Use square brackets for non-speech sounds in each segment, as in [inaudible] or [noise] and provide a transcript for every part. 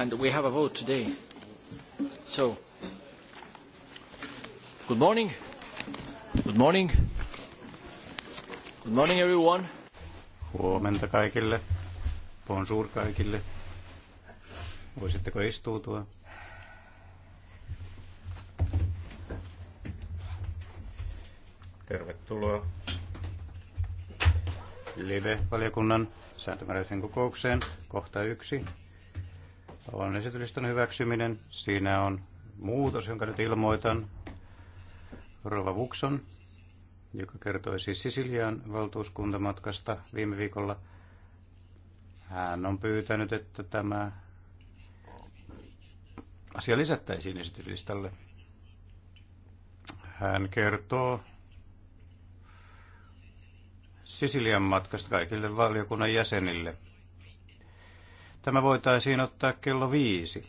and we have a vote today. So, good morning. Good morning. Good morning everyone. Huomenta kaikille. Bonjour kaikille. Voisitteko istuutua? Tervetuloa Live-valiokunnan sääntömääräisen kokoukseen. Kohta yksi on esityslistan hyväksyminen. Siinä on muutos, jonka nyt ilmoitan. Rova Vukson, joka kertoi siis Sisilian valtuuskuntamatkasta viime viikolla. Hän on pyytänyt, että tämä asia lisättäisiin esityslistalle. Hän kertoo Sisilian matkasta kaikille valiokunnan jäsenille – Tämä voitaisiin ottaa kello viisi,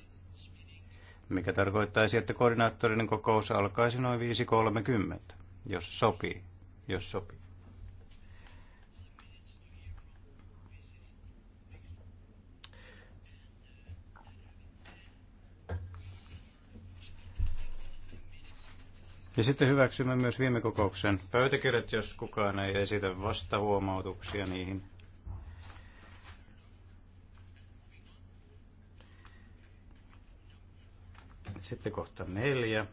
mikä tarkoittaisi, että koordinaattorinen kokous alkaisi noin 5.30, jos sopii, jos sopii. Ja sitten hyväksymme myös viime kokouksen pöytäkirjat, jos kukaan ei esitä vastahuomautuksia niihin. Sitten kohta neljä,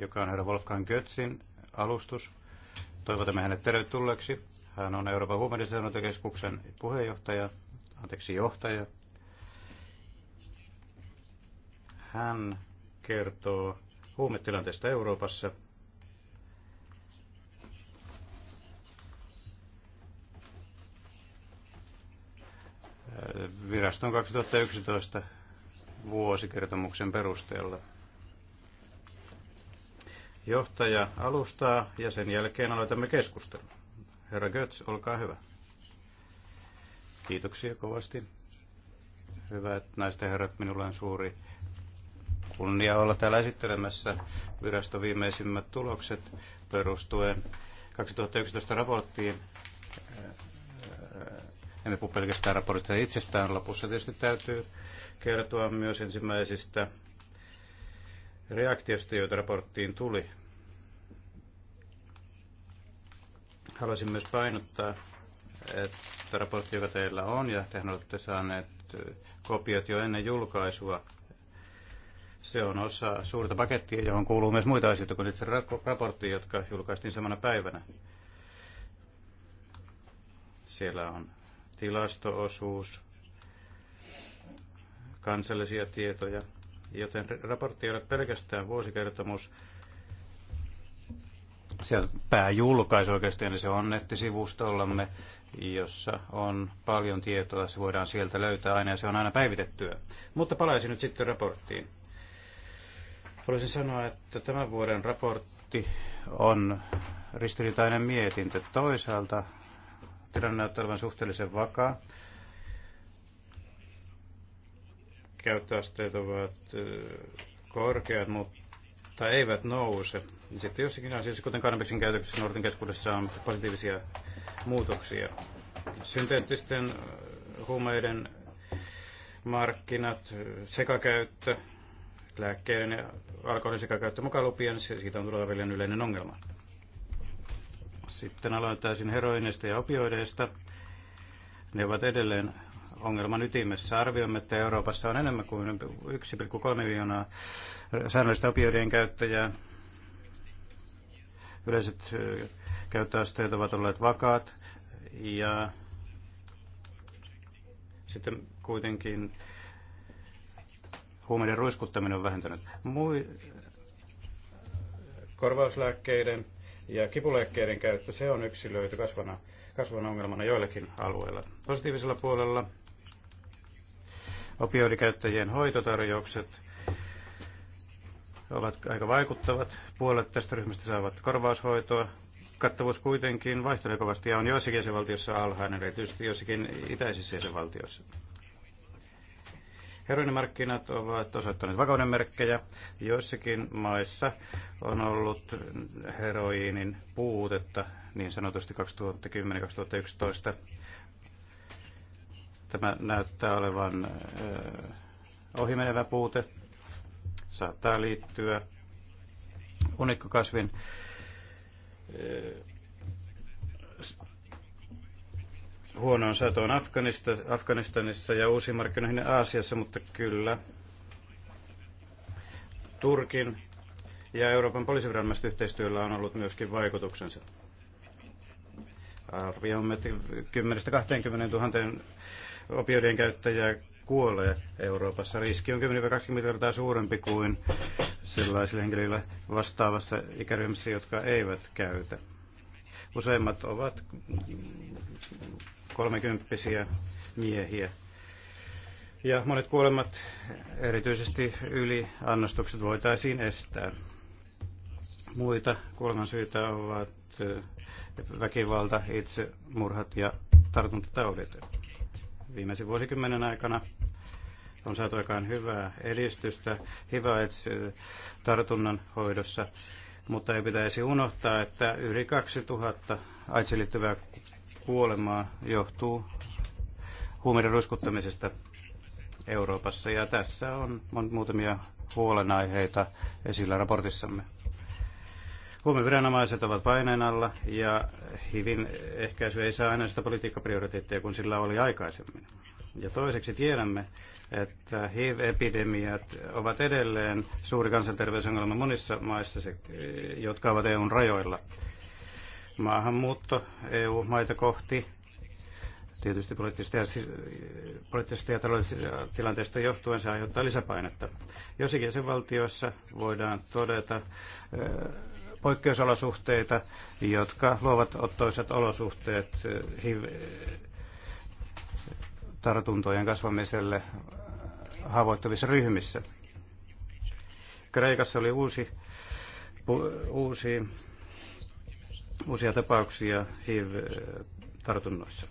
joka on herra Wolfgang Götzin alustus. Toivotamme hänet tervetulleeksi. Hän on Euroopan huumeidenseurantakeskuksen puheenjohtaja, anteeksi johtaja. Hän kertoo huumetilanteesta Euroopassa – viraston 2011 vuosikertomuksen perusteella. Johtaja alustaa ja sen jälkeen aloitamme keskustelun. Herra Götz, olkaa hyvä. Kiitoksia kovasti. Hyvät naiset ja herrat, minulla on suuri kunnia olla täällä esittelemässä viraston viimeisimmät tulokset perustuen 2011 raporttiin emme puhu pelkästään raportista itsestään. Lopussa tietysti täytyy kertoa myös ensimmäisistä reaktiosta, joita raporttiin tuli. Haluaisin myös painottaa, että raportti, joka teillä on, ja tehän olette saaneet kopiot jo ennen julkaisua, se on osa suurta pakettia, johon kuuluu myös muita asioita kuin itse raportti, jotka julkaistiin samana päivänä. Siellä on tilastoosuus, kansallisia tietoja, joten raportti ei ole pelkästään vuosikertomus. Sieltä pääjulkaisu oikeastaan, niin se on nettisivustollamme, jossa on paljon tietoa. Se voidaan sieltä löytää aina ja se on aina päivitettyä. Mutta palaisin nyt sitten raporttiin. Haluaisin sanoa, että tämän vuoden raportti on ristiriitainen mietintö. Toisaalta Tilanne näyttää olevan suhteellisen vakaa. Käyttöasteet ovat korkeat, mutta eivät nouse. Sitten jossakin asiassa, kuten kannabiksen käytöksessä nuorten keskuudessa on positiivisia muutoksia. Synteettisten huumeiden markkinat, sekakäyttö, lääkkeiden ja alkoholin sekakäyttö mukaan lupien, siis siitä on tullut yleinen ongelma. Sitten aloittaisin heroineista ja opioideista. Ne ovat edelleen ongelman ytimessä. Arvioimme, että Euroopassa on enemmän kuin 1,3 miljoonaa säännöllistä opioidien käyttäjää. Yleiset käyttöasteet ovat olleet vakaat ja sitten kuitenkin huumeiden ruiskuttaminen on vähentynyt. Mui, korvauslääkkeiden ja kipulääkkeiden käyttö, se on yksilöity kasvana, kasvana ongelmana joillakin alueilla. Positiivisella puolella opioidikäyttäjien hoitotarjoukset ovat aika vaikuttavat. Puolet tästä ryhmästä saavat korvaushoitoa. Kattavuus kuitenkin vaihtelee kovasti ja on joissakin jäsenvaltiossa alhainen, erityisesti joissakin itäisissä jäsenvaltioissa. Heroinimarkkinat ovat osoittaneet vakauden merkkejä. Joissakin maissa on ollut heroinin puutetta niin sanotusti 2010-2011. Tämä näyttää olevan ohimenevä puute. Saattaa liittyä unikkokasvin huonoon satoon Afganistanissa ja uusiin markkinoihin Aasiassa, mutta kyllä Turkin ja Euroopan poliisiviranomaiset yhteistyöllä on ollut myöskin vaikutuksensa. Arvioimme 10 20 000 opioidien käyttäjää kuolee Euroopassa. Riski on 10-20 kertaa suurempi kuin sellaisilla henkilöillä vastaavassa ikäryhmässä, jotka eivät käytä. Useimmat ovat kolmekymppisiä miehiä. Ja monet kuolemat, erityisesti yliannostukset, voitaisiin estää. Muita kuolemansyitä ovat eh, väkivalta, itsemurhat ja tartuntataudit. Viimeisen vuosikymmenen aikana on saatu aikaan hyvää edistystä hyvä tartunnan hoidossa, mutta ei pitäisi unohtaa, että yli 2000 AIDSiin liittyvää kuolemaa johtuu huumeiden ruiskuttamisesta Euroopassa. Ja tässä on muutamia huolenaiheita esillä raportissamme. Huumeviranomaiset ovat paineen alla ja HIVin ehkäisy ei saa aina sitä politiikkaprioriteetteja kuin sillä oli aikaisemmin. Ja toiseksi tiedämme, että HIV-epidemiat ovat edelleen suuri kansanterveysongelma monissa maissa, jotka ovat EUn rajoilla maahanmuutto EU-maita kohti, tietysti poliittisesta ja, poliittisesta ja taloudellisesta tilanteesta johtuen se aiheuttaa lisäpainetta. Jossakin jäsenvaltioissa voidaan todeta poikkeusolosuhteita, jotka luovat ottoiset olosuhteet HIV tartuntojen kasvamiselle haavoittuvissa ryhmissä. Kreikassa oli uusi, uusi uusia tapauksia HIV-tartunnoissa.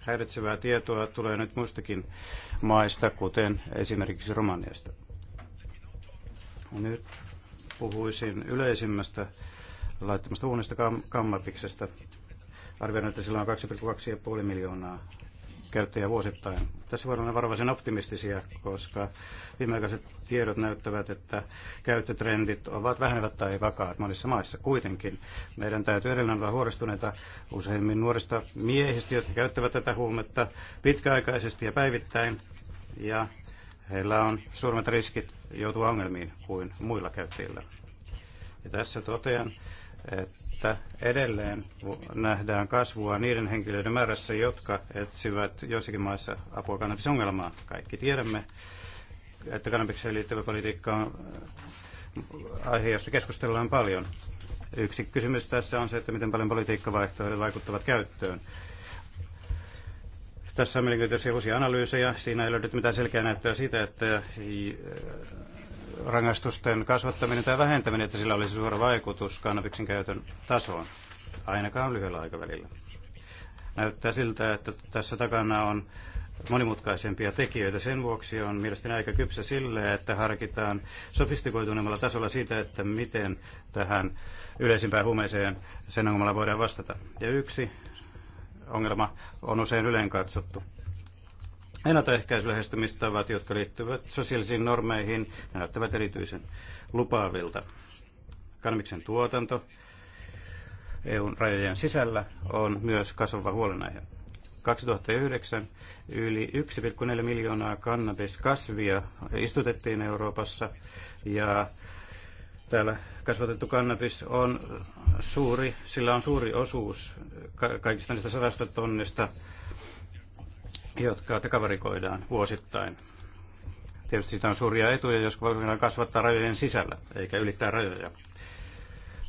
Häiritsevää tietoa tulee nyt muistakin maista, kuten esimerkiksi Romaniasta. Nyt puhuisin yleisimmästä laittomasta uunista kam- kammatiksesta. Arvioin, että sillä on 2,2,5 miljoonaa Käyttäjä vuosittain. Tässä voidaan olla varovaisen optimistisia, koska viimeaikaiset tiedot näyttävät, että käyttötrendit ovat vähenevät tai vakaat monissa maissa. Kuitenkin meidän täytyy edelleen olla huolestuneita useimmin nuorista miehistä, jotka käyttävät tätä huumetta pitkäaikaisesti ja päivittäin. Ja heillä on suuremmat riskit joutua ongelmiin kuin muilla käyttäjillä. Ja tässä totean, että edelleen nähdään kasvua niiden henkilöiden määrässä, jotka etsivät joissakin maissa apua kannabisongelmaan. Kaikki tiedämme, että kannabikseen liittyvä politiikka on äh, aihe, josta keskustellaan paljon. Yksi kysymys tässä on se, että miten paljon politiikkavaihtoehdot vaikuttavat käyttöön. Tässä on mielenkiintoisia uusia analyysejä. Siinä ei löydetty mitään selkeää näyttöä siitä, että äh, rangaistusten kasvattaminen tai vähentäminen, että sillä olisi suora vaikutus kannabiksen käytön tasoon, ainakaan lyhyellä aikavälillä. Näyttää siltä, että tässä takana on monimutkaisempia tekijöitä. Sen vuoksi on mielestäni aika kypsä sille, että harkitaan sofistikoituneemmalla tasolla siitä, että miten tähän yleisimpään huumeeseen sen ongelmalla voidaan vastata. Ja yksi ongelma on usein yleen katsottu ennaltaehkäisylähestymistavat, jotka liittyvät sosiaalisiin normeihin, näyttävät erityisen lupaavilta. Kanviksen tuotanto EUn rajojen sisällä on myös kasvava huolenaihe. 2009 yli 1,4 miljoonaa kannabiskasvia istutettiin Euroopassa ja täällä kasvatettu kannabis on suuri, sillä on suuri osuus kaikista niistä sadasta tonnista jotka takavarikoidaan vuosittain. Tietysti siitä on suuria etuja, jos voidaan kasvattaa rajojen sisällä, eikä ylittää rajoja.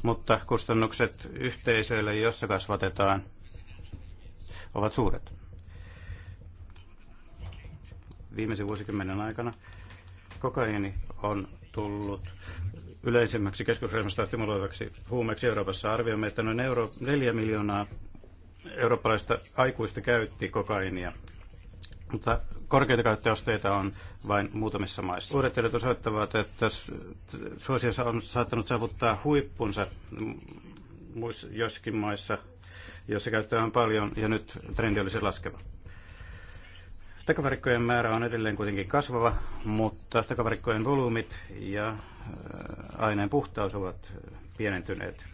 Mutta kustannukset yhteisöille, jossa kasvatetaan, ovat suuret. Viimeisen vuosikymmenen aikana kokaiini on tullut yleisemmäksi keskusryhmästä stimuloivaksi huumeeksi Euroopassa. Arvioimme, että noin euro, 4 miljoonaa eurooppalaista aikuista käytti kokainia mutta korkeita käyttöasteita on vain muutamissa maissa. Uudet tiedot osoittavat, että suosiossa on saattanut saavuttaa huippunsa joissakin maissa, joissa käyttöä on paljon, ja nyt trendi olisi laskeva. Takavarikkojen määrä on edelleen kuitenkin kasvava, mutta takavarikkojen volyymit ja aineen puhtaus ovat pienentyneet.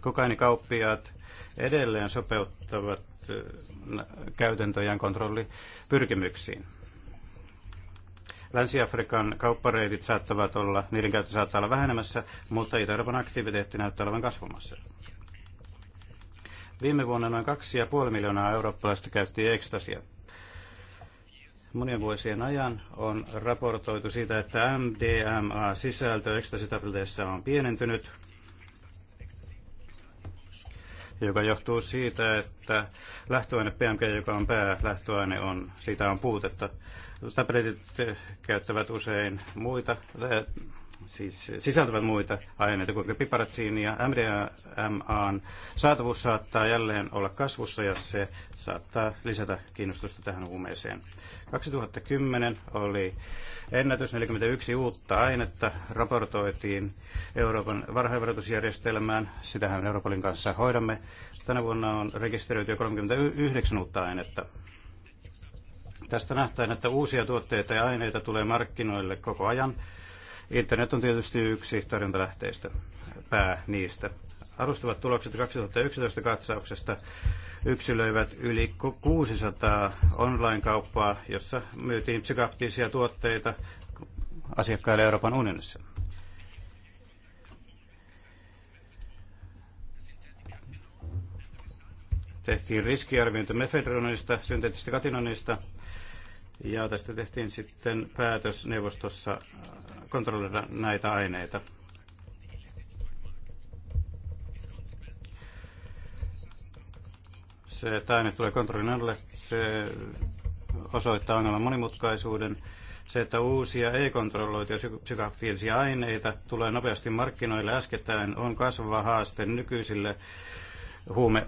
Kokainikauppiaat edelleen sopeuttavat äh, käytäntöjään kontrollipyrkimyksiin. Länsi-Afrikan kauppareitit saattavat olla, niiden käyttö saattaa olla vähenemässä, mutta Itä-Euroopan aktiviteetti näyttää olevan kasvamassa. Viime vuonna noin 2,5 miljoonaa eurooppalaista käytti ekstasia. Monien vuosien ajan on raportoitu siitä, että MDMA-sisältö ekstasitableteissa on pienentynyt joka johtuu siitä, että lähtöaine PMG, joka on päälähtöaine, on, siitä on puutetta. Tabletit käyttävät usein muita eh, siis sisältävät muita aineita, kuten piparatsiini ja MDMA. saatavuus saattaa jälleen olla kasvussa ja se saattaa lisätä kiinnostusta tähän huumeeseen. 2010 oli ennätys 41 uutta ainetta raportoitiin Euroopan varhaivaroitusjärjestelmään. Sitähän Europolin kanssa hoidamme. Tänä vuonna on rekisteröity jo 39 uutta ainetta. Tästä nähtäen, että uusia tuotteita ja aineita tulee markkinoille koko ajan Internet on tietysti yksi torjuntalähteistä, pää niistä. Alustavat tulokset 2011 katsauksesta yksilöivät yli 600 online-kauppaa, jossa myytiin psykaktiisia tuotteita asiakkaille Euroopan unionissa. Tehtiin riskiarviointi mefedronista, synteettisestä katinonista ja tästä tehtiin sitten päätös neuvostossa äh, kontrolloida näitä aineita. Se, että aine tulee kontrollin alle, se osoittaa ongelman monimutkaisuuden. Se, että uusia ei-kontrolloituja psykoaktiivisia aineita tulee nopeasti markkinoille äskettäin, on kasvava haaste nykyisille huume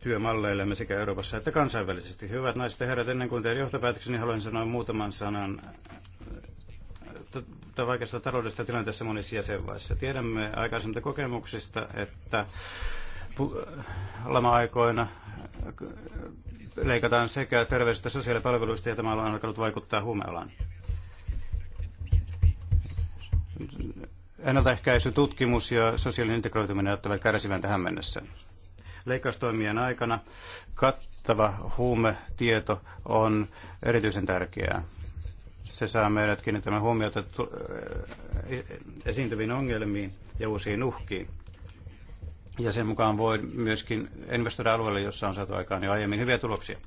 työmalleillemme sekä Euroopassa että kansainvälisesti. Hyvät naiset ja herrat, ennen kuin teidän johtopäätökseni, niin haluan sanoa muutaman sanan äh, vaikeasta taloudellisesta tilanteessa monissa jäsenvaiheissa. Tiedämme aikaisemmista kokemuksista, että lama-aikoina äh, leikataan sekä terveys- että sosiaalipalveluista ja tämä on alkanut vaikuttaa huumealaan. Ennaltaehkäisy, tutkimus ja sosiaalinen integroituminen ottavat kärsivän tähän mennessä leikkaustoimien aikana kattava huumetieto on erityisen tärkeää. Se saa meidät kiinnittämään huomiota eh, esiintyviin ongelmiin ja uusiin uhkiin. Ja sen mukaan voi myöskin investoida alueelle, jossa on saatu aikaan jo aiemmin hyviä tuloksia.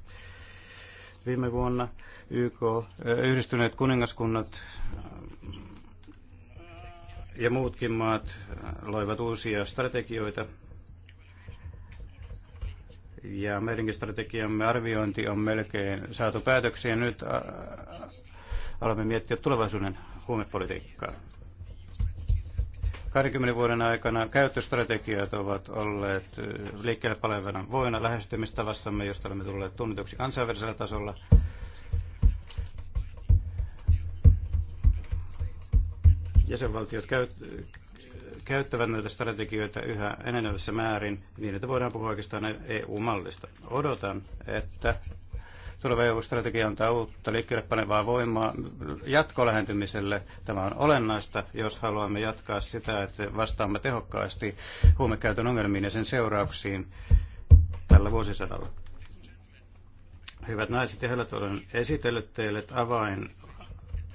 Viime vuonna YK, eh, yhdistyneet kuningaskunnat eh, ja muutkin maat loivat uusia strategioita ja meidänkin strategiamme arviointi on melkein saatu päätöksiä. Nyt alamme miettiä tulevaisuuden huumepolitiikkaa. 20 vuoden aikana käyttöstrategiat ovat olleet liikkeelle palvelevana voina lähestymistavassamme, josta olemme tulleet tunnetuksi kansainvälisellä tasolla. Jäsenvaltiot käyt- käyttävät näitä strategioita yhä enenevässä määrin, niin että voidaan puhua oikeastaan EU-mallista. Odotan, että tuleva EU-strategia antaa uutta liikkeelle panevaa voimaa jatkolähentymiselle. Tämä on olennaista, jos haluamme jatkaa sitä, että vastaamme tehokkaasti huumekäytön ongelmiin ja sen seurauksiin tällä vuosisadalla. Hyvät naiset ja herrat, olen esitellyt teille avain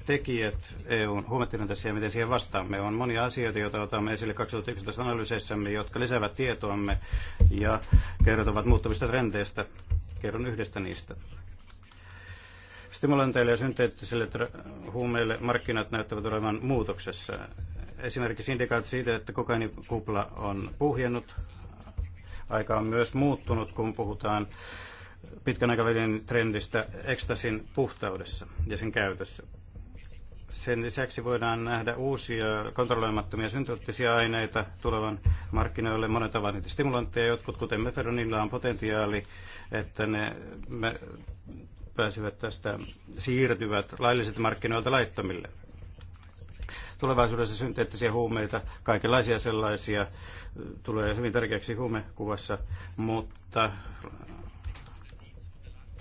tekijät EUn huumetilanteessa ja miten siihen vastaamme. On monia asioita, joita otamme esille 2011 analyyseissämme, jotka lisäävät tietoamme ja kertovat muuttuvista trendeistä. Kerron yhdestä niistä. Stimulanteille ja synteettisille huumeille markkinat näyttävät olevan muutoksessa. Esimerkiksi indikaat siitä, että kokainikupla on puhjennut. Aika on myös muuttunut, kun puhutaan pitkän aikavälin trendistä ekstasin puhtaudessa ja sen käytössä. Sen lisäksi voidaan nähdä uusia kontrolloimattomia syntoottisia aineita tulevan markkinoille. Monet ovat niitä stimulantteja, jotkut kuten mefedonilla on potentiaali, että ne me pääsevät tästä, siirtyvät laillisilta markkinoilta laittomille. Tulevaisuudessa synteettisiä huumeita, kaikenlaisia sellaisia, tulee hyvin tärkeäksi huumekuvassa, mutta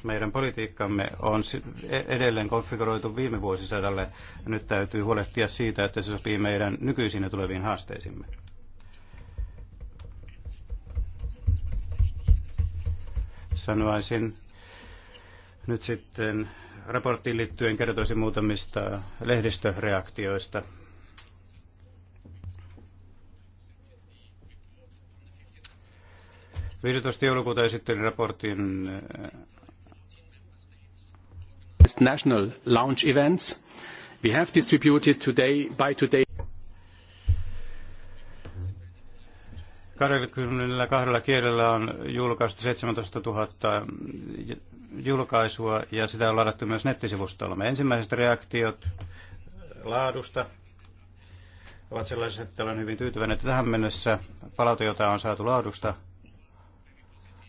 meidän politiikkamme on e- edelleen konfiguroitu viime vuosisadalle ja nyt täytyy huolehtia siitä, että se sopii meidän nykyisiin ja tuleviin haasteisimme. Sanoisin nyt sitten raporttiin liittyen kertoisin muutamista lehdistöreaktioista. Viidestoista joulukuuta esittelin raportin national launch events. We have distributed today, by today 22 kielellä on julkaistu 17 000 julkaisua ja sitä on ladattu myös nettisivustollamme. Ensimmäiset reaktiot laadusta ovat sellaiset, että olen hyvin tyytyväinen, tähän mennessä palaute, jota on saatu laadusta,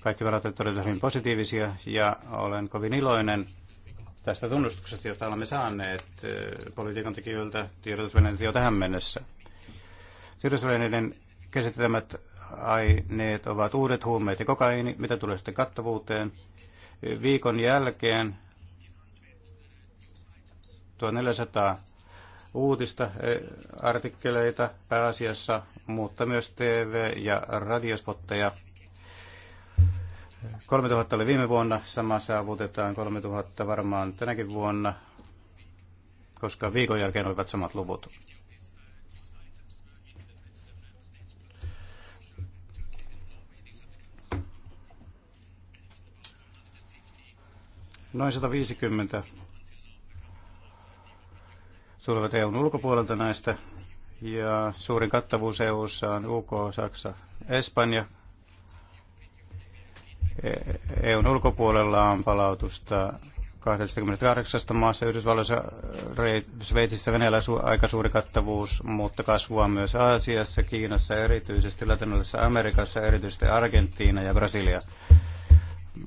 kaikki palautteet olivat hyvin positiivisia ja olen kovin iloinen tästä tunnustuksesta, jota olemme saaneet eh, politiikan tekijöiltä tiedotusvälineiltä jo tähän mennessä. Tiedotusvälineiden käsittelemät aineet ovat uudet huumeet ja kokaiini, mitä tulee sitten kattavuuteen. Viikon jälkeen 1400 uutista, eh, artikkeleita pääasiassa, mutta myös TV- ja radiospotteja – 3000 oli viime vuonna, sama saavutetaan 3000 varmaan tänäkin vuonna, koska viikon jälkeen olivat samat luvut. Noin 150 tulevat EUn ulkopuolelta näistä ja suurin kattavuus EU:ssa on UK, Saksa, Espanja EUn ulkopuolella on palautusta 28 maassa, Yhdysvalloissa, Sveitsissä, Venäjällä su- aika suuri kattavuus, mutta kasvua myös Aasiassa, Kiinassa, erityisesti Latinalaisessa Amerikassa, erityisesti Argentiina ja Brasilia.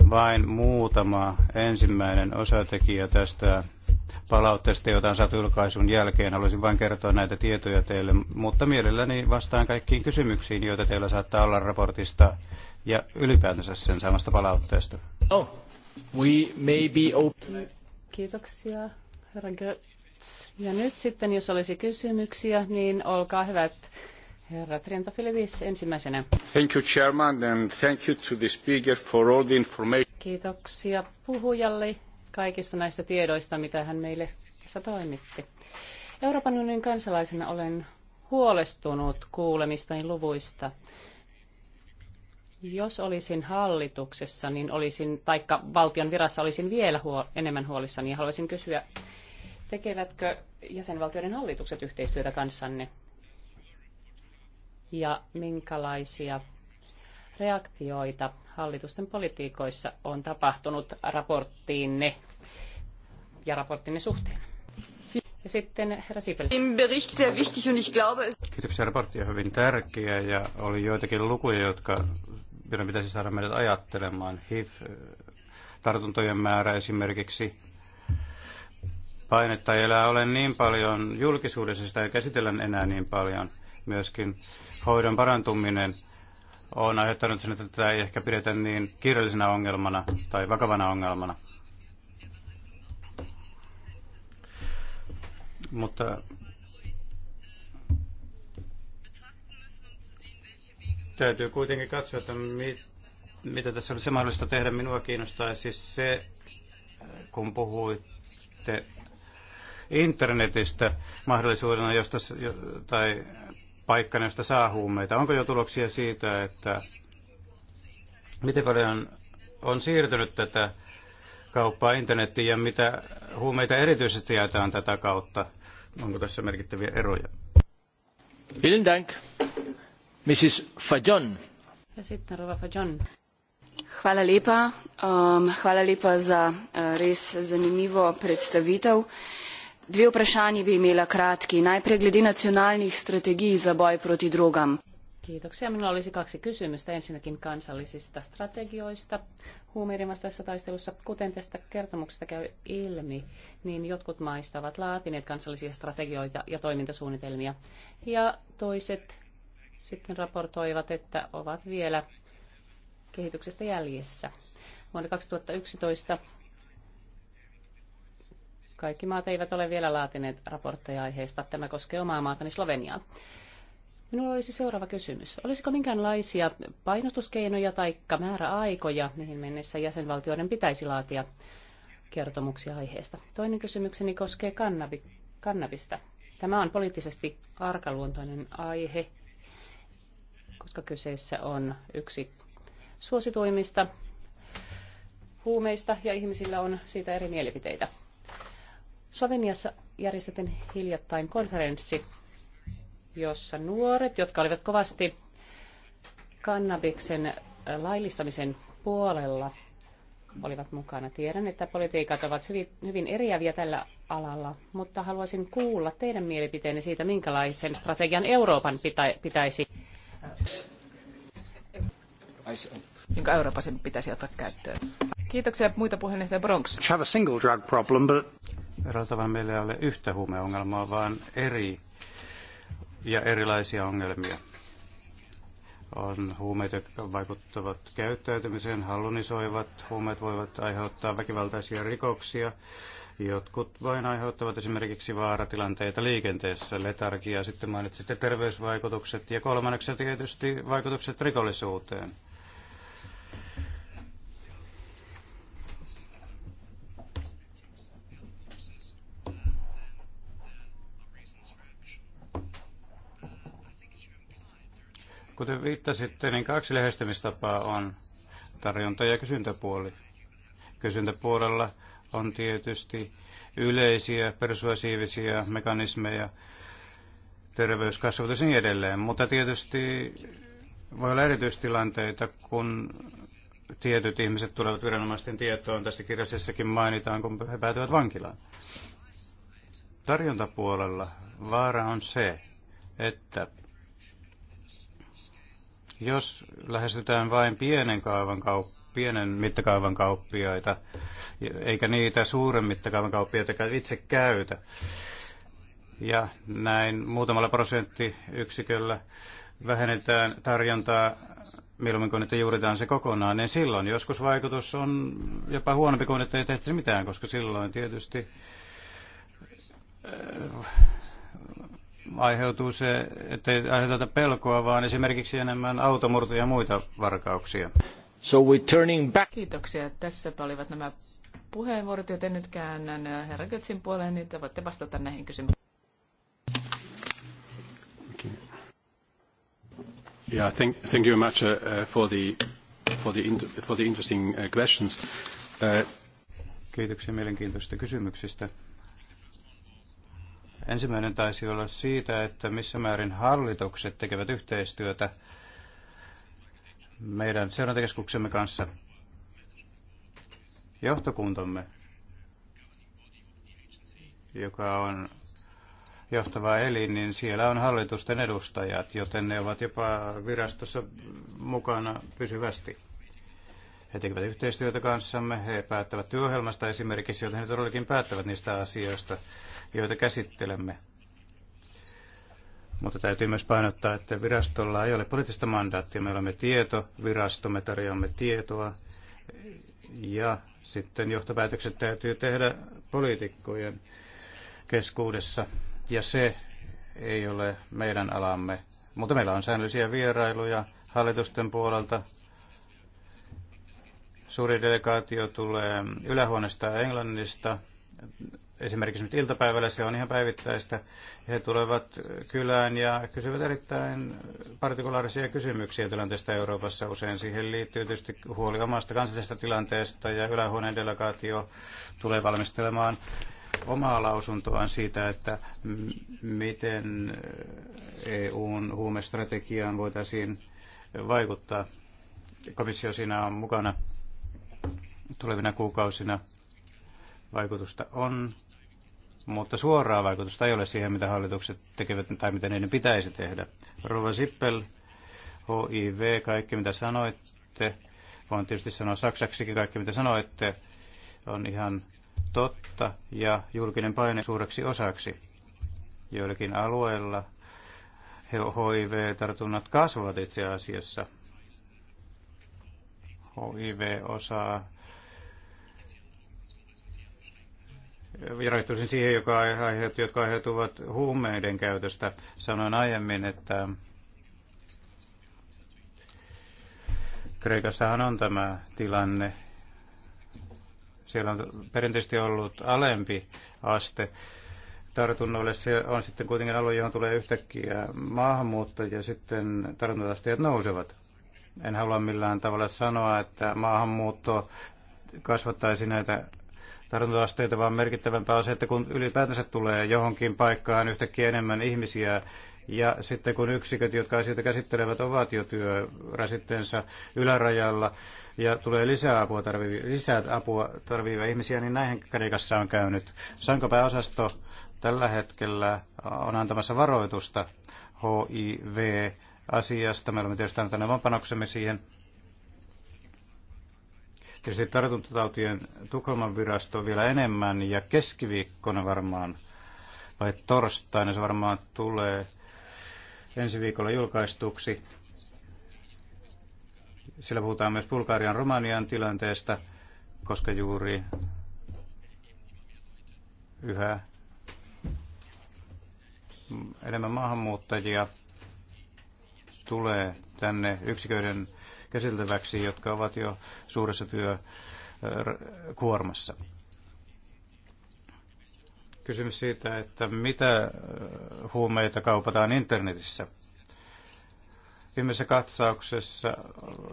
Vain muutama ensimmäinen osatekijä tästä palautteesta, jota on saatu julkaisun jälkeen. Haluaisin vain kertoa näitä tietoja teille, mutta mielelläni vastaan kaikkiin kysymyksiin, joita teillä saattaa olla raportista ja ylipäätänsä sen saamasta palautteesta. Oh, we may be open. Kiitoksia, herra Götz. Ja nyt sitten, jos olisi kysymyksiä, niin olkaa hyvät. Herra Trenta Filivis ensimmäisenä. Thank you, Chairman, and thank you to the speaker for all the information. Kiitoksia puhujalle kaikista näistä tiedoista, mitä hän meille tässä toimitti. Euroopan unionin kansalaisena olen huolestunut kuulemistani luvuista. Jos olisin hallituksessa, niin olisin, taikka valtion virassa olisin vielä huo, enemmän huolissani ja haluaisin kysyä, tekevätkö jäsenvaltioiden hallitukset yhteistyötä kanssanne? Ja minkälaisia reaktioita hallitusten politiikoissa on tapahtunut raporttiinne ja raporttinne suhteen? Ja sitten herra Sipel. Kiitoksia, raportti on hyvin tärkeä ja oli joitakin lukuja, jotka joiden pitäisi saada meidät ajattelemaan. HIV-tartuntojen määrä esimerkiksi painetta ei elää ole niin paljon julkisuudessa, sitä ei käsitellä enää niin paljon. Myöskin hoidon parantuminen on aiheuttanut sen, että tätä ei ehkä pidetä niin kiireellisenä ongelmana tai vakavana ongelmana. Mutta Täytyy kuitenkin katsoa, että mi, mitä tässä olisi mahdollista tehdä. Minua kiinnostaa, siis se, kun puhuitte internetistä mahdollisuudena josta, tai paikkana, josta saa huumeita. Onko jo tuloksia siitä, että miten paljon on siirtynyt tätä kauppaa internettiin ja mitä huumeita erityisesti jaetaan tätä kautta? Onko tässä merkittäviä eroja? Vielen Dank. Fajon. Hvala lepa. Um, hvala lepa za uh, res zanimivo predstavitev. Dve vprašanji bi imela kratki. Najprej glede nacionalnih strategij za boj proti drogam. Kiitoksia. Minulla olisi kaksi kysymystä. Ensinnäkin kansallisista strategioista huumeiden vastaisessa taistelussa. Kuten tästä kertomuksesta käy ilmi, niin jotkut maista ovat laatineet kansallisia strategioita ja toimintasuunnitelmia, ja toiset sitten raportoivat, että ovat vielä kehityksestä jäljessä. Vuonna 2011 kaikki maat eivät ole vielä laatineet raportteja aiheesta. Tämä koskee omaa maatani Sloveniaa. Minulla olisi seuraava kysymys. Olisiko minkäänlaisia painostuskeinoja tai määräaikoja, mihin mennessä jäsenvaltioiden pitäisi laatia kertomuksia aiheesta? Toinen kysymykseni koskee kannabi, kannabista. Tämä on poliittisesti arkaluontoinen aihe koska kyseessä on yksi suosituimmista huumeista ja ihmisillä on siitä eri mielipiteitä. Soveniassa järjestettiin hiljattain konferenssi, jossa nuoret, jotka olivat kovasti kannabiksen laillistamisen puolella, olivat mukana. Tiedän, että politiikat ovat hyvin, hyvin eriäviä tällä alalla, mutta haluaisin kuulla teidän mielipiteenne siitä, minkälaisen strategian Euroopan pitä, pitäisi jonka Euroopassa nyt pitäisi ottaa käyttöön. Kiitoksia muita puheenjohtaja Bronx. Have a single drug problem, but... meillä ei ole yhtä huumeongelmaa, vaan eri ja erilaisia ongelmia. On huumeita, jotka vaikuttavat käyttäytymiseen, hallunisoivat. Huumeet voivat aiheuttaa väkivaltaisia rikoksia, Jotkut vain aiheuttavat esimerkiksi vaaratilanteita liikenteessä, letargia, sitten mainitsitte terveysvaikutukset ja kolmanneksi tietysti vaikutukset rikollisuuteen. kuten viittasitte, niin kaksi lähestymistapaa on tarjonta- ja kysyntäpuoli. Kysyntäpuolella on tietysti yleisiä persuasiivisia mekanismeja, terveyskasvatus ja niin edelleen. Mutta tietysti voi olla erityistilanteita, kun tietyt ihmiset tulevat viranomaisten tietoon. Tässä kirjassakin mainitaan, kun he päätyvät vankilaan. Tarjontapuolella vaara on se, että jos lähestytään vain pienen kaavan kauppaa, pienen mittakaavan kauppiaita, eikä niitä suuren mittakaavan kauppiaita itse käytä. Ja näin muutamalla prosenttiyksiköllä vähennetään tarjontaa mieluummin kuin että juuritaan se kokonaan, niin silloin joskus vaikutus on jopa huonompi kuin että ei tehtäisi mitään, koska silloin tietysti äh, aiheutuu se, ei aiheuteta pelkoa, vaan esimerkiksi enemmän automurtoja ja muita varkauksia. So we're turning back. Kiitoksia. tässä olivat nämä puheenvuorot, joten nyt käännän äh, herra Götzin puoleen, niin te voitte vastata näihin kysymyksiin. Yeah, thank, thank you much uh, uh, for, the, for, the inter, for the interesting uh, questions. Uh, Kiitoksia mielenkiintoisista kysymyksistä. Ensimmäinen taisi olla siitä, että missä määrin hallitukset tekevät yhteistyötä meidän seurantakeskuksemme kanssa. Johtokuntamme, joka on johtava elin, niin siellä on hallitusten edustajat, joten ne ovat jopa virastossa mukana pysyvästi. He tekevät yhteistyötä kanssamme, he päättävät työohjelmasta esimerkiksi, joten he todellakin päättävät niistä asioista, joita käsittelemme. Mutta täytyy myös painottaa, että virastolla ei ole poliittista mandaattia. Me olemme tietovirasto, me tarjoamme tietoa ja sitten johtopäätökset täytyy tehdä poliitikkojen keskuudessa. Ja se ei ole meidän alamme. Mutta meillä on säännöllisiä vierailuja hallitusten puolelta. Suuri delegaatio tulee ylähuoneesta Englannista esimerkiksi nyt iltapäivällä se on ihan päivittäistä. He tulevat kylään ja kysyvät erittäin partikulaarisia kysymyksiä tilanteesta Euroopassa. Usein siihen liittyy tietysti huoli omasta kansallisesta tilanteesta ja ylähuoneen delegaatio tulee valmistelemaan omaa lausuntoaan siitä, että miten EUn huumestrategiaan voitaisiin vaikuttaa. Komissio siinä on mukana tulevina kuukausina Vaikutusta on, mutta suoraa vaikutusta ei ole siihen, mitä hallitukset tekevät tai mitä niiden pitäisi tehdä. Rova Sippel, HIV, kaikki mitä sanoitte, voin tietysti sanoa saksaksikin kaikki mitä sanoitte, on ihan totta ja julkinen paine suureksi osaksi. Joillakin alueilla HIV-tartunnat kasvavat itse asiassa. HIV osaa rajoittuisin siihen, joka aiheut, jotka aiheutuvat huumeiden käytöstä. Sanoin aiemmin, että Kreikassahan on tämä tilanne. Siellä on perinteisesti ollut alempi aste tartunnoille. Se on sitten kuitenkin alue, johon tulee yhtäkkiä maahanmuutto ja sitten tartuntatasteet nousevat. En halua millään tavalla sanoa, että maahanmuutto kasvattaisi näitä tartuntaasteita, vaan merkittävämpää on se, että kun ylipäätänsä tulee johonkin paikkaan yhtäkkiä enemmän ihmisiä, ja sitten kun yksiköt, jotka asioita käsittelevät, ovat jo työrasitteensa ylärajalla ja tulee lisää apua tarvii, lisää apua tarvivia ihmisiä, niin näihin Kreikassa on käynyt. Sankopääosasto tällä hetkellä on antamassa varoitusta HIV-asiasta. Me olemme tietysti antaneet oman panoksemme siihen. Tietysti tartuntatautien Tukholman virasto vielä enemmän ja keskiviikkona varmaan vai torstaina se varmaan tulee ensi viikolla julkaistuksi. Sillä puhutaan myös Bulgarian Romanian tilanteesta, koska juuri yhä enemmän maahanmuuttajia tulee tänne yksiköiden käsiteltäväksi, jotka ovat jo suuressa työkuormassa. Kysymys siitä, että mitä huumeita kaupataan internetissä. Viimeisessä katsauksessa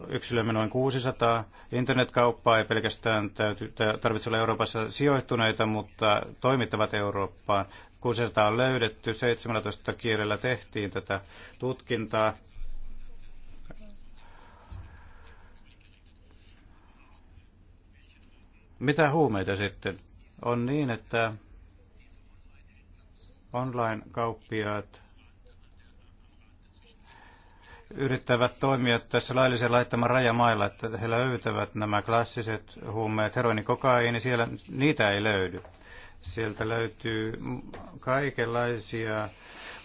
yksilöimme noin 600. Internetkauppaa ei pelkästään täytyy, tarvitse olla Euroopassa sijoittuneita, mutta toimittavat Eurooppaan. 600 on löydetty, 17 kielellä tehtiin tätä tutkintaa. Mitä huumeita sitten? On niin, että online-kauppiaat yrittävät toimia tässä laillisen laittaman rajamailla, että he löytävät nämä klassiset huumeet, heroini, kokaiini, siellä niitä ei löydy. Sieltä löytyy kaikenlaisia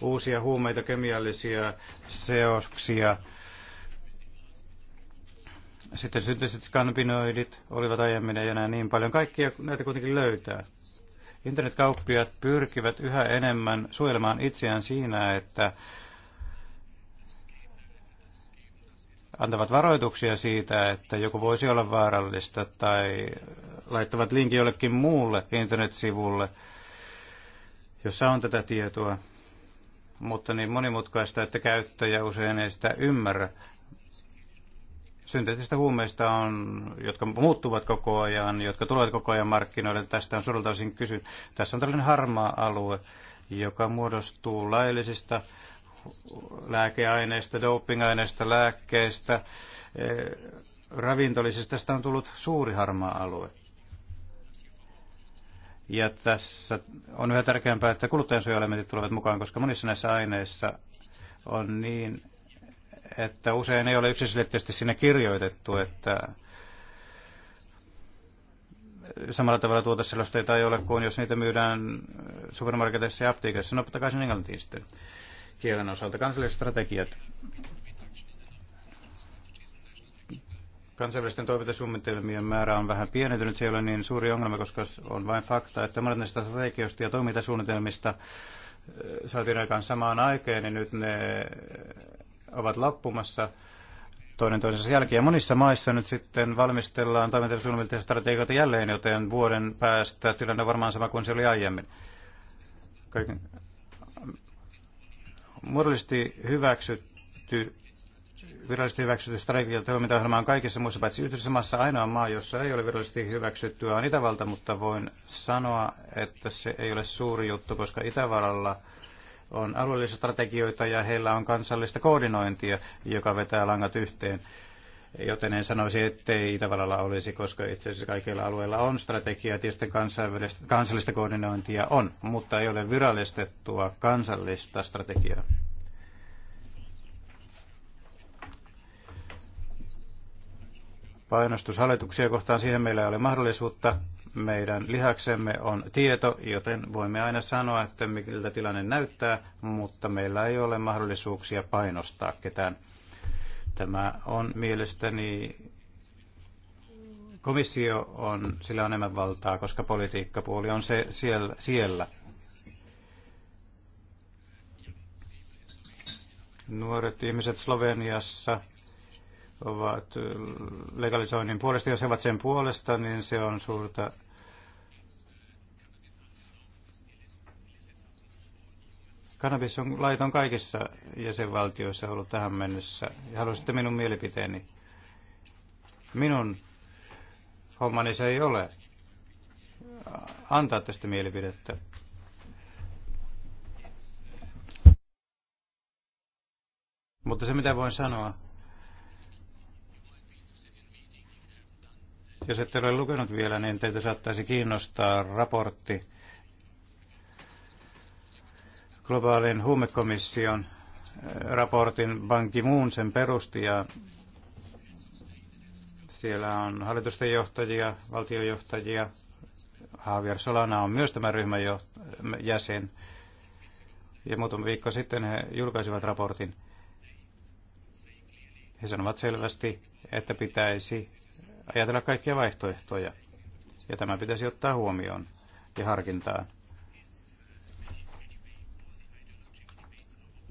uusia huumeita, kemiallisia seoksia, sitten synteettiset kanabinoidit olivat aiemmin ei enää niin paljon. Kaikkia näitä kuitenkin löytää. Internetkauppiat pyrkivät yhä enemmän suojelemaan itseään siinä, että antavat varoituksia siitä, että joku voisi olla vaarallista tai laittavat linkin jollekin muulle internetsivulle, jossa on tätä tietoa. Mutta niin monimutkaista, että käyttäjä usein ei sitä ymmärrä synteettisistä huumeista, on, jotka muuttuvat koko ajan, jotka tulevat koko ajan markkinoille. Tästä on suurelta osin kysy. Tässä on tällainen harmaa alue, joka muodostuu laillisista lääkeaineista, dopingaineista, lääkkeistä, e, ravintolisista. Tästä on tullut suuri harmaa alue. Ja tässä on yhä tärkeämpää, että kuluttajansuojelementit tulevat mukaan, koska monissa näissä aineissa on niin että usein ei ole yksiselitteisesti sinne kirjoitettu, että samalla tavalla tuoteselosteita ei ole kuin jos niitä myydään supermarketeissa ja apteekeissa. No sen englantiin sitten kielen osalta. Kansalliset strategiat. Kansainvälisten toimintasuunnitelmien määrä on vähän pienentynyt. Se ei ole niin suuri ongelma, koska on vain fakta, että monet näistä strategioista ja toimintasuunnitelmista äh, saatiin aikaan samaan aikaan, niin nyt ne ovat loppumassa toinen toisensa jälkeen. Monissa maissa nyt sitten valmistellaan toimintasuunnitelmia ja strategioita jälleen, joten vuoden päästä tilanne on varmaan sama kuin se oli aiemmin. Kaiken... Muodollisesti hyväksytty virallisesti hyväksytty strategia toimintaohjelma on kaikissa muissa, paitsi yhdessä maassa ainoa maa, jossa ei ole virallisesti hyväksyttyä, on Itävalta, mutta voin sanoa, että se ei ole suuri juttu, koska Itävallalla on alueellisia strategioita ja heillä on kansallista koordinointia, joka vetää langat yhteen. Joten en sanoisi, ettei Itävallalla olisi, koska itse asiassa kaikilla alueilla on strategia, tietysti kansainvälistä, kansallista koordinointia on, mutta ei ole virallistettua kansallista strategiaa. Painostushallituksia kohtaan, siihen meillä ei ole mahdollisuutta meidän lihaksemme on tieto, joten voimme aina sanoa, että miltä tilanne näyttää, mutta meillä ei ole mahdollisuuksia painostaa ketään. Tämä on mielestäni komissio on, sillä on enemmän valtaa, koska politiikkapuoli on se siellä. siellä. Nuoret ihmiset Sloveniassa ovat legalisoinnin puolesta. Jos he ovat sen puolesta, niin se on suurta Kannabis on laiton kaikissa jäsenvaltioissa ollut tähän mennessä. Ja haluaisitte minun mielipiteeni. Minun hommani se ei ole antaa tästä mielipidettä. Mutta se mitä voin sanoa, jos ette ole lukenut vielä, niin teitä saattaisi kiinnostaa raportti, globaalin huumekomission äh, raportin Ban Ki-moon sen perusti ja siellä on hallitusten johtajia, valtiojohtajia. Javier Solana on myös tämän ryhmän jäsen. Ja muutama viikko sitten he julkaisivat raportin. He sanovat selvästi, että pitäisi ajatella kaikkia vaihtoehtoja. Ja tämä pitäisi ottaa huomioon ja harkintaan.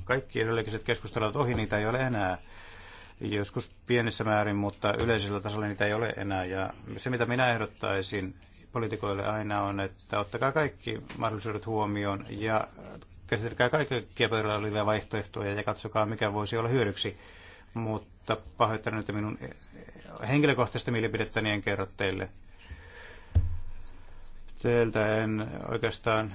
kaikki edelliset keskustelut ohi, niitä ei ole enää. Joskus pienissä määrin, mutta yleisellä tasolla niitä ei ole enää. Ja se, mitä minä ehdottaisin poliitikoille aina on, että ottakaa kaikki mahdollisuudet huomioon ja käsitelkää kaikkia pöydällä olevia vaihtoehtoja ja katsokaa, mikä voisi olla hyödyksi. Mutta pahoittelen, että minun henkilökohtaista mielipidettäni en kerro teille. Teiltä en oikeastaan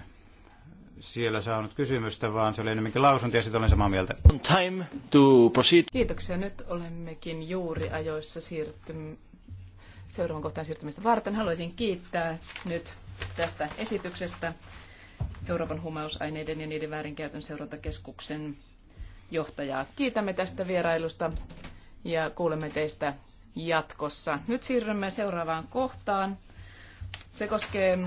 siellä saanut kysymystä, vaan se oli enemmänkin lausunto ja sitten olen samaa mieltä. Time to proceed. Kiitoksia. Nyt olemmekin juuri ajoissa siirtym... seuraavan kohtaan siirtymistä varten. Haluaisin kiittää nyt tästä esityksestä Euroopan humausaineiden ja niiden väärinkäytön seurantakeskuksen johtajaa. Kiitämme tästä vierailusta ja kuulemme teistä jatkossa. Nyt siirrymme seuraavaan kohtaan. Se koskee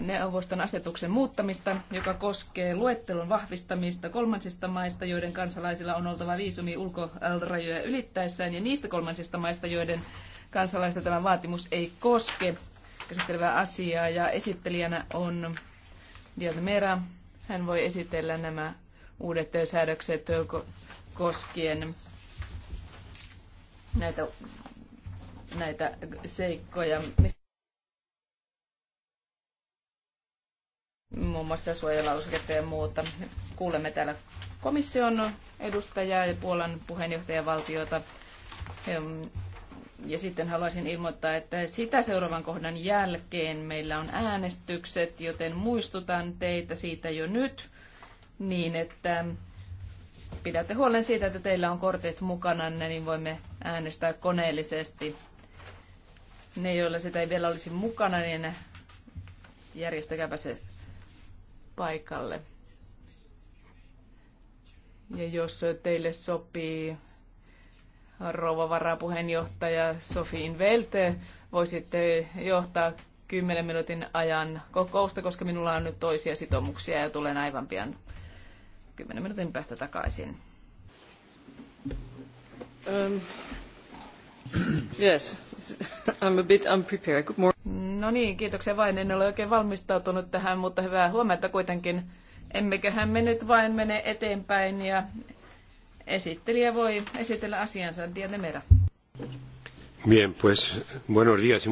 neuvoston asetuksen muuttamista, joka koskee luettelon vahvistamista kolmansista maista, joiden kansalaisilla on oltava viisumi ulkorajoja ylittäessään, ja niistä kolmansista maista, joiden kansalaista tämä vaatimus ei koske käsittelevää asiaa. Ja esittelijänä on Diana Mera. Hän voi esitellä nämä uudet säädökset koskien näitä, näitä seikkoja. muun muassa suojelauseketta ja muuta. Kuulemme täällä komission edustajaa ja Puolan puheenjohtajavaltiota. Ja sitten haluaisin ilmoittaa, että sitä seuraavan kohdan jälkeen meillä on äänestykset, joten muistutan teitä siitä jo nyt, niin että pidätte huolen siitä, että teillä on kortit mukana, niin voimme äänestää koneellisesti. Ne, joilla sitä ei vielä olisi mukana, niin järjestäkääpä se paikalle. Ja jos teille sopii, rouva varapuheenjohtaja Sofiin Velte, voisitte johtaa 10 minuutin ajan kokousta, koska minulla on nyt toisia sitoumuksia ja tulen aivan pian 10 minuutin päästä takaisin. Um, yes, I'm a bit unprepared. Good morning. No niin, kiitoksia vain. En ole oikein valmistautunut tähän, mutta hyvää huomenta kuitenkin. Emmeköhän me nyt vain mene eteenpäin ja esittelijä voi esitellä asiansa Mera. Bien, pues buenos días. y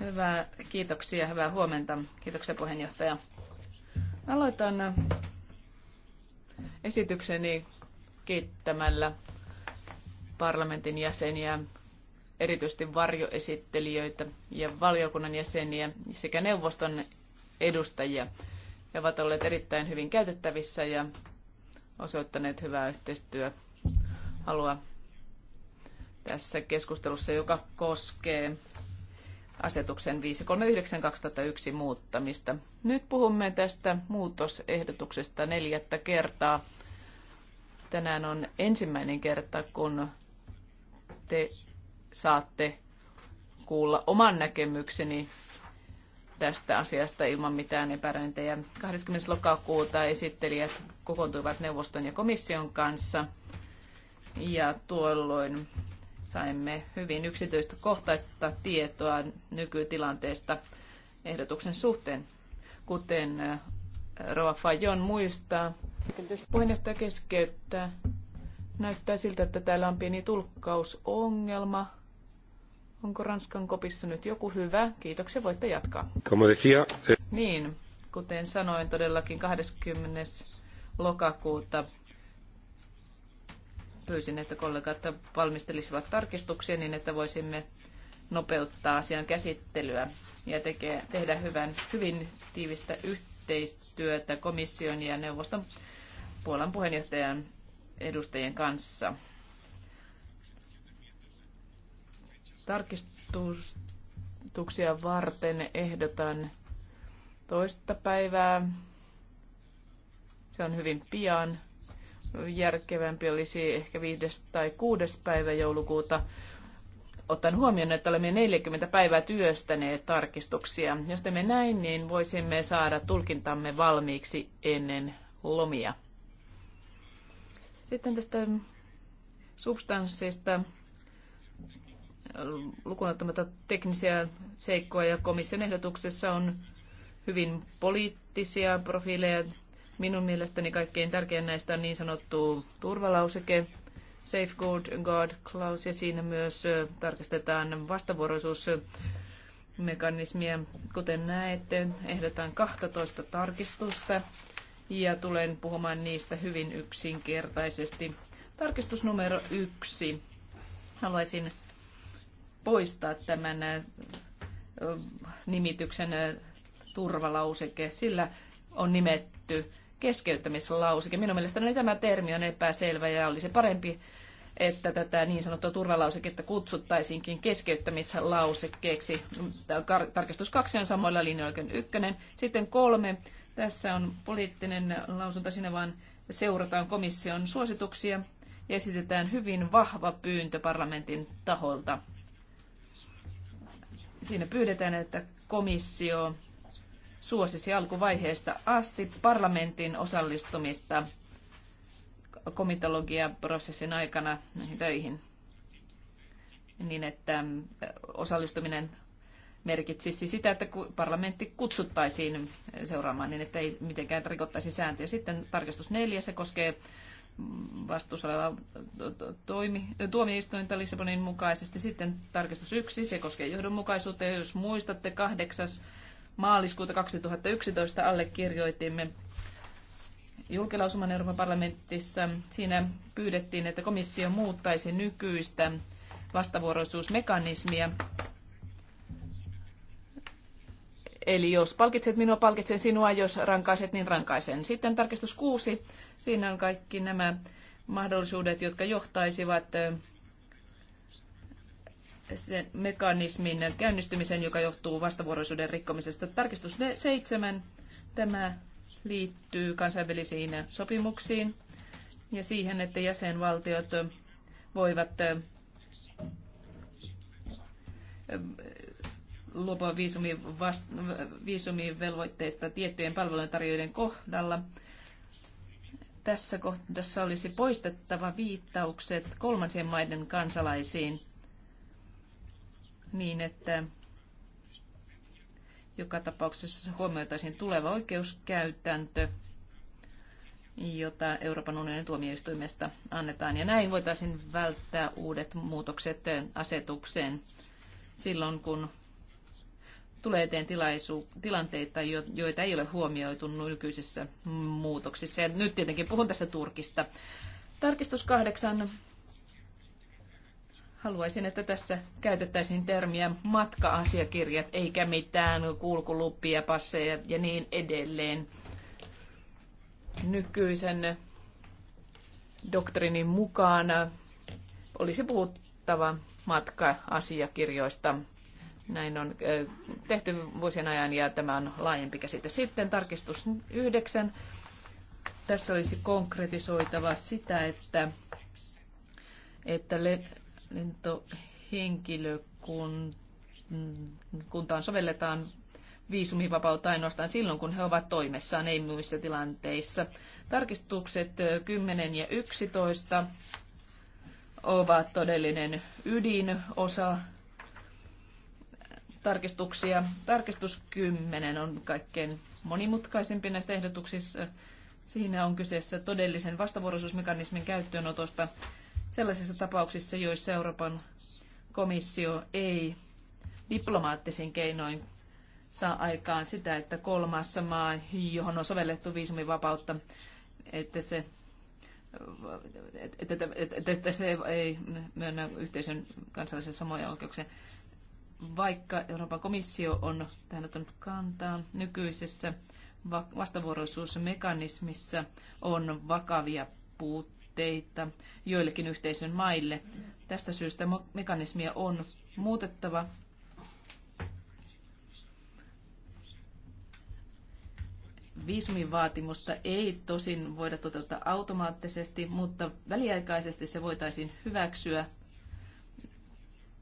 Hyvää, kiitoksia, hyvää huomenta. Kiitoksia puheenjohtaja. Aloitan esitykseni kiittämällä parlamentin jäseniä erityisesti varjoesittelijöitä ja valiokunnan jäseniä sekä neuvoston edustajia. He ovat olleet erittäin hyvin käytettävissä ja osoittaneet hyvää yhteistyöhalua tässä keskustelussa, joka koskee asetuksen 539-2001 muuttamista. Nyt puhumme tästä muutosehdotuksesta neljättä kertaa. Tänään on ensimmäinen kerta, kun te saatte kuulla oman näkemykseni tästä asiasta ilman mitään epäröintejä. 20. lokakuuta esittelijät kokoontuivat neuvoston ja komission kanssa ja tuolloin saimme hyvin yksityistä kohtaista tietoa nykytilanteesta ehdotuksen suhteen, kuten äh, Rova Fajon muistaa. Puheenjohtaja keskeyttää. Näyttää siltä, että täällä on pieni tulkkausongelma. Onko Ranskan kopissa nyt joku hyvä? Kiitoksia, voitte jatkaa. Como decía, eh... Niin, kuten sanoin todellakin 20. lokakuuta pyysin, että kollegat valmistelisivat tarkistuksia niin, että voisimme nopeuttaa asian käsittelyä ja tekee, tehdä hyvän, hyvin tiivistä yhteistyötä komission ja neuvoston Puolan puheenjohtajan edustajien kanssa. Tarkistuksia varten ehdotan toista päivää. Se on hyvin pian. Järkevämpi olisi ehkä viides tai kuudes päivä joulukuuta Otan huomioon, että olemme 40 päivää työstäneet tarkistuksia. Jos teemme näin, niin voisimme saada tulkintamme valmiiksi ennen lomia. Sitten tästä substanssista lukunottamatta teknisiä seikkoja ja komission ehdotuksessa on hyvin poliittisia profiileja. Minun mielestäni kaikkein tärkein näistä on niin sanottu turvalauseke, Safeguard guard Clause, ja siinä myös tarkastetaan vastavuoroisuusmekanismia. Kuten näette, ehdotan 12 tarkistusta ja tulen puhumaan niistä hyvin yksinkertaisesti. Tarkistus numero yksi. Haluaisin poistaa tämän nimityksen turvalauseke. Sillä on nimetty keskeyttämislauseke. Minun mielestäni tämä termi on epäselvä ja olisi parempi, että tätä niin sanottua turvalauseketta kutsuttaisiinkin keskeyttämislausekkeeksi. Tarkistus kaksi on samoilla linjoilla kuin ykkönen. Sitten kolme. Tässä on poliittinen lausunto. Siinä vaan seurataan komission suosituksia ja esitetään hyvin vahva pyyntö parlamentin taholta Siinä pyydetään, että komissio suosisi alkuvaiheesta asti parlamentin osallistumista komitologiaprosessin aikana näihin töihin niin, että mm, osallistuminen merkitsisi sitä, että parlamentti kutsuttaisiin seuraamaan niin, että ei mitenkään rikottaisi sääntöjä. Sitten tarkastus neljä, se koskee vastuussa oleva toimi, tuomioistuinta Lissabonin mukaisesti. Sitten tarkistus yksi, se koskee johdonmukaisuutta. Ja jos muistatte, 8. maaliskuuta 2011 allekirjoitimme julkilausuman Euroopan parlamentissa. Siinä pyydettiin, että komissio muuttaisi nykyistä vastavuoroisuusmekanismia. Eli jos palkitset minua, palkitsen sinua. Jos rankaiset, niin rankaisen. Sitten tarkistus 6 Siinä on kaikki nämä mahdollisuudet, jotka johtaisivat sen mekanismin käynnistymisen, joka johtuu vastavuoroisuuden rikkomisesta. Tarkistus 7. Tämä liittyy kansainvälisiin sopimuksiin ja siihen, että jäsenvaltiot voivat luopua viisumivelvoitteista tiettyjen palveluntarjoajien kohdalla tässä kohdassa olisi poistettava viittaukset kolmansien maiden kansalaisiin niin, että joka tapauksessa huomioitaisiin tuleva oikeuskäytäntö, jota Euroopan unionin tuomioistuimesta annetaan. Ja näin voitaisiin välttää uudet muutokset asetukseen silloin, kun tulee eteen tilaisu, tilanteita, joita ei ole huomioitu nykyisissä muutoksissa. Ja nyt tietenkin puhun tässä Turkista. Tarkistus kahdeksan. Haluaisin, että tässä käytettäisiin termiä matka-asiakirjat, eikä mitään kulkuluppia, passeja ja niin edelleen. Nykyisen doktrinin mukaan olisi puhuttava matka-asiakirjoista näin on tehty vuosien ajan ja tämä on laajempi käsite. Sitten tarkistus yhdeksän. Tässä olisi konkretisoitava sitä, että, että lentohenkilökuntaan sovelletaan viisumivapautta ainoastaan silloin, kun he ovat toimessaan, ei muissa tilanteissa. Tarkistukset 10 ja 11 ovat todellinen ydinosa tarkistuksia. Tarkistus 10 on kaikkein monimutkaisempi näistä ehdotuksissa. Siinä on kyseessä todellisen vastavuoroisuusmekanismin käyttöönotosta sellaisissa tapauksissa, joissa Euroopan komissio ei diplomaattisin keinoin saa aikaan sitä, että kolmas maa, johon on sovellettu viisumivapautta, että se, että, että, että, että se ei myönnä yhteisön kansallisen samoja oikeuksia vaikka Euroopan komissio on tähän ottanut kantaa nykyisessä vastavuoroisuusmekanismissa on vakavia puutteita joillekin yhteisön maille. Tästä syystä mekanismia on muutettava Viisumivaatimusta ei tosin voida toteuttaa automaattisesti, mutta väliaikaisesti se voitaisiin hyväksyä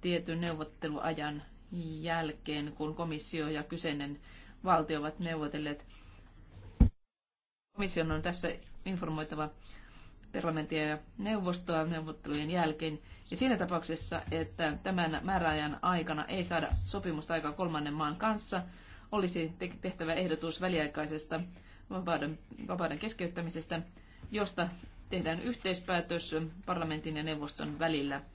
tietyn neuvotteluajan jälkeen, kun komissio ja kyseinen valtio ovat neuvotelleet. Komission on tässä informoitava parlamenttia ja neuvostoa neuvottelujen jälkeen. Ja siinä tapauksessa, että tämän määräajan aikana ei saada sopimusta aikaa kolmannen maan kanssa, olisi tehtävä ehdotus väliaikaisesta vapauden, vapauden keskeyttämisestä, josta tehdään yhteispäätös parlamentin ja neuvoston välillä –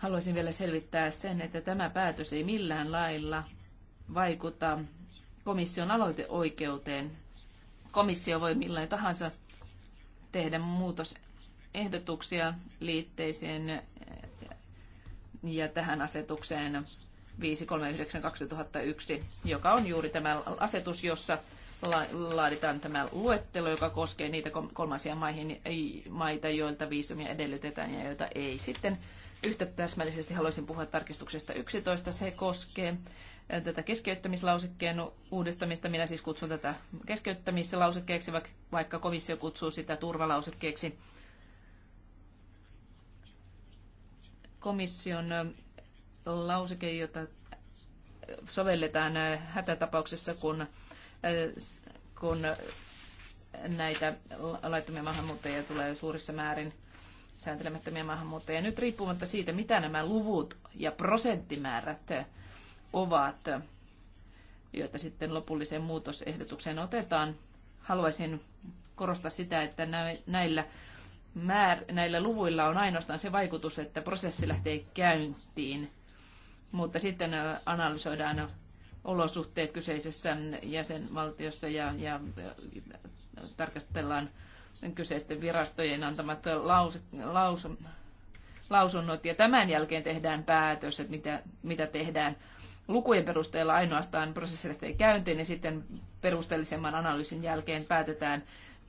Haluaisin vielä selvittää sen, että tämä päätös ei millään lailla vaikuta komission aloiteoikeuteen. Komissio voi millään tahansa tehdä muutosehdotuksia liitteeseen ja tähän asetukseen 539-2001, joka on juuri tämä asetus, jossa laaditaan tämä luettelo, joka koskee niitä kolmansia maihin, maita, joilta viisumia edellytetään ja joita ei sitten Yhtä täsmällisesti haluaisin puhua tarkistuksesta 11. Se koskee tätä keskeyttämislausekkeen uudistamista. Minä siis kutsun tätä keskeyttämislausekkeeksi, vaikka komissio kutsuu sitä turvalausekkeeksi. Komission lauseke, jota sovelletaan hätätapauksessa, kun, kun näitä laittomia maahanmuuttajia tulee suurissa määrin – sääntelemättömiä maahanmuuttajia. Nyt riippumatta siitä, mitä nämä luvut ja prosenttimäärät ovat, joita sitten lopulliseen muutosehdotukseen otetaan, haluaisin korostaa sitä, että näillä, määr, näillä luvuilla on ainoastaan se vaikutus, että prosessi lähtee käyntiin, mutta sitten analysoidaan olosuhteet kyseisessä jäsenvaltiossa ja, ja tarkastellaan sen kyseisten virastojen antamat laus, laus, lausunnot. Ja tämän jälkeen tehdään päätös, että mitä, mitä tehdään lukujen perusteella ainoastaan prosessi lähtee käyntiin ja sitten perusteellisemman analyysin jälkeen päätetään,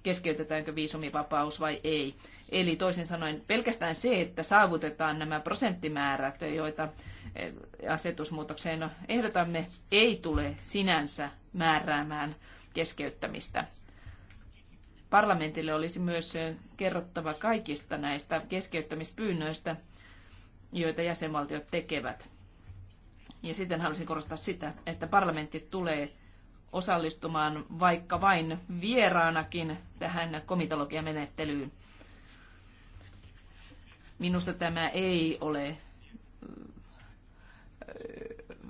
keskeytetäänkö viisumivapaus vai ei. Eli toisin sanoen pelkästään se, että saavutetaan nämä prosenttimäärät, joita eh, asetusmuutokseen ehdotamme, ei tule sinänsä määräämään keskeyttämistä. Parlamentille olisi myös kerrottava kaikista näistä keskeyttämispyynnöistä, joita jäsenvaltiot tekevät. Ja sitten haluaisin korostaa sitä, että parlamentti tulee osallistumaan vaikka vain vieraanakin tähän komitologiamenettelyyn. Minusta tämä ei ole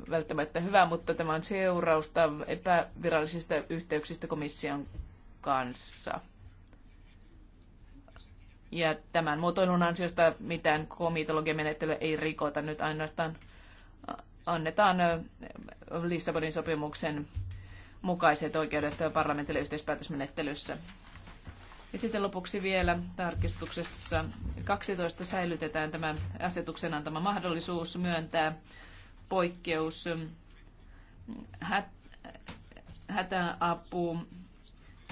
välttämättä hyvä, mutta tämä on seurausta epävirallisista yhteyksistä komission kanssa. Ja tämän muotoilun ansiosta mitään komitologiamenettelyä ei rikota. Nyt ainoastaan äh, annetaan äh, Lissabonin sopimuksen mukaiset oikeudet parlamentille yhteispäätösmenettelyssä. Ja sitten lopuksi vielä tarkistuksessa 12 säilytetään tämä asetuksen antama mahdollisuus myöntää poikkeus äh, hätäapu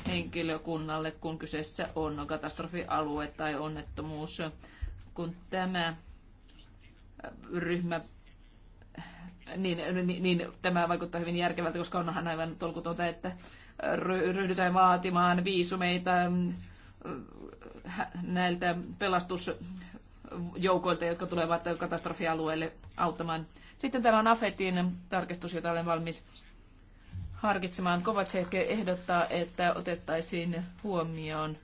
henkilökunnalle, kun kyseessä on katastrofialue tai onnettomuus. Kun tämä äh, ryhmä niin, niin, niin tämä vaikuttaa hyvin järkevältä, koska onhan aivan tolkutonta, että ryhdytään vaatimaan viisumeita äh, näiltä pelastusjoukoilta, jotka tulevat katastrofialueelle auttamaan. Sitten täällä on AFETin tarkistus, jota olen valmis harkitsemaan. Kovacek ehdottaa, että otettaisiin huomioon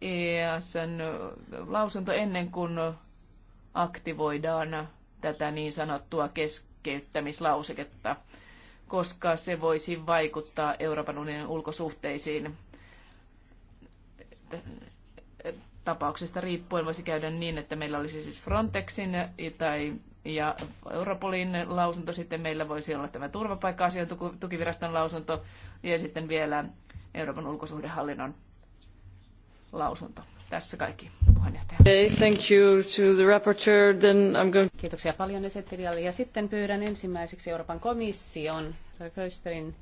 EASn lausunto ennen kuin aktivoidaan tätä niin sanottua keskeyttämislauseketta, koska se voisi vaikuttaa Euroopan unionin ulkosuhteisiin. Tapauksesta riippuen voisi käydä niin, että meillä olisi siis Frontexin tai ja Europolin lausunto, sitten meillä voisi olla tämä turvapaikka tukiviraston lausunto ja sitten vielä Euroopan ulkosuhdehallinnon lausunto. Tässä kaikki, puheenjohtaja. Okay, thank you to the rapporteur. Then I'm going... Kiitoksia paljon esittelijälle. Ja sitten pyydän ensimmäiseksi Euroopan komission Rösterin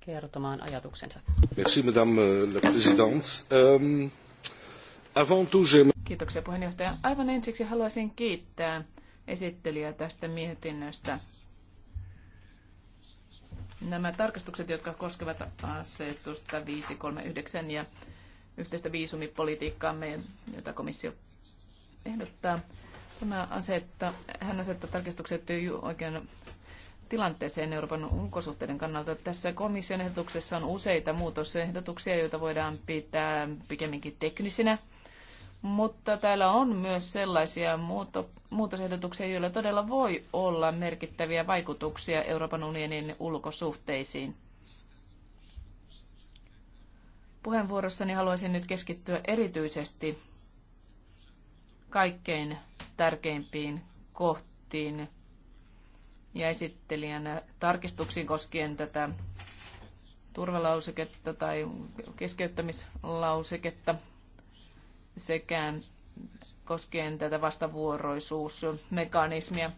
kertomaan ajatuksensa. Merci, madame la présidente. Um, avant tout, Kiitoksia puheenjohtaja. Aivan ensiksi haluaisin kiittää esittelijää tästä mietinnöstä. Nämä tarkastukset, jotka koskevat asetusta 539 ja yhteistä viisumipolitiikkaa, jota komissio ehdottaa, tämä asetta, hän asettaa tarkistukset oikein tilanteeseen Euroopan ulkosuhteiden kannalta. Tässä komission ehdotuksessa on useita muutosehdotuksia, joita voidaan pitää pikemminkin teknisinä mutta täällä on myös sellaisia muutto, muutosehdotuksia, joilla todella voi olla merkittäviä vaikutuksia Euroopan unionin ulkosuhteisiin. Puheenvuorossani haluaisin nyt keskittyä erityisesti kaikkein tärkeimpiin kohtiin ja esittelijän tarkistuksiin koskien tätä turvalauseketta tai keskeyttämislauseketta – sekä koskien tätä vastavuoroisuusmekanismia.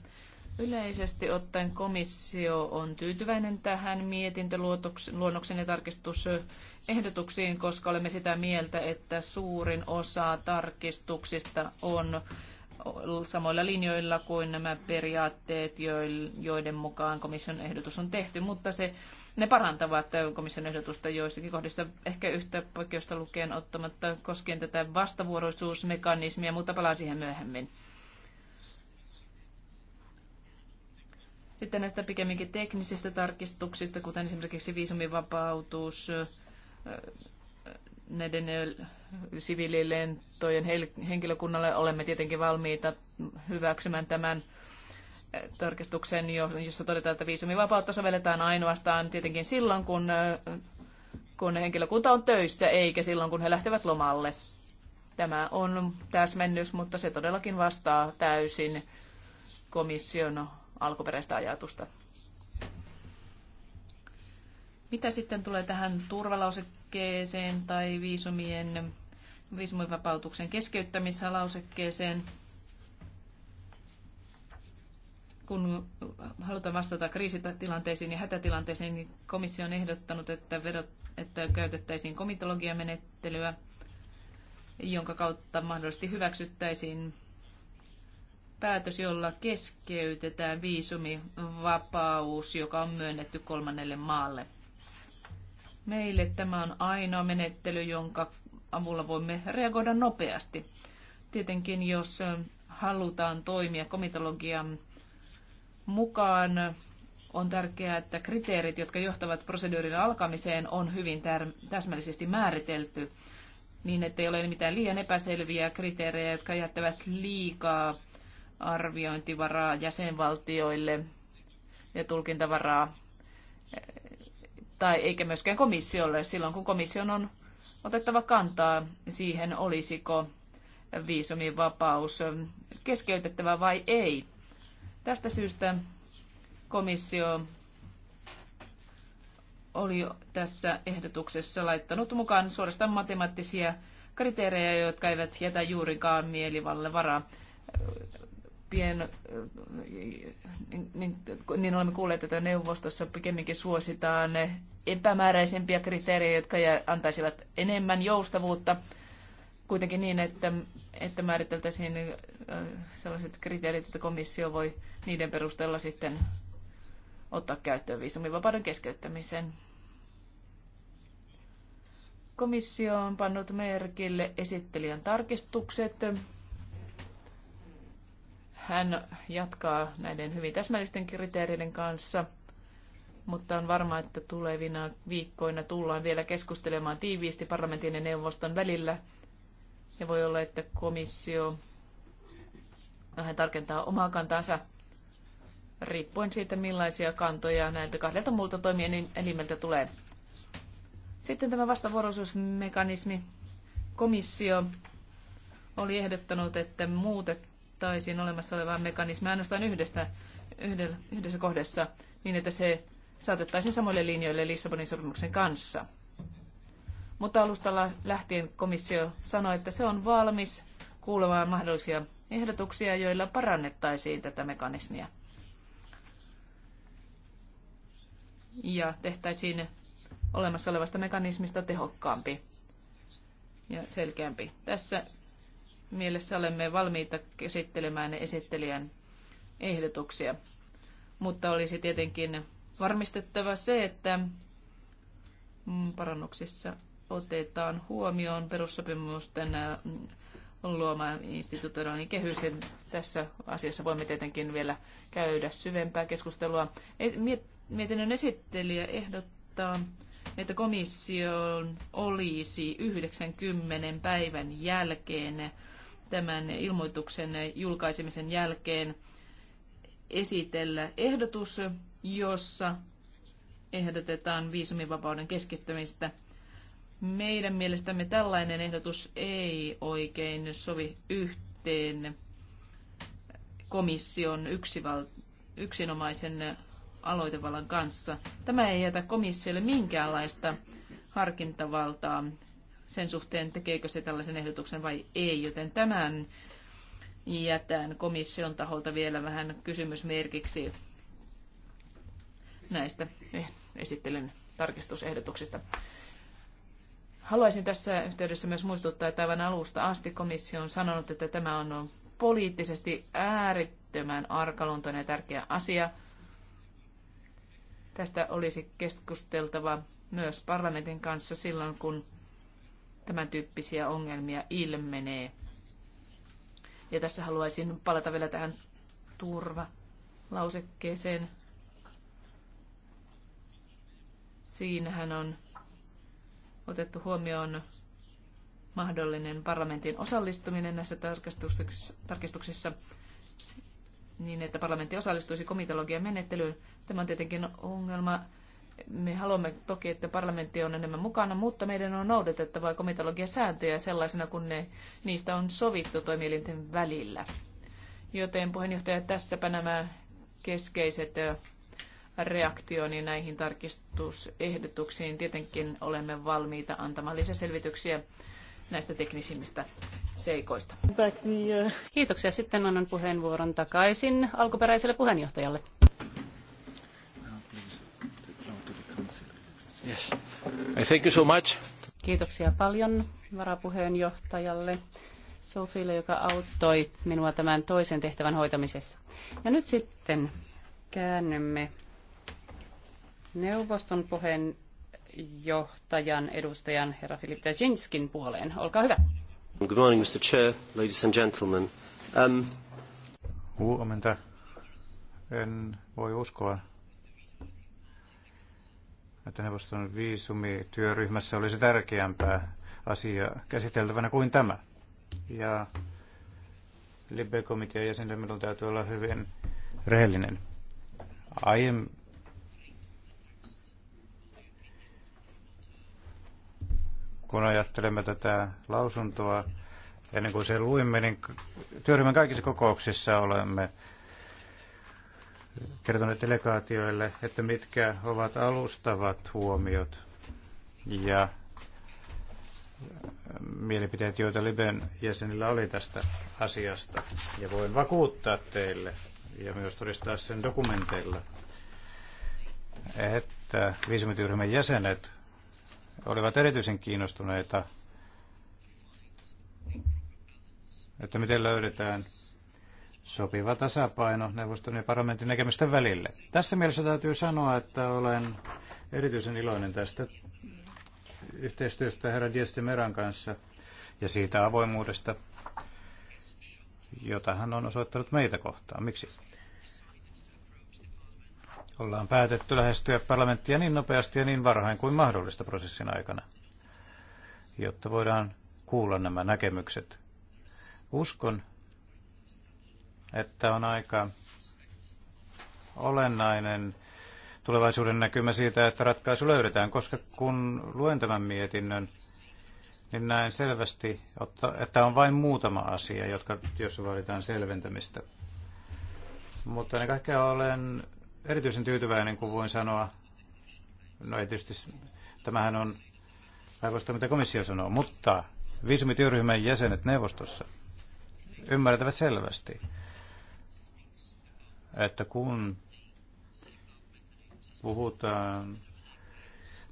Yleisesti ottaen komissio on tyytyväinen tähän mietintöluonnoksen ja tarkistusehdotuksiin, koska olemme sitä mieltä, että suurin osa tarkistuksista on samoilla linjoilla kuin nämä periaatteet, joiden mukaan komission ehdotus on tehty, mutta se ne parantavat komission ehdotusta joissakin kohdissa ehkä yhtä poikkeusta lukeen ottamatta koskien tätä vastavuoroisuusmekanismia, mutta palaan siihen myöhemmin. Sitten näistä pikemminkin teknisistä tarkistuksista, kuten esimerkiksi viisumivapautus, näiden siviililentojen henkilökunnalle olemme tietenkin valmiita hyväksymään tämän tarkistuksen, jossa todetaan, että viisumivapautta sovelletaan ainoastaan tietenkin silloin, kun, kun henkilökunta on töissä, eikä silloin, kun he lähtevät lomalle. Tämä on täsmennys, mutta se todellakin vastaa täysin komission alkuperäistä ajatusta. Mitä sitten tulee tähän turvalausekkeeseen tai viisumien viisumivapautuksen keskeyttämislausekkeeseen? kun halutaan vastata kriisitilanteisiin ja hätätilanteisiin, niin komissio on ehdottanut, että, vedot, että käytettäisiin komitologiamenettelyä, jonka kautta mahdollisesti hyväksyttäisiin päätös, jolla keskeytetään viisumivapaus, joka on myönnetty kolmannelle maalle. Meille tämä on ainoa menettely, jonka avulla voimme reagoida nopeasti. Tietenkin, jos halutaan toimia komitologian mukaan. On tärkeää, että kriteerit, jotka johtavat proseduurin alkamiseen, on hyvin täsmällisesti määritelty niin, ettei ole mitään liian epäselviä kriteerejä, jotka jättävät liikaa arviointivaraa jäsenvaltioille ja tulkintavaraa, tai eikä myöskään komissiolle silloin, kun komission on otettava kantaa siihen, olisiko viisumivapaus keskeytettävä vai ei. Tästä syystä komissio oli tässä ehdotuksessa laittanut mukaan suorastaan matemaattisia kriteerejä, jotka eivät jätä juurikaan mielivalle varaa. Pien, niin, niin, niin olemme kuulleet, että neuvostossa pikemminkin suositaan epämääräisempiä kriteerejä, jotka antaisivat enemmän joustavuutta kuitenkin niin, että, että määriteltäisiin äh, sellaiset kriteerit, että komissio voi niiden perusteella sitten ottaa käyttöön viisumivapauden keskeyttämisen. Komissio on pannut merkille esittelijän tarkistukset. Hän jatkaa näiden hyvin täsmällisten kriteereiden kanssa, mutta on varma, että tulevina viikkoina tullaan vielä keskustelemaan tiiviisti parlamentin ja neuvoston välillä – ja voi olla, että komissio vähän tarkentaa omaa kantaansa riippuen siitä, millaisia kantoja näiltä kahdelta muulta toimielimeltä tulee. Sitten tämä vastavuoroisuusmekanismi. Komissio oli ehdottanut, että muutettaisiin olemassa olevaa mekanismia ainoastaan yhdestä, yhdellä, yhdessä kohdassa niin, että se saatettaisiin samoille linjoille Lissabonin sopimuksen kanssa – mutta alustalla lähtien komissio sanoi, että se on valmis kuulemaan mahdollisia ehdotuksia, joilla parannettaisiin tätä mekanismia. Ja tehtäisiin olemassa olevasta mekanismista tehokkaampi ja selkeämpi. Tässä mielessä olemme valmiita käsittelemään esittelijän ehdotuksia, mutta olisi tietenkin varmistettava se, että mm, parannuksissa otetaan huomioon perussopimusten äh, luoma instituutioiden kehys. Tässä asiassa voimme tietenkin vielä käydä syvempää keskustelua. E, mietinnön esittelijä ehdottaa, että komission olisi 90 päivän jälkeen tämän ilmoituksen julkaisemisen jälkeen esitellä ehdotus, jossa ehdotetaan viisumivapauden keskittämistä – meidän mielestämme tällainen ehdotus ei oikein sovi yhteen komission yksival- yksinomaisen aloitevallan kanssa. Tämä ei jätä komissiolle minkäänlaista harkintavaltaa sen suhteen, tekeekö se tällaisen ehdotuksen vai ei, joten tämän jätän komission taholta vielä vähän kysymysmerkiksi näistä eh, esittelyn tarkistusehdotuksista. Haluaisin tässä yhteydessä myös muistuttaa, että aivan alusta asti komissio on sanonut, että tämä on poliittisesti äärettömän arkaluntoinen ja tärkeä asia. Tästä olisi keskusteltava myös parlamentin kanssa silloin, kun tämän tyyppisiä ongelmia ilmenee. Ja tässä haluaisin palata vielä tähän turvalausekkeeseen. Siinähän on otettu huomioon mahdollinen parlamentin osallistuminen näissä tarkistuksissa, tarkistuksissa niin, että parlamentti osallistuisi komitologian menettelyyn. Tämä on tietenkin ongelma. Me haluamme toki, että parlamentti on enemmän mukana, mutta meidän on noudatettava komitologian sääntöjä sellaisena, kun ne, niistä on sovittu toimielinten välillä. Joten puheenjohtaja, tässäpä nämä keskeiset reaktioni näihin tarkistusehdotuksiin. Tietenkin olemme valmiita antamaan lisäselvityksiä näistä teknisimmistä seikoista. Kiitoksia. Sitten annan puheenvuoron takaisin alkuperäiselle puheenjohtajalle. Yes. Thank you so much. Kiitoksia paljon varapuheenjohtajalle Sofille, joka auttoi minua tämän toisen tehtävän hoitamisessa. Ja nyt sitten käännymme neuvoston puheenjohtajan edustajan herra Filip Dzezinskin puoleen. Olkaa hyvä. Good morning, Mr. Chair, ladies and gentlemen. Um... Huomenta. En voi uskoa, että neuvoston viisumityöryhmässä olisi tärkeämpää asiaa käsiteltävänä kuin tämä. Ja Libe-komitean jäsenille minun täytyy olla hyvin rehellinen. Aiemmin kun ajattelemme tätä lausuntoa, ennen kuin sen luimme, niin työryhmän kaikissa kokouksissa olemme kertoneet delegaatioille, että mitkä ovat alustavat huomiot ja mielipiteet, joita Liben jäsenillä oli tästä asiasta. Ja voin vakuuttaa teille ja myös todistaa sen dokumenteilla, että viisimityryhmän jäsenet olivat erityisen kiinnostuneita, että miten löydetään sopiva tasapaino neuvoston ja parlamentin näkemysten välille. Tässä mielessä täytyy sanoa, että olen erityisen iloinen tästä yhteistyöstä herra Meran kanssa ja siitä avoimuudesta, jota hän on osoittanut meitä kohtaan. Miksi? Ollaan päätetty lähestyä parlamenttia niin nopeasti ja niin varhain kuin mahdollista prosessin aikana, jotta voidaan kuulla nämä näkemykset. Uskon, että on aika olennainen tulevaisuuden näkymä siitä, että ratkaisu löydetään, koska kun luen tämän mietinnön, niin näen selvästi, että on vain muutama asia, jotka, jos vaaditaan selventämistä. Mutta ne kaikkea olen erityisen tyytyväinen, kun voin sanoa, no ei tietysti, tämähän on päivästä, mitä komissio sanoo, mutta viisumityöryhmän jäsenet neuvostossa ymmärtävät selvästi, että kun puhutaan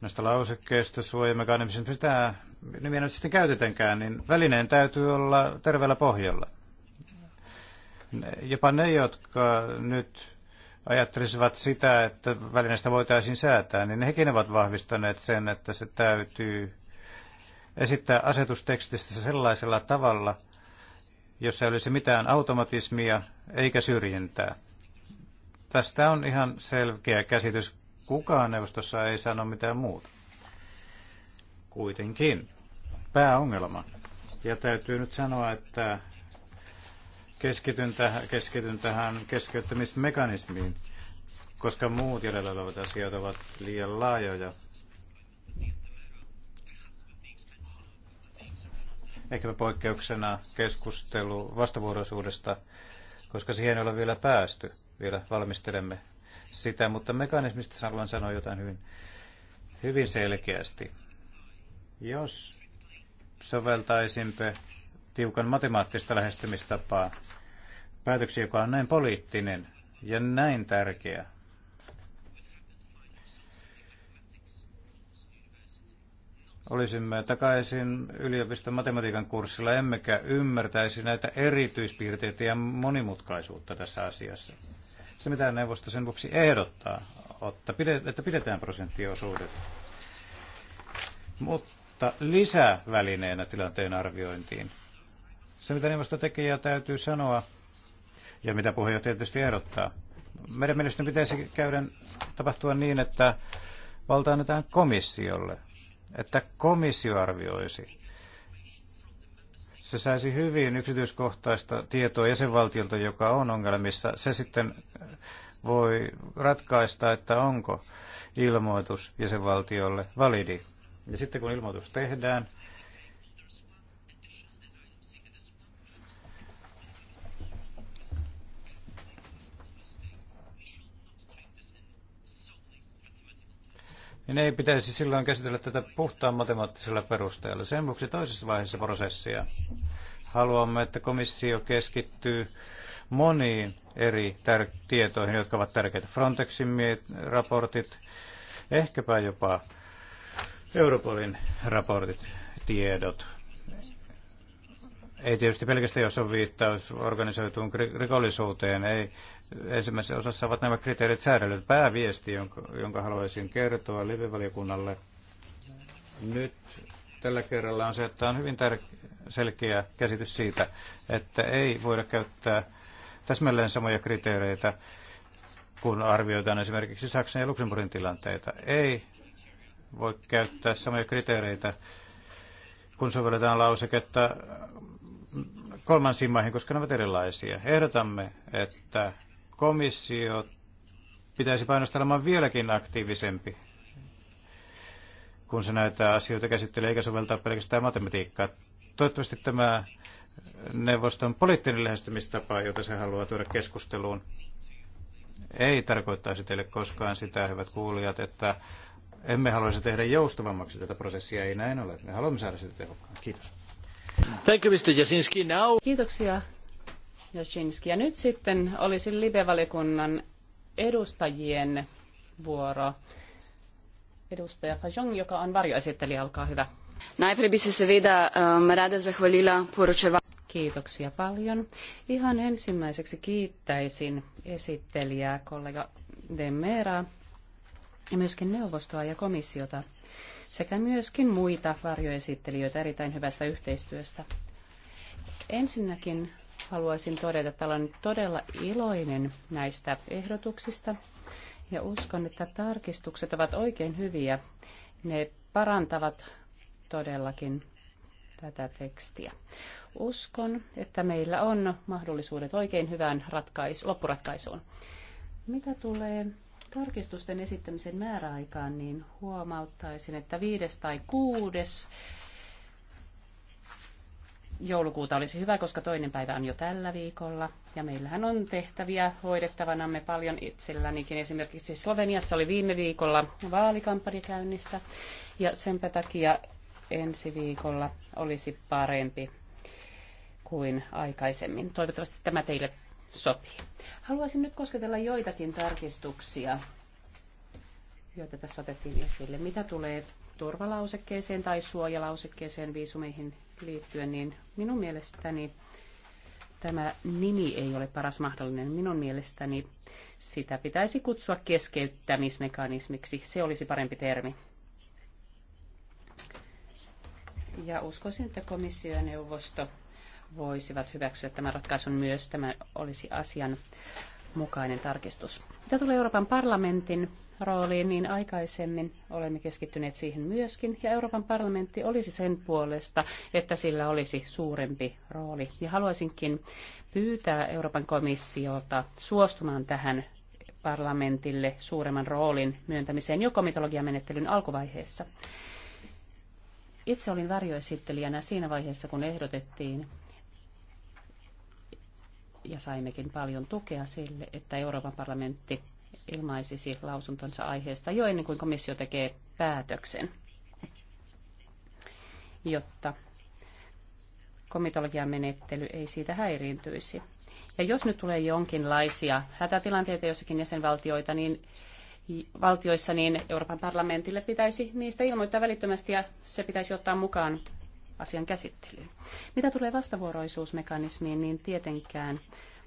näistä lausekkeista, suojamekanismista, mitä nimiä nyt sitten käytetäänkään, niin välineen täytyy olla terveellä pohjalla. Jopa ne, jotka nyt ajattelisivat sitä, että välineestä voitaisiin säätää, niin hekin ovat vahvistaneet sen, että se täytyy esittää asetustekstistä sellaisella tavalla, jossa ei olisi mitään automatismia eikä syrjintää. Tästä on ihan selkeä käsitys. Kukaan neuvostossa ei sano mitään muuta. Kuitenkin pääongelma. Ja täytyy nyt sanoa, että Keskityn, täh- keskityn tähän keskeyttämismekanismiin, koska muut jäljellä olevat asiat ovat liian laajoja. Ehkäpä poikkeuksena keskustelu vastavuoroisuudesta, koska siihen ei ole vielä päästy. Vielä valmistelemme sitä, mutta mekanismista haluan sanoa jotain hyvin, hyvin selkeästi. Jos soveltaisimme tiukan matemaattista lähestymistapaa päätöksi, joka on näin poliittinen ja näin tärkeä. Olisimme takaisin yliopiston matematiikan kurssilla, emmekä ymmärtäisi näitä erityispiirteitä ja monimutkaisuutta tässä asiassa. Se, mitä neuvosto sen vuoksi ehdottaa, että pidetään prosenttiosuudet, mutta lisävälineenä tilanteen arviointiin – se, mitä neuvosto tekee ja täytyy sanoa, ja mitä puheenjohtaja tietysti ehdottaa, meidän mielestäni pitäisi käydä tapahtua niin, että valta annetaan komissiolle, että komissio arvioisi. Se saisi hyvin yksityiskohtaista tietoa jäsenvaltiolta, joka on ongelmissa. Se sitten voi ratkaista, että onko ilmoitus jäsenvaltiolle validi. Ja sitten kun ilmoitus tehdään, niin ei pitäisi silloin käsitellä tätä puhtaan matemaattisella perusteella. Sen vuoksi toisessa vaiheessa prosessia haluamme, että komissio keskittyy moniin eri tietoihin, jotka ovat tärkeitä. Frontexin raportit, ehkäpä jopa Europolin raportit, tiedot, ei tietysti pelkästään, jos on viittaus organisoituun rikollisuuteen. Ei. Ensimmäisessä osassa ovat nämä kriteerit säädellyt. Pääviesti, jonka, jonka haluaisin kertoa live-valiokunnalle nyt tällä kerralla on se, että on hyvin tär- selkeä käsitys siitä, että ei voida käyttää täsmälleen samoja kriteereitä, kun arvioidaan esimerkiksi Saksan ja Luxemburgin tilanteita. Ei voi käyttää samoja kriteereitä, kun sovelletaan lauseketta kolmansiin maihin, koska ne ovat erilaisia. Ehdotamme, että komissio pitäisi painostella vieläkin aktiivisempi, kun se näitä asioita käsittelee eikä soveltaa pelkästään matematiikkaa. Toivottavasti tämä neuvoston poliittinen lähestymistapa, jota se haluaa tuoda keskusteluun, ei tarkoittaisi teille koskaan sitä, hyvät kuulijat, että emme haluaisi tehdä joustavammaksi tätä prosessia. Ei näin ole. Me haluamme saada sitä tehokkaan. Kiitos. Kiitoksia, Jasinski. Ja nyt sitten olisi live-valiokunnan edustajien vuoro. Edustaja Fajong, joka on varjoesittelijä, olkaa hyvä. se um, Kiitoksia paljon. Ihan ensimmäiseksi kiittäisin esittelijää kollega Demera ja myöskin neuvostoa ja komissiota sekä myöskin muita varjoesittelijöitä erittäin hyvästä yhteistyöstä. Ensinnäkin haluaisin todeta, että olen todella iloinen näistä ehdotuksista ja uskon, että tarkistukset ovat oikein hyviä. Ne parantavat todellakin tätä tekstiä. Uskon, että meillä on mahdollisuudet oikein hyvään ratkaisu, loppuratkaisuun. Mitä tulee tarkistusten esittämisen määräaikaan, niin huomauttaisin, että viides tai kuudes joulukuuta olisi hyvä, koska toinen päivä on jo tällä viikolla. Ja meillähän on tehtäviä hoidettavanamme paljon itsellänikin. Esimerkiksi Sloveniassa oli viime viikolla vaalikampanja käynnissä. Ja senpä takia ensi viikolla olisi parempi kuin aikaisemmin. Toivottavasti tämä teille sopii. Haluaisin nyt kosketella joitakin tarkistuksia, joita tässä otettiin esille. Mitä tulee turvalausekkeeseen tai suojalausekkeeseen viisumeihin liittyen, niin minun mielestäni tämä nimi ei ole paras mahdollinen. Minun mielestäni sitä pitäisi kutsua keskeyttämismekanismiksi. Se olisi parempi termi. Ja uskoisin, että komissio ja neuvosto voisivat hyväksyä tämän ratkaisun myös. Tämä olisi asian mukainen tarkistus. Mitä tulee Euroopan parlamentin rooliin, niin aikaisemmin olemme keskittyneet siihen myöskin, ja Euroopan parlamentti olisi sen puolesta, että sillä olisi suurempi rooli. Ja haluaisinkin pyytää Euroopan komissiota suostumaan tähän parlamentille suuremman roolin myöntämiseen jo komitologiamenettelyn alkuvaiheessa. Itse olin varjoesittelijänä siinä vaiheessa, kun ehdotettiin, ja saimmekin paljon tukea sille, että Euroopan parlamentti ilmaisisi lausuntonsa aiheesta jo ennen kuin komissio tekee päätöksen, jotta komitologian menettely ei siitä häiriintyisi. Ja jos nyt tulee jonkinlaisia hätätilanteita jossakin jäsenvaltioita, niin valtioissa, niin Euroopan parlamentille pitäisi niistä ilmoittaa välittömästi ja se pitäisi ottaa mukaan asian käsittelyyn. Mitä tulee vastavuoroisuusmekanismiin, niin tietenkään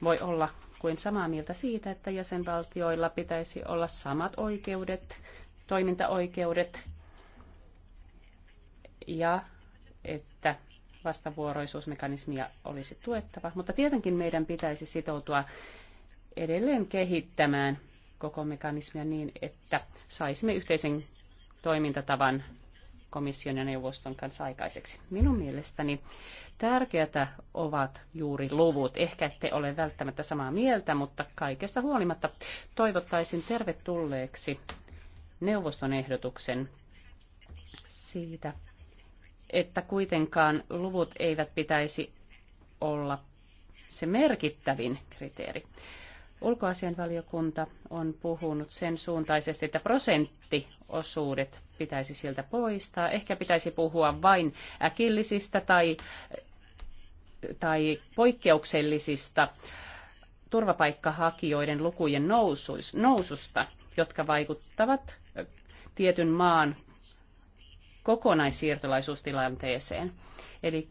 voi olla kuin samaa mieltä siitä, että jäsenvaltioilla pitäisi olla samat oikeudet, toimintaoikeudet ja että vastavuoroisuusmekanismia olisi tuettava, mutta tietenkin meidän pitäisi sitoutua edelleen kehittämään koko mekanismia niin, että saisimme yhteisen toimintatavan komission ja neuvoston kanssa aikaiseksi. Minun mielestäni tärkeätä ovat juuri luvut. Ehkä ette ole välttämättä samaa mieltä, mutta kaikesta huolimatta toivottaisin tervetulleeksi neuvoston ehdotuksen siitä, että kuitenkaan luvut eivät pitäisi olla se merkittävin kriteeri. Ulkoasianvaliokunta on puhunut sen suuntaisesti, että prosenttiosuudet pitäisi sieltä poistaa. Ehkä pitäisi puhua vain äkillisistä tai, tai poikkeuksellisista turvapaikkahakijoiden lukujen noususta, jotka vaikuttavat tietyn maan kokonaissiirtolaisuustilanteeseen. Eli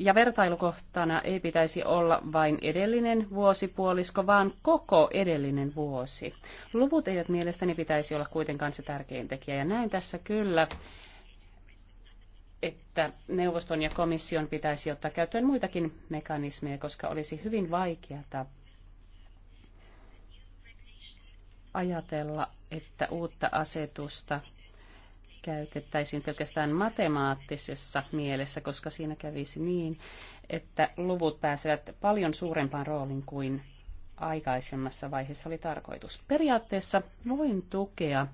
ja vertailukohtana ei pitäisi olla vain edellinen vuosipuolisko, vaan koko edellinen vuosi. Luvut eivät mielestäni pitäisi olla kuitenkaan se tärkein tekijä, ja näin tässä kyllä että neuvoston ja komission pitäisi ottaa käyttöön muitakin mekanismeja, koska olisi hyvin vaikeata ajatella, että uutta asetusta käytettäisiin pelkästään matemaattisessa mielessä, koska siinä kävisi niin, että luvut pääsevät paljon suurempaan rooliin kuin aikaisemmassa vaiheessa oli tarkoitus. Periaatteessa voin tukea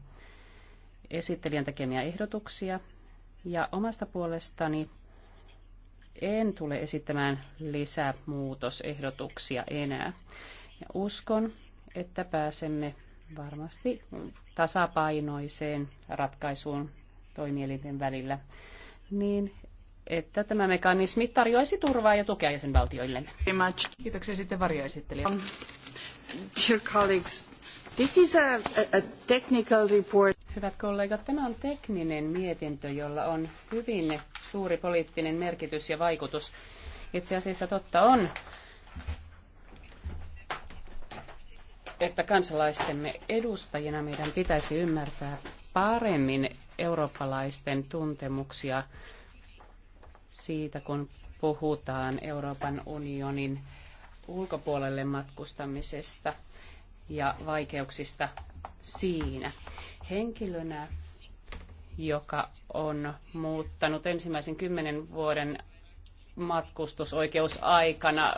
esittelijän tekemiä ehdotuksia ja omasta puolestani en tule esittämään lisämuutosehdotuksia enää. Ja uskon, että pääsemme varmasti tasapainoiseen ratkaisuun toimielinten välillä, niin että tämä mekanismi tarjoaisi turvaa ja tukea jäsenvaltioille. Kiitoksia sitten varjoesittelijä. Um, dear colleagues, this is a, a technical report. Hyvät kollegat, tämä on tekninen mietintö, jolla on hyvin suuri poliittinen merkitys ja vaikutus. Itse asiassa totta on, että kansalaistemme edustajina meidän pitäisi ymmärtää paremmin eurooppalaisten tuntemuksia siitä, kun puhutaan Euroopan unionin ulkopuolelle matkustamisesta ja vaikeuksista siinä. Henkilönä, joka on muuttanut ensimmäisen kymmenen vuoden matkustusoikeusaikana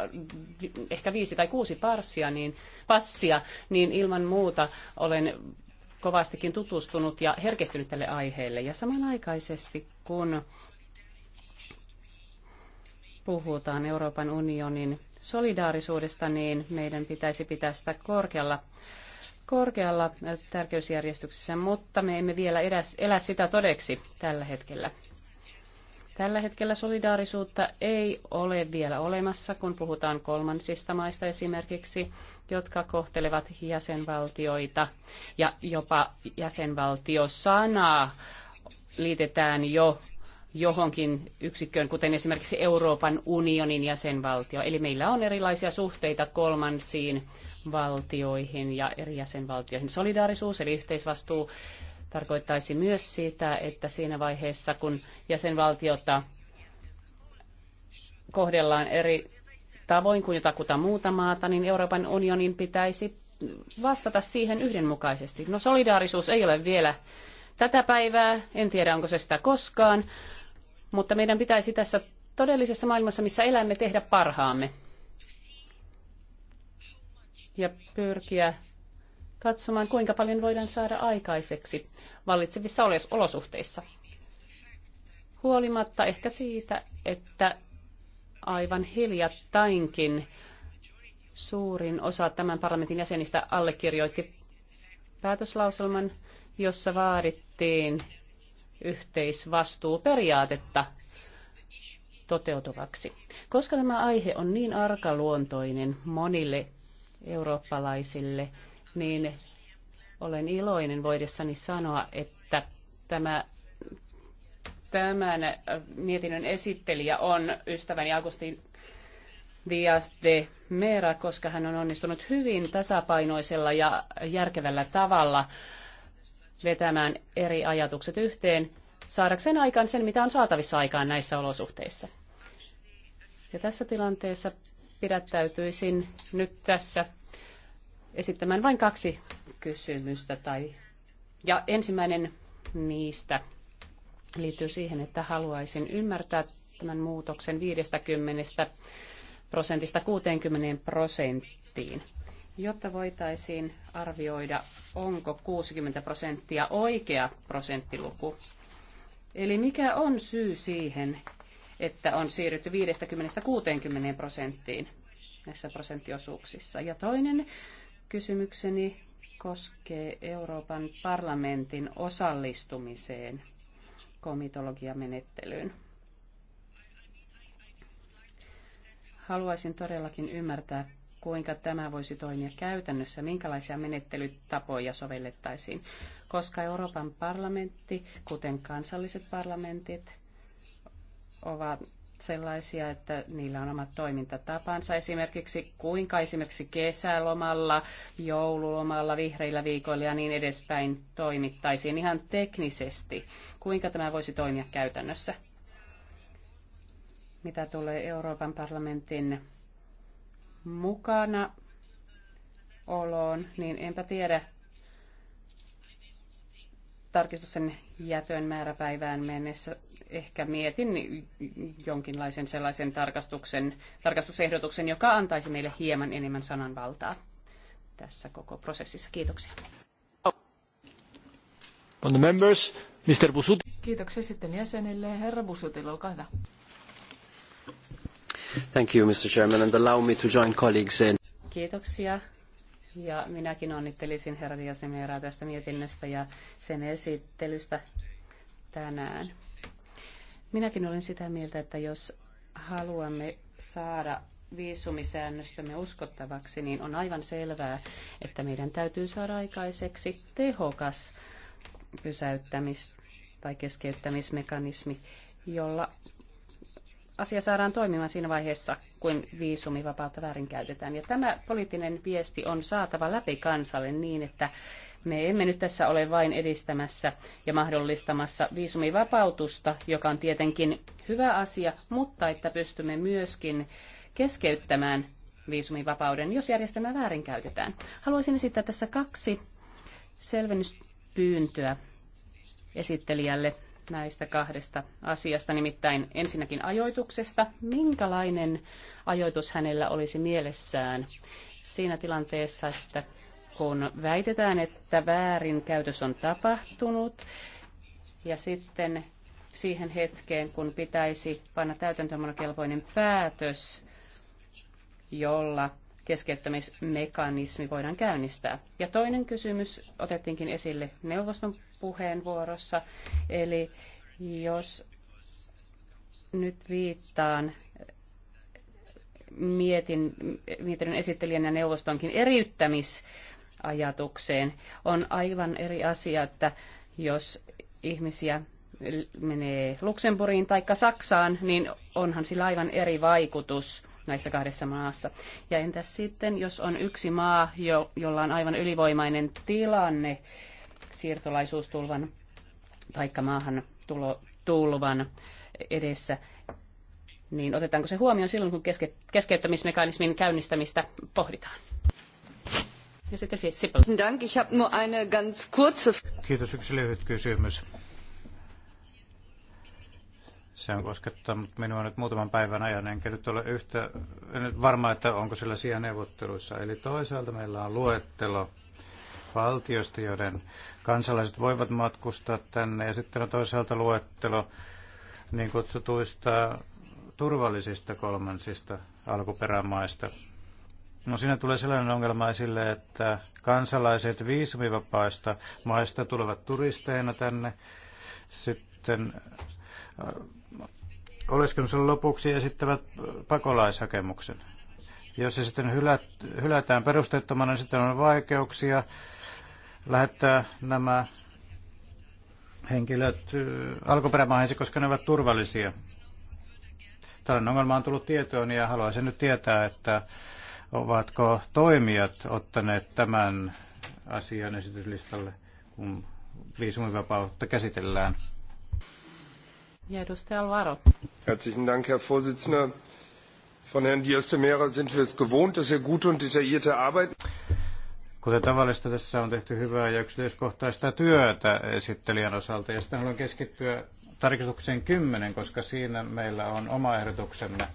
ehkä viisi tai kuusi parsia, niin, passia, niin ilman muuta olen kovastikin tutustunut ja herkistynyt tälle aiheelle. Ja samanaikaisesti, kun puhutaan Euroopan unionin solidaarisuudesta, niin meidän pitäisi pitää sitä korkealla, korkealla tärkeysjärjestyksessä, mutta me emme vielä edes elä sitä todeksi tällä hetkellä. Tällä hetkellä solidaarisuutta ei ole vielä olemassa, kun puhutaan kolmansista maista esimerkiksi, jotka kohtelevat jäsenvaltioita. Ja jopa jäsenvaltiosanaa liitetään jo johonkin yksikköön, kuten esimerkiksi Euroopan unionin jäsenvaltio. Eli meillä on erilaisia suhteita kolmansiin valtioihin ja eri jäsenvaltioihin. Solidaarisuus eli yhteisvastuu tarkoittaisi myös sitä, että siinä vaiheessa, kun jäsenvaltiota kohdellaan eri tavoin kuin jotakuta muuta maata, niin Euroopan unionin pitäisi vastata siihen yhdenmukaisesti. No solidaarisuus ei ole vielä tätä päivää, en tiedä onko se sitä koskaan, mutta meidän pitäisi tässä todellisessa maailmassa, missä elämme, tehdä parhaamme. Ja pyrkiä katsomaan, kuinka paljon voidaan saada aikaiseksi vallitsevissa olosuhteissa. Huolimatta ehkä siitä, että aivan hiljattainkin suurin osa tämän parlamentin jäsenistä allekirjoitti päätöslauselman, jossa vaadittiin yhteisvastuuperiaatetta toteutuvaksi. Koska tämä aihe on niin arkaluontoinen monille eurooppalaisille, niin olen iloinen voidessani sanoa, että tämä tämän mietinnön esittelijä on ystäväni Agustin Dias de Mera, koska hän on onnistunut hyvin tasapainoisella ja järkevällä tavalla vetämään eri ajatukset yhteen saadakseen aikaan sen, mitä on saatavissa aikaan näissä olosuhteissa. Ja tässä tilanteessa pidättäytyisin nyt tässä esittämään vain kaksi kysymystä. Tai... Ja ensimmäinen niistä liittyy siihen, että haluaisin ymmärtää tämän muutoksen 50 prosentista 60 prosenttiin, jotta voitaisiin arvioida, onko 60 prosenttia oikea prosenttiluku. Eli mikä on syy siihen, että on siirrytty 50-60 prosenttiin näissä prosenttiosuuksissa. Ja toinen kysymykseni koskee Euroopan parlamentin osallistumiseen komitologiamenettelyyn. Haluaisin todellakin ymmärtää, kuinka tämä voisi toimia käytännössä, minkälaisia menettelytapoja sovellettaisiin, koska Euroopan parlamentti, kuten kansalliset parlamentit, ovat sellaisia, että niillä on omat toimintatapansa. Esimerkiksi kuinka esimerkiksi kesälomalla, joululomalla, vihreillä viikoilla ja niin edespäin toimittaisiin ihan teknisesti. Kuinka tämä voisi toimia käytännössä? Mitä tulee Euroopan parlamentin mukana oloon, niin enpä tiedä tarkistuksen jätön määräpäivään mennessä ehkä mietin jonkinlaisen sellaisen tarkastuksen, tarkastusehdotuksen, joka antaisi meille hieman enemmän sananvaltaa tässä koko prosessissa. Kiitoksia. On the members, Mr. Busut. Kiitoksia sitten jäsenille. Herra Busutil, olkaa hyvä. Thank you, Mr. Chairman, and allow me to join colleagues in. Kiitoksia. Ja minäkin onnittelisin herra Diasemeraa tästä mietinnöstä ja sen esittelystä tänään. Minäkin olen sitä mieltä, että jos haluamme saada viisumisäännöstömme uskottavaksi, niin on aivan selvää, että meidän täytyy saada aikaiseksi tehokas pysäyttämis- tai keskeyttämismekanismi, jolla asia saadaan toimimaan siinä vaiheessa, kun viisumivapautta väärinkäytetään. Ja tämä poliittinen viesti on saatava läpi kansalle niin, että me emme nyt tässä ole vain edistämässä ja mahdollistamassa viisumivapautusta, joka on tietenkin hyvä asia, mutta että pystymme myöskin keskeyttämään viisumivapauden, jos järjestelmä väärinkäytetään. Haluaisin esittää tässä kaksi selvennyspyyntöä esittelijälle näistä kahdesta asiasta, nimittäin ensinnäkin ajoituksesta. Minkälainen ajoitus hänellä olisi mielessään siinä tilanteessa, että kun väitetään, että väärin käytös on tapahtunut ja sitten siihen hetkeen, kun pitäisi panna kelpoinen päätös, jolla keskeyttämismekanismi voidaan käynnistää. Ja toinen kysymys otettiinkin esille neuvoston puheenvuorossa, eli jos nyt viittaan mietin, mietin esittelijän ja neuvostonkin eriyttämis- ajatukseen. On aivan eri asia, että jos ihmisiä menee Luxemburgiin tai Saksaan, niin onhan sillä aivan eri vaikutus näissä kahdessa maassa. Ja entäs sitten, jos on yksi maa, jo, jolla on aivan ylivoimainen tilanne siirtolaisuustulvan tai maahan tulo, tulvan edessä, niin otetaanko se huomioon silloin, kun keske, keskeyttämismekanismin käynnistämistä pohditaan? Dank, ich habe nur eine ganz kurze... Kiitos, yksi lyhyt kysymys. Se on koskettanut minua nyt muutaman päivän ajan, enkä nyt ole yhtä en varma, että onko sillä siellä neuvotteluissa. Eli toisaalta meillä on luettelo valtiosta, joiden kansalaiset voivat matkustaa tänne, ja sitten on toisaalta luettelo niin kutsutuista turvallisista kolmansista alkuperämaista. No siinä tulee sellainen ongelma esille, että kansalaiset viisumivapaista maista tulevat turisteina tänne. Sitten äh, oleskelunsa lopuksi esittävät pakolaishakemuksen. Jos se sitten hylätään perusteettomana, niin sitten on vaikeuksia lähettää nämä henkilöt äh, alkuperämaahansa, koska ne ovat turvallisia. Tällainen ongelma on tullut tietoon ja haluaisin nyt tietää, että Ovatko toimijat ottaneet tämän asian esityslistalle, kun viisumivapautta käsitellään? Ja edustaja Alvaro. Herzlichen Dank, Herr Vorsitzender. Von Herrn Dias de Mera sind wir es gewohnt, dass er gute und detaillierte Arbeit... Kuten tavallista, tässä on tehty hyvää ja yksityiskohtaista työtä esittelijän osalta. Ja sitten haluan keskittyä tarkistukseen 10, koska siinä meillä on oma ehdotuksemme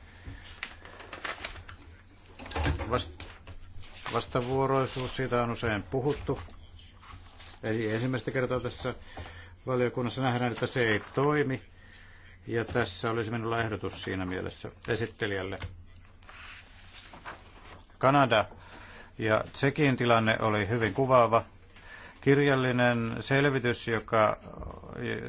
vastavuoroisuus, siitä on usein puhuttu. Eli ensimmäistä kertaa tässä valiokunnassa nähdään, että se ei toimi. Ja tässä olisi minulla ehdotus siinä mielessä esittelijälle. Kanada ja Tsekin tilanne oli hyvin kuvaava. Kirjallinen selvitys, joka,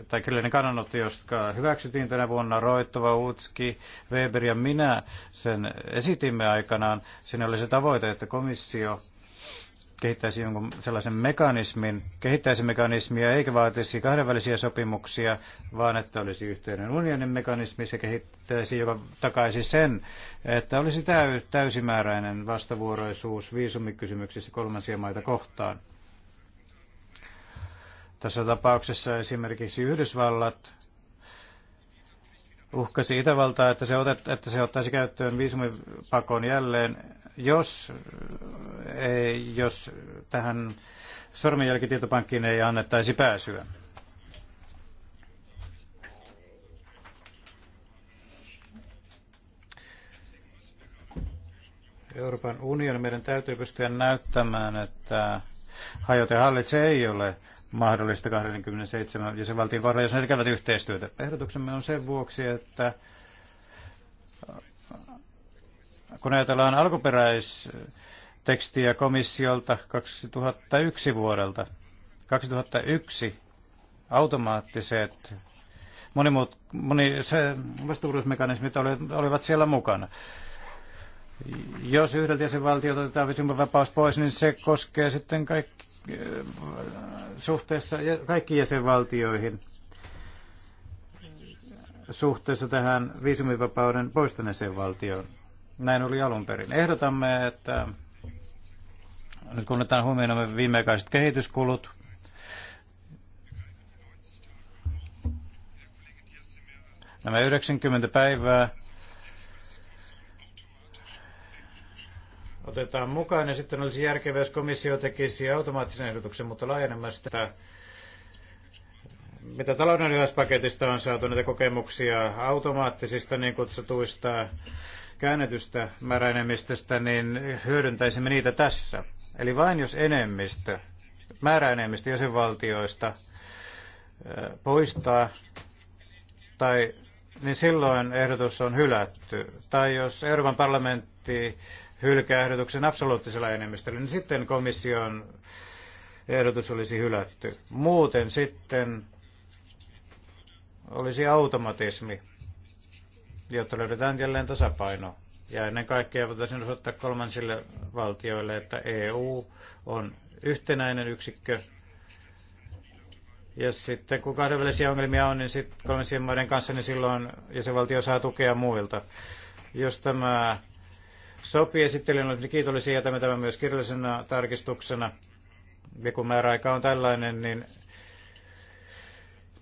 tai kirjallinen kannanotto, joka hyväksyttiin tänä vuonna, Roittova, Utski, Weber ja minä sen esitimme aikanaan. Siinä oli se tavoite, että komissio kehittäisi jonkun sellaisen mekanismin, kehittäisi mekanismia eikä vaatisi kahdenvälisiä sopimuksia, vaan että olisi yhteinen unionin mekanismi, se kehittäisi, joka takaisi sen, että olisi täysimääräinen vastavuoroisuus viisumikysymyksissä kolmansia maita kohtaan. Tässä tapauksessa esimerkiksi Yhdysvallat uhkasi Itävaltaa, että se, otet, että se ottaisi käyttöön viisumipakon jälleen, jos, ei, jos tähän sormenjälkitietopankkiin ei annettaisi pääsyä. Euroopan unioni, meidän täytyy pystyä näyttämään, että hajote hallitse ei ole mahdollista 27 jäsenvaltion kohdalla, jos ne tekevät yhteistyötä. Ehdotuksemme on sen vuoksi, että äh, kun ajatellaan alkuperäistekstiä komissiolta 2001 vuodelta, 2001 automaattiset monimut, moni, se vastuullisuusmekanismit olivat siellä mukana. Jos yhdeltä jäsenvaltiolta otetaan vapaus pois, niin se koskee sitten kaikki suhteessa kaikkiin jäsenvaltioihin suhteessa tähän viisumivapauden poistaneeseen valtioon. Näin oli alun perin. Ehdotamme, että nyt kun otetaan huomioon viimeaikaiset kehityskulut, nämä 90 päivää otetaan mukaan ja sitten olisi järkevää, jos komissio tekisi automaattisen ehdotuksen, mutta laajenemaan sitä mitä taloudenlyhäispaketista on saatu näitä kokemuksia automaattisista niin kutsutuista käännetystä määräenemmistöstä, niin hyödyntäisimme niitä tässä. Eli vain jos enemmistö, määräenemmistö jäsenvaltioista poistaa tai niin silloin ehdotus on hylätty. Tai jos Euroopan parlamentti hylkäehdotuksen absoluuttisella enemmistöllä, niin sitten komission ehdotus olisi hylätty. Muuten sitten olisi automatismi, jotta löydetään jälleen tasapaino. Ja ennen kaikkea voitaisiin osoittaa kolmansille valtioille, että EU on yhtenäinen yksikkö. Ja sitten kun kahdenvälisiä ongelmia on, niin sitten kolmansien maiden kanssa, niin silloin jäsenvaltio saa tukea muilta. Jos tämä sopii esittelijän, olemme kiitollisia, jätämme tämä myös kirjallisena tarkistuksena. Ja kun määräaika on tällainen, niin,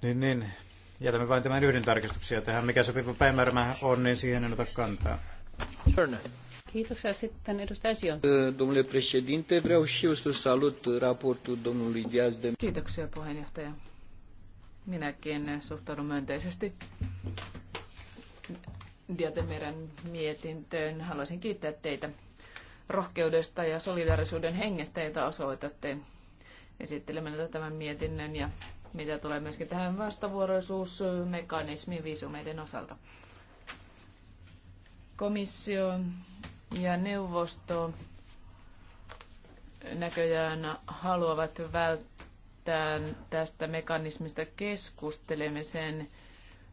niin, niin jätämme vain tämän yhden tarkistuksia tähän. Mikä sopiva päivämäärä on, niin siihen en ota kantaa. Kiitoksia sitten edustaja Sion. Eh, domnule președinte, vreau și eu să salut raportul domnului Diaz de... Kiitoksia puheenjohtaja. Minäkin suhtaudun myönteisesti Diatemeren mietintöön. Haluaisin kiittää teitä rohkeudesta ja solidaarisuuden hengestä, jota osoitatte esittelemällä tämän mietinnön ja mitä tulee myöskin tähän vastavuoroisuusmekanismiin viisumeiden osalta. Komissio ja neuvosto näköjään haluavat välttää tästä mekanismista keskustelemisen.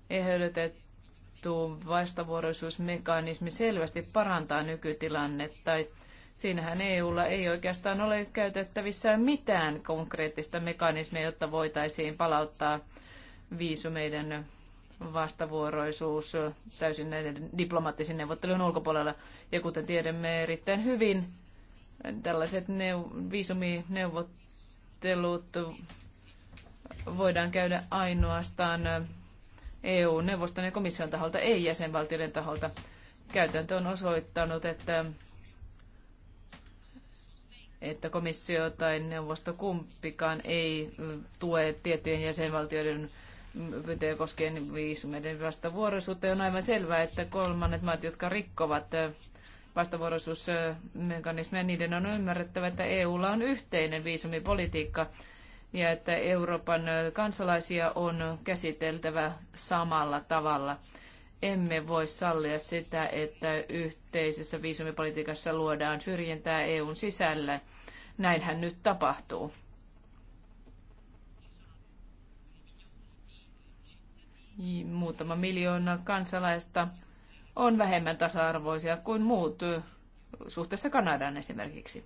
Ehdotettu ehdotettu vastavuoroisuusmekanismi selvästi parantaa nykytilannetta. Siinähän EUlla ei oikeastaan ole käytettävissä mitään konkreettista mekanismia, jotta voitaisiin palauttaa viisumeiden vastavuoroisuus täysin näiden diplomaattisen neuvottelun ulkopuolella. Ja kuten tiedämme erittäin hyvin, tällaiset neu- viisumineuvottelut voidaan käydä ainoastaan EU-neuvoston ja komission taholta, ei jäsenvaltioiden taholta. Käytäntö on osoittanut, että, että komissio tai neuvosto kumpikaan ei tue tiettyjen jäsenvaltioiden pyyntöjä koskien viisumeiden vastavuoroisuutta. on aivan selvää, että kolmannet maat, jotka rikkovat vastavuoroisuusmekanismeja, niiden on ymmärrettävä, että EUlla on yhteinen viisumipolitiikka ja että Euroopan kansalaisia on käsiteltävä samalla tavalla. Emme voi sallia sitä, että yhteisessä viisumipolitiikassa luodaan syrjintää EUn sisällä. Näinhän nyt tapahtuu. Muutama miljoona kansalaista on vähemmän tasa-arvoisia kuin muut suhteessa Kanadaan esimerkiksi.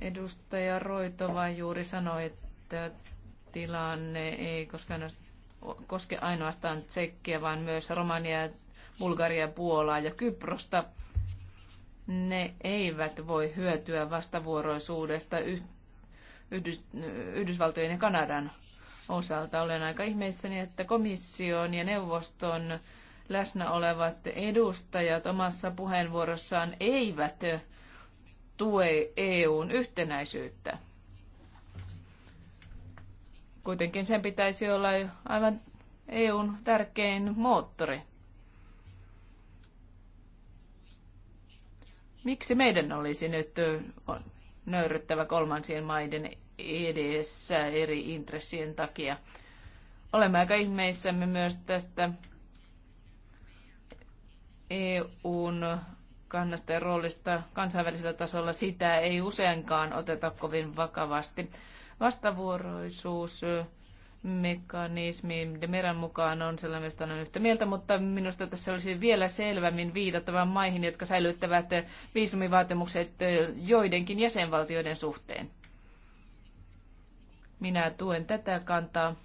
Edustaja Roitova juuri sanoi, että tilanne ei koskaan koske ainoastaan Tsekkiä, vaan myös Romania, Bulgaria, Puolaa ja Kyprosta. Ne eivät voi hyötyä vastavuoroisuudesta Yhdysvaltojen ja Kanadan osalta. Olen aika ihmeissäni, että komission ja neuvoston läsnä olevat edustajat omassa puheenvuorossaan eivät tue EUn yhtenäisyyttä. Kuitenkin sen pitäisi olla aivan EUn tärkein moottori. Miksi meidän olisi nyt äh, nöyryttävä kolmansien maiden edessä eri intressien takia? Olemme aika ihmeissämme myös tästä EUn kannasta ja roolista kansainvälisellä tasolla, sitä ei useinkaan oteta kovin vakavasti. Vastavuoroisuus mekanismi Demeran mukaan on sellainen, josta olen yhtä mieltä, mutta minusta tässä olisi vielä selvämmin viitattava maihin, jotka säilyttävät viisumivaatimukset joidenkin jäsenvaltioiden suhteen. Minä tuen tätä kantaa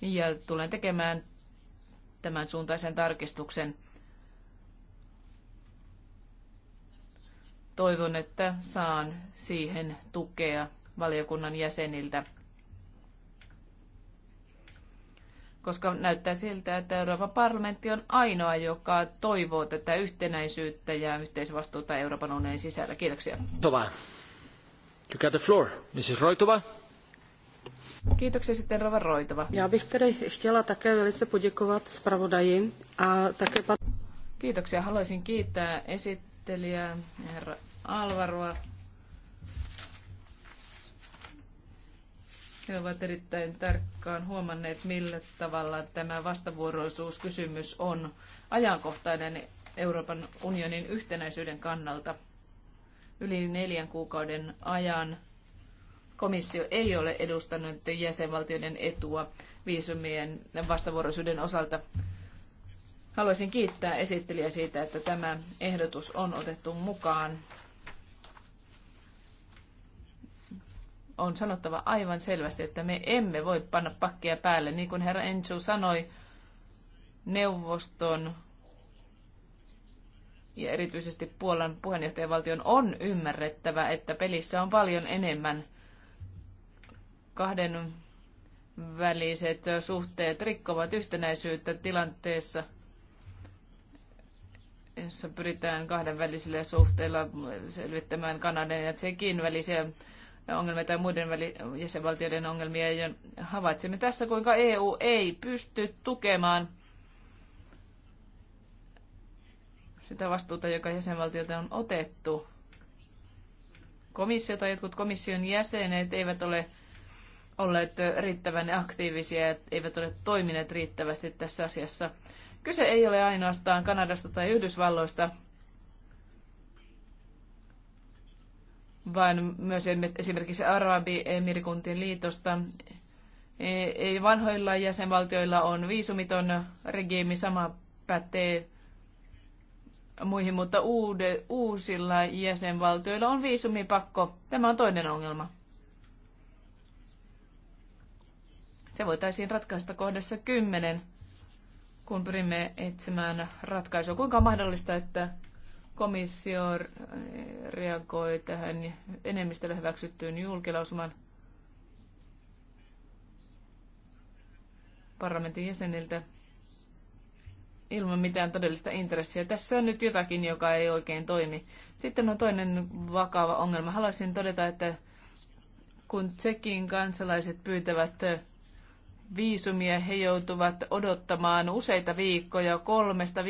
ja tulen tekemään tämän suuntaisen tarkistuksen. Toivon, että saan siihen tukea valiokunnan jäseniltä. koska näyttää siltä, että Euroopan parlamentti on ainoa, joka toivoo tätä yhtenäisyyttä ja yhteisvastuuta Euroopan unionin sisällä. Kiitoksia. Tova. You got the floor. Mrs. Roitova. Kiitoksia sitten Rova Roitova. Ja bych tedy chtěla také velice poděkovat a také Kiitoksia. Haluaisin kiittää esittää esittelijää, herra Alvaroa. He ovat erittäin tarkkaan huomanneet, millä tavalla tämä vastavuoroisuuskysymys on ajankohtainen Euroopan unionin yhtenäisyyden kannalta. Yli neljän kuukauden ajan komissio ei ole edustanut jäsenvaltioiden etua viisumien vastavuoroisuuden osalta Haluaisin kiittää esittelijä siitä, että tämä ehdotus on otettu mukaan. On sanottava aivan selvästi, että me emme voi panna pakkia päälle. Niin kuin herra Enchu sanoi, neuvoston ja erityisesti Puolan puheenjohtajavaltion on ymmärrettävä, että pelissä on paljon enemmän kahden väliset suhteet rikkovat yhtenäisyyttä tilanteessa – jossa pyritään kahdenvälisillä suhteilla selvittämään Kanadan ja Tsekin välisiä ongelmia tai muiden väli- jäsenvaltioiden ongelmia. Ja havaitsemme tässä, kuinka EU ei pysty tukemaan sitä vastuuta, joka jäsenvaltiota on otettu. Komissio tai jotkut komission jäsenet eivät ole olleet riittävän aktiivisia, eivät ole toimineet riittävästi tässä asiassa. Kyse ei ole ainoastaan Kanadasta tai Yhdysvalloista, vaan myös esimerkiksi Arabi-emirikuntien liitosta. E- vanhoilla jäsenvaltioilla on viisumiton regiimi, sama pätee muihin, mutta uude, uusilla jäsenvaltioilla on viisumipakko. Tämä on toinen ongelma. Se voitaisiin ratkaista kohdassa 10 kun pyrimme etsimään ratkaisua. Kuinka on mahdollista, että komissio reagoi tähän enemmistölle hyväksyttyyn julkilausuman parlamentin jäseniltä ilman mitään todellista intressiä. Tässä on nyt jotakin, joka ei oikein toimi. Sitten on toinen vakava ongelma. Haluaisin todeta, että kun Tsekin kansalaiset pyytävät viisumia he joutuvat odottamaan useita viikkoja, kolmesta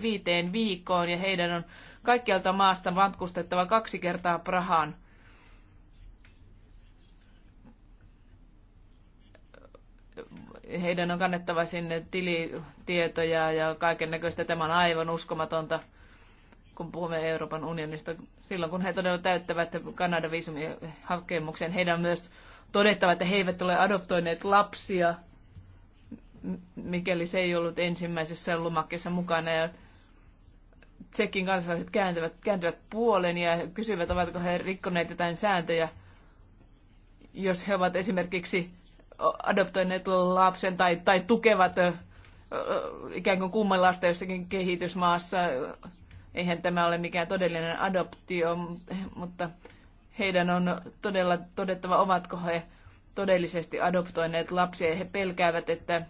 viiteen viikkoon, ja heidän on kaikkialta maasta matkustettava kaksi kertaa Prahaan. Heidän on kannettava sinne tilitietoja ja kaiken näköistä. Tämä on aivan uskomatonta, kun puhumme Euroopan unionista. Silloin kun he todella täyttävät Kanadan viisumihakemuksen, heidän on myös todettava, että he eivät ole adoptoineet lapsia, mikäli se ei ollut ensimmäisessä lomakkeessa mukana. Ja Tsekin kansalaiset kääntyvät, kääntyvät puolen ja kysyvät, ovatko he rikkoneet jotain sääntöjä, jos he ovat esimerkiksi adoptoineet lapsen tai, tai tukevat ikään kuin kumman lasta jossakin kehitysmaassa. Eihän tämä ole mikään todellinen adoptio, mutta heidän on todella todettava, ovatko he todellisesti adoptoineet lapsia. He pelkäävät, että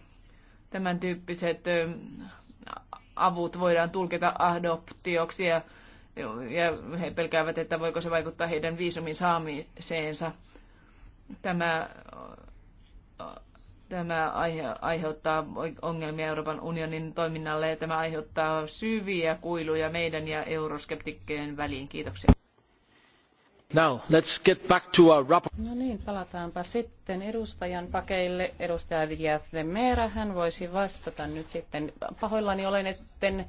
tämän tyyppiset avut voidaan tulkita adoptioksi ja, ja he pelkäävät, että voiko se vaikuttaa heidän viisumin saamiseensa. Tämä, tämä aihe, aiheuttaa ongelmia Euroopan unionin toiminnalle ja tämä aiheuttaa syviä kuiluja meidän ja euroskeptikkeen väliin. Kiitoksia. Now, let's get back to our rapport. No niin, palataanpa sitten edustajan pakeille. Edustaja Diaz hän voisi vastata nyt sitten. Pahoillani olen, etten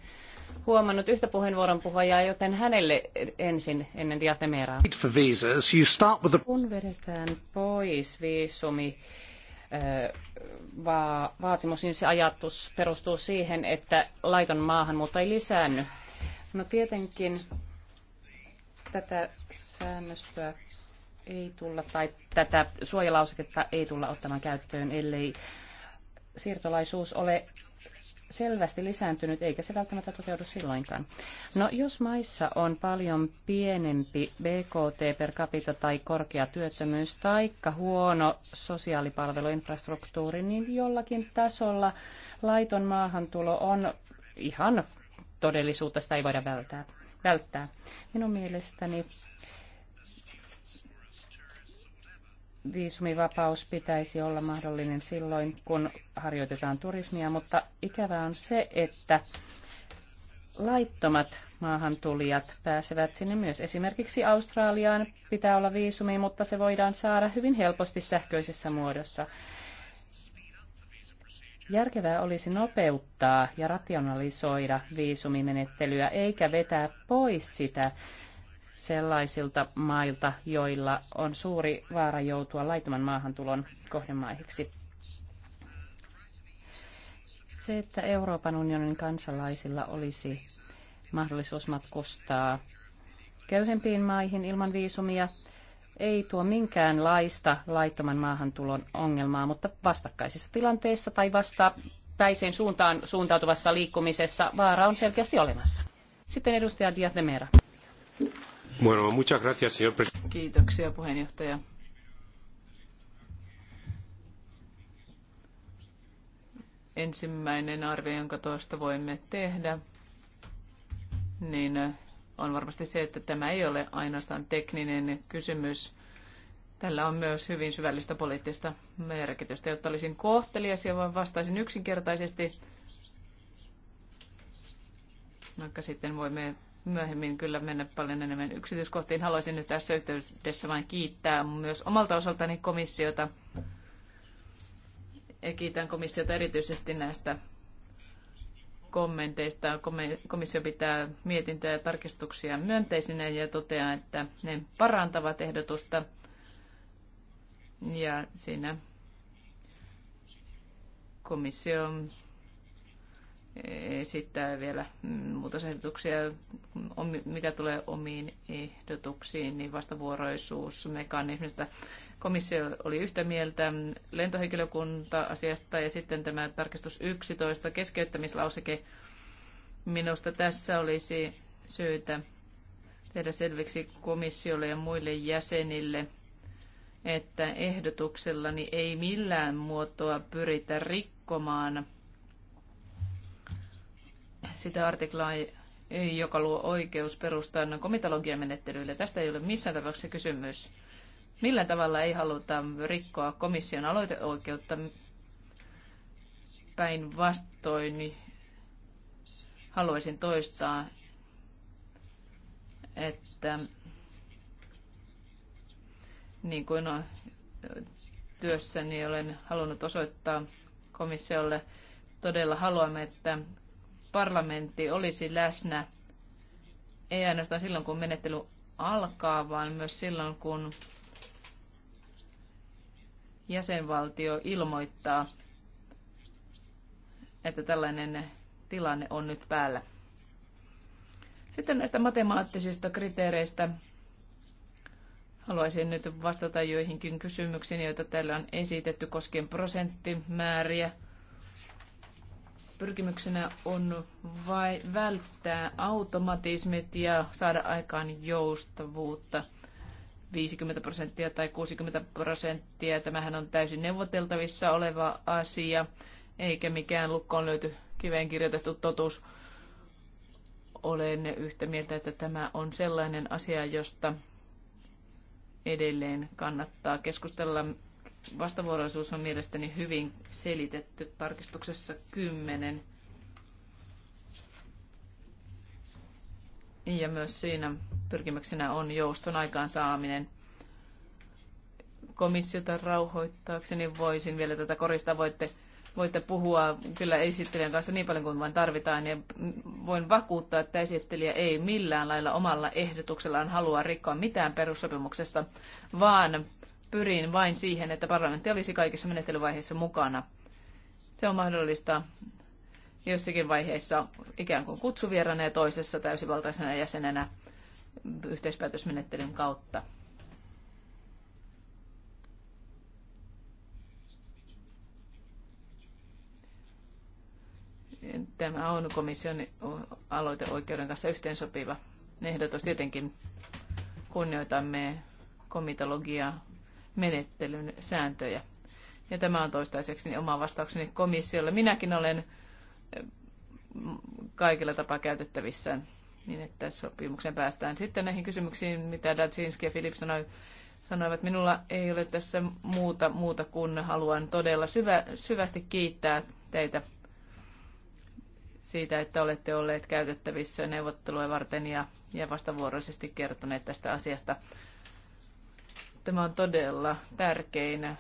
huomannut yhtä puheenvuoron puhujaa, joten hänelle ensin ennen Diaz de Kun vedetään pois viisumi, va- vaatimus, niin se ajatus perustuu siihen, että laiton maahanmuutto ei lisäänny. No tietenkin tätä säännöstöä ei tulla tai tätä suojalauseketta ei tulla ottamaan käyttöön, ellei siirtolaisuus ole selvästi lisääntynyt, eikä se välttämättä toteudu silloinkaan. No, jos maissa on paljon pienempi BKT per capita tai korkea työttömyys tai huono sosiaalipalveluinfrastruktuuri, niin jollakin tasolla laiton maahantulo on ihan todellisuutta, sitä ei voida välttää välttää. Minun mielestäni viisumivapaus pitäisi olla mahdollinen silloin, kun harjoitetaan turismia, mutta ikävää on se, että laittomat maahantulijat pääsevät sinne myös. Esimerkiksi Australiaan pitää olla viisumi, mutta se voidaan saada hyvin helposti sähköisessä muodossa. Järkevää olisi nopeuttaa ja rationalisoida viisumimenettelyä eikä vetää pois sitä sellaisilta mailta, joilla on suuri vaara joutua laittoman maahantulon kohdemaihiksi. Se, että Euroopan unionin kansalaisilla olisi mahdollisuus matkustaa köyhempiin maihin ilman viisumia, ei tuo minkäänlaista laittoman maahantulon ongelmaa, mutta vastakkaisessa tilanteessa tai vasta päiseen suuntaan suuntautuvassa liikkumisessa vaara on selkeästi olemassa. Sitten edustaja Diaz de Mera. Bueno, muchas gracias, señor presidente. Kiitoksia puheenjohtaja. Ensimmäinen arvio, jonka tuosta voimme tehdä, niin on varmasti se, että tämä ei ole ainoastaan tekninen kysymys. Tällä on myös hyvin syvällistä poliittista merkitystä. Jotta olisin kohtelias ja vain vastaisin yksinkertaisesti, vaikka sitten voimme myöhemmin kyllä mennä paljon enemmän yksityiskohtiin. Haluaisin nyt tässä yhteydessä vain kiittää myös omalta osaltani komissiota. Ja kiitän komissiota erityisesti näistä kommenteista. Komissio pitää mietintöä ja tarkistuksia myönteisinä ja toteaa, että ne parantavat ehdotusta. Ja siinä komissio esittää vielä muutosehdotuksia. Mitä tulee omiin ehdotuksiin, niin vastavuoroisuusmekanismista komissio oli yhtä mieltä lentohenkilökunta asiasta ja sitten tämä tarkistus 11 keskeyttämislauseke. Minusta tässä olisi syytä tehdä selväksi komissiolle ja muille jäsenille, että ehdotuksellani ei millään muotoa pyritä rikkomaan – sitä artiklaa, joka luo oikeus perustaan komitologian menettelylle. Tästä ei ole missään tapauksessa kysymys. Millä tavalla ei haluta rikkoa komission aloiteoikeutta päinvastoin, niin haluaisin toistaa, että niin kuin on no, työssäni olen halunnut osoittaa komissiolle, todella haluamme, että parlamentti olisi läsnä ei ainoastaan silloin, kun menettely alkaa, vaan myös silloin, kun jäsenvaltio ilmoittaa, että tällainen tilanne on nyt päällä. Sitten näistä matemaattisista kriteereistä haluaisin nyt vastata joihinkin kysymyksiin, joita täällä on esitetty koskien prosenttimääriä – Pyrkimyksenä on vai välttää automatismit ja saada aikaan joustavuutta. 50 prosenttia tai 60 prosenttia. Tämähän on täysin neuvoteltavissa oleva asia, eikä mikään lukkoon löyty kiveen kirjoitettu totuus. Olen yhtä mieltä, että tämä on sellainen asia, josta edelleen kannattaa keskustella vastavuoroisuus on mielestäni hyvin selitetty tarkistuksessa 10. Ja myös siinä pyrkimyksenä on jouston aikaansaaminen. Komissiota rauhoittaakseni voisin vielä tätä korista voitte, voitte puhua kyllä esittelijän kanssa niin paljon kuin vain tarvitaan. Ja voin vakuuttaa, että esittelijä ei millään lailla omalla ehdotuksellaan halua rikkoa mitään perussopimuksesta, vaan pyrin vain siihen, että parlamentti olisi kaikissa menettelyvaiheissa mukana. Se on mahdollista jossakin vaiheessa ikään kuin kutsuvierana ja toisessa täysivaltaisena jäsenenä yhteispäätösmenettelyn kautta. Tämä on komission aloiteoikeuden kanssa yhteensopiva ehdotus. Tietenkin kunnioitamme komitologiaa menettelyn sääntöjä. Ja tämä on toistaiseksi niin oma vastaukseni komissiolle. Minäkin olen eh, kaikilla tapaa käytettävissä niin, että sopimukseen päästään. Sitten näihin kysymyksiin, mitä Datsinski ja Filip sanoi, sanoivat, minulla ei ole tässä muuta, muuta kuin haluan todella syvä, syvästi kiittää teitä siitä, että olette olleet käytettävissä neuvotteluja varten ja, ja vastavuoroisesti kertoneet tästä asiasta. Tämä on todella tärkein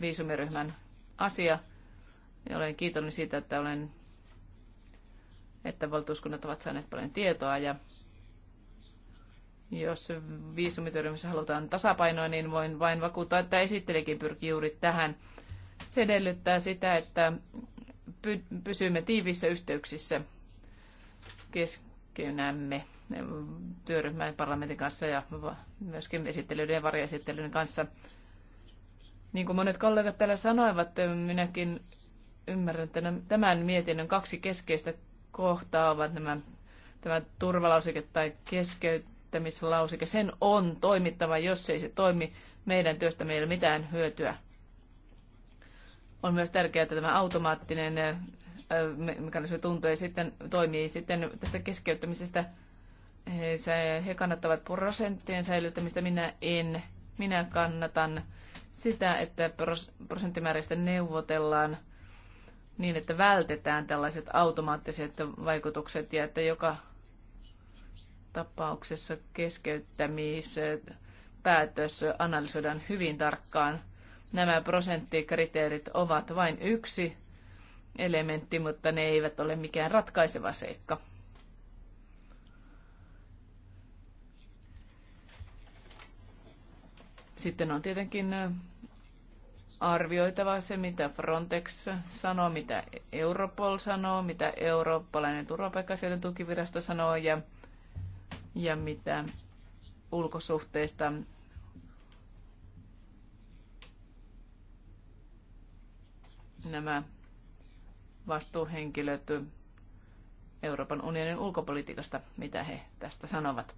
viisumiryhmän asia. Ja olen kiitollinen siitä, että, olen, että valtuuskunnat ovat saaneet paljon tietoa. Ja jos viisumityöryhmässä halutaan tasapainoa, niin voin vain vakuuttaa, että esittelikin pyrkii juuri tähän. Se edellyttää sitä, että pysymme tiivissä yhteyksissä keskenämme työryhmän parlamentin kanssa ja myöskin esittelyiden ja varjoesittelyiden kanssa. Niin kuin monet kollegat täällä sanoivat, minäkin ymmärrän tämän mietinnön kaksi keskeistä kohtaa ovat nämä, tämä turvalausike tai keskeyttämislausike. Sen on toimittava, jos ei se toimi meidän työstä meillä mitään hyötyä. On myös tärkeää, että tämä automaattinen mekanismi tuntuu ja sitten toimii sitten tästä keskeyttämisestä he, se, he kannattavat prosenttien säilyttämistä. Minä en. Minä kannatan sitä, että prosenttimääristä neuvotellaan niin, että vältetään tällaiset automaattiset vaikutukset ja että joka tapauksessa keskeyttämiset päätös analysoidaan hyvin tarkkaan. Nämä prosenttikriteerit ovat vain yksi elementti, mutta ne eivät ole mikään ratkaiseva seikka. Sitten on tietenkin arvioitava se, mitä Frontex sanoo, mitä Europol sanoo, mitä eurooppalainen turvapaikkasioiden tukivirasto sanoo ja, ja mitä ulkosuhteista nämä vastuuhenkilöt Euroopan unionin ulkopolitiikasta, mitä he tästä sanovat.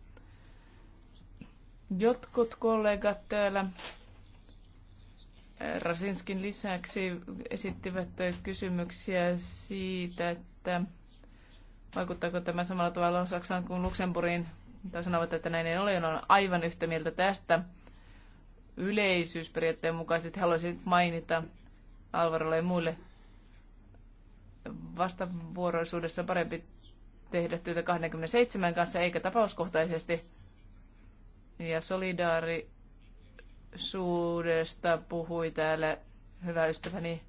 Jotkut kollegat täällä eh, Rasinskin lisäksi esittivät eh, kysymyksiä siitä, että vaikuttaako tämä samalla tavalla Saksaan kuin Luxemburgin, tai sanovat, että näin ei ole, on aivan yhtä mieltä tästä. Yleisyysperiaatteen mukaiset haluaisin mainita Alvarolle ja muille vastavuoroisuudessa parempi tehdä työtä 27 kanssa eikä tapauskohtaisesti ja solidaarisuudesta puhui täällä hyvä ystäväni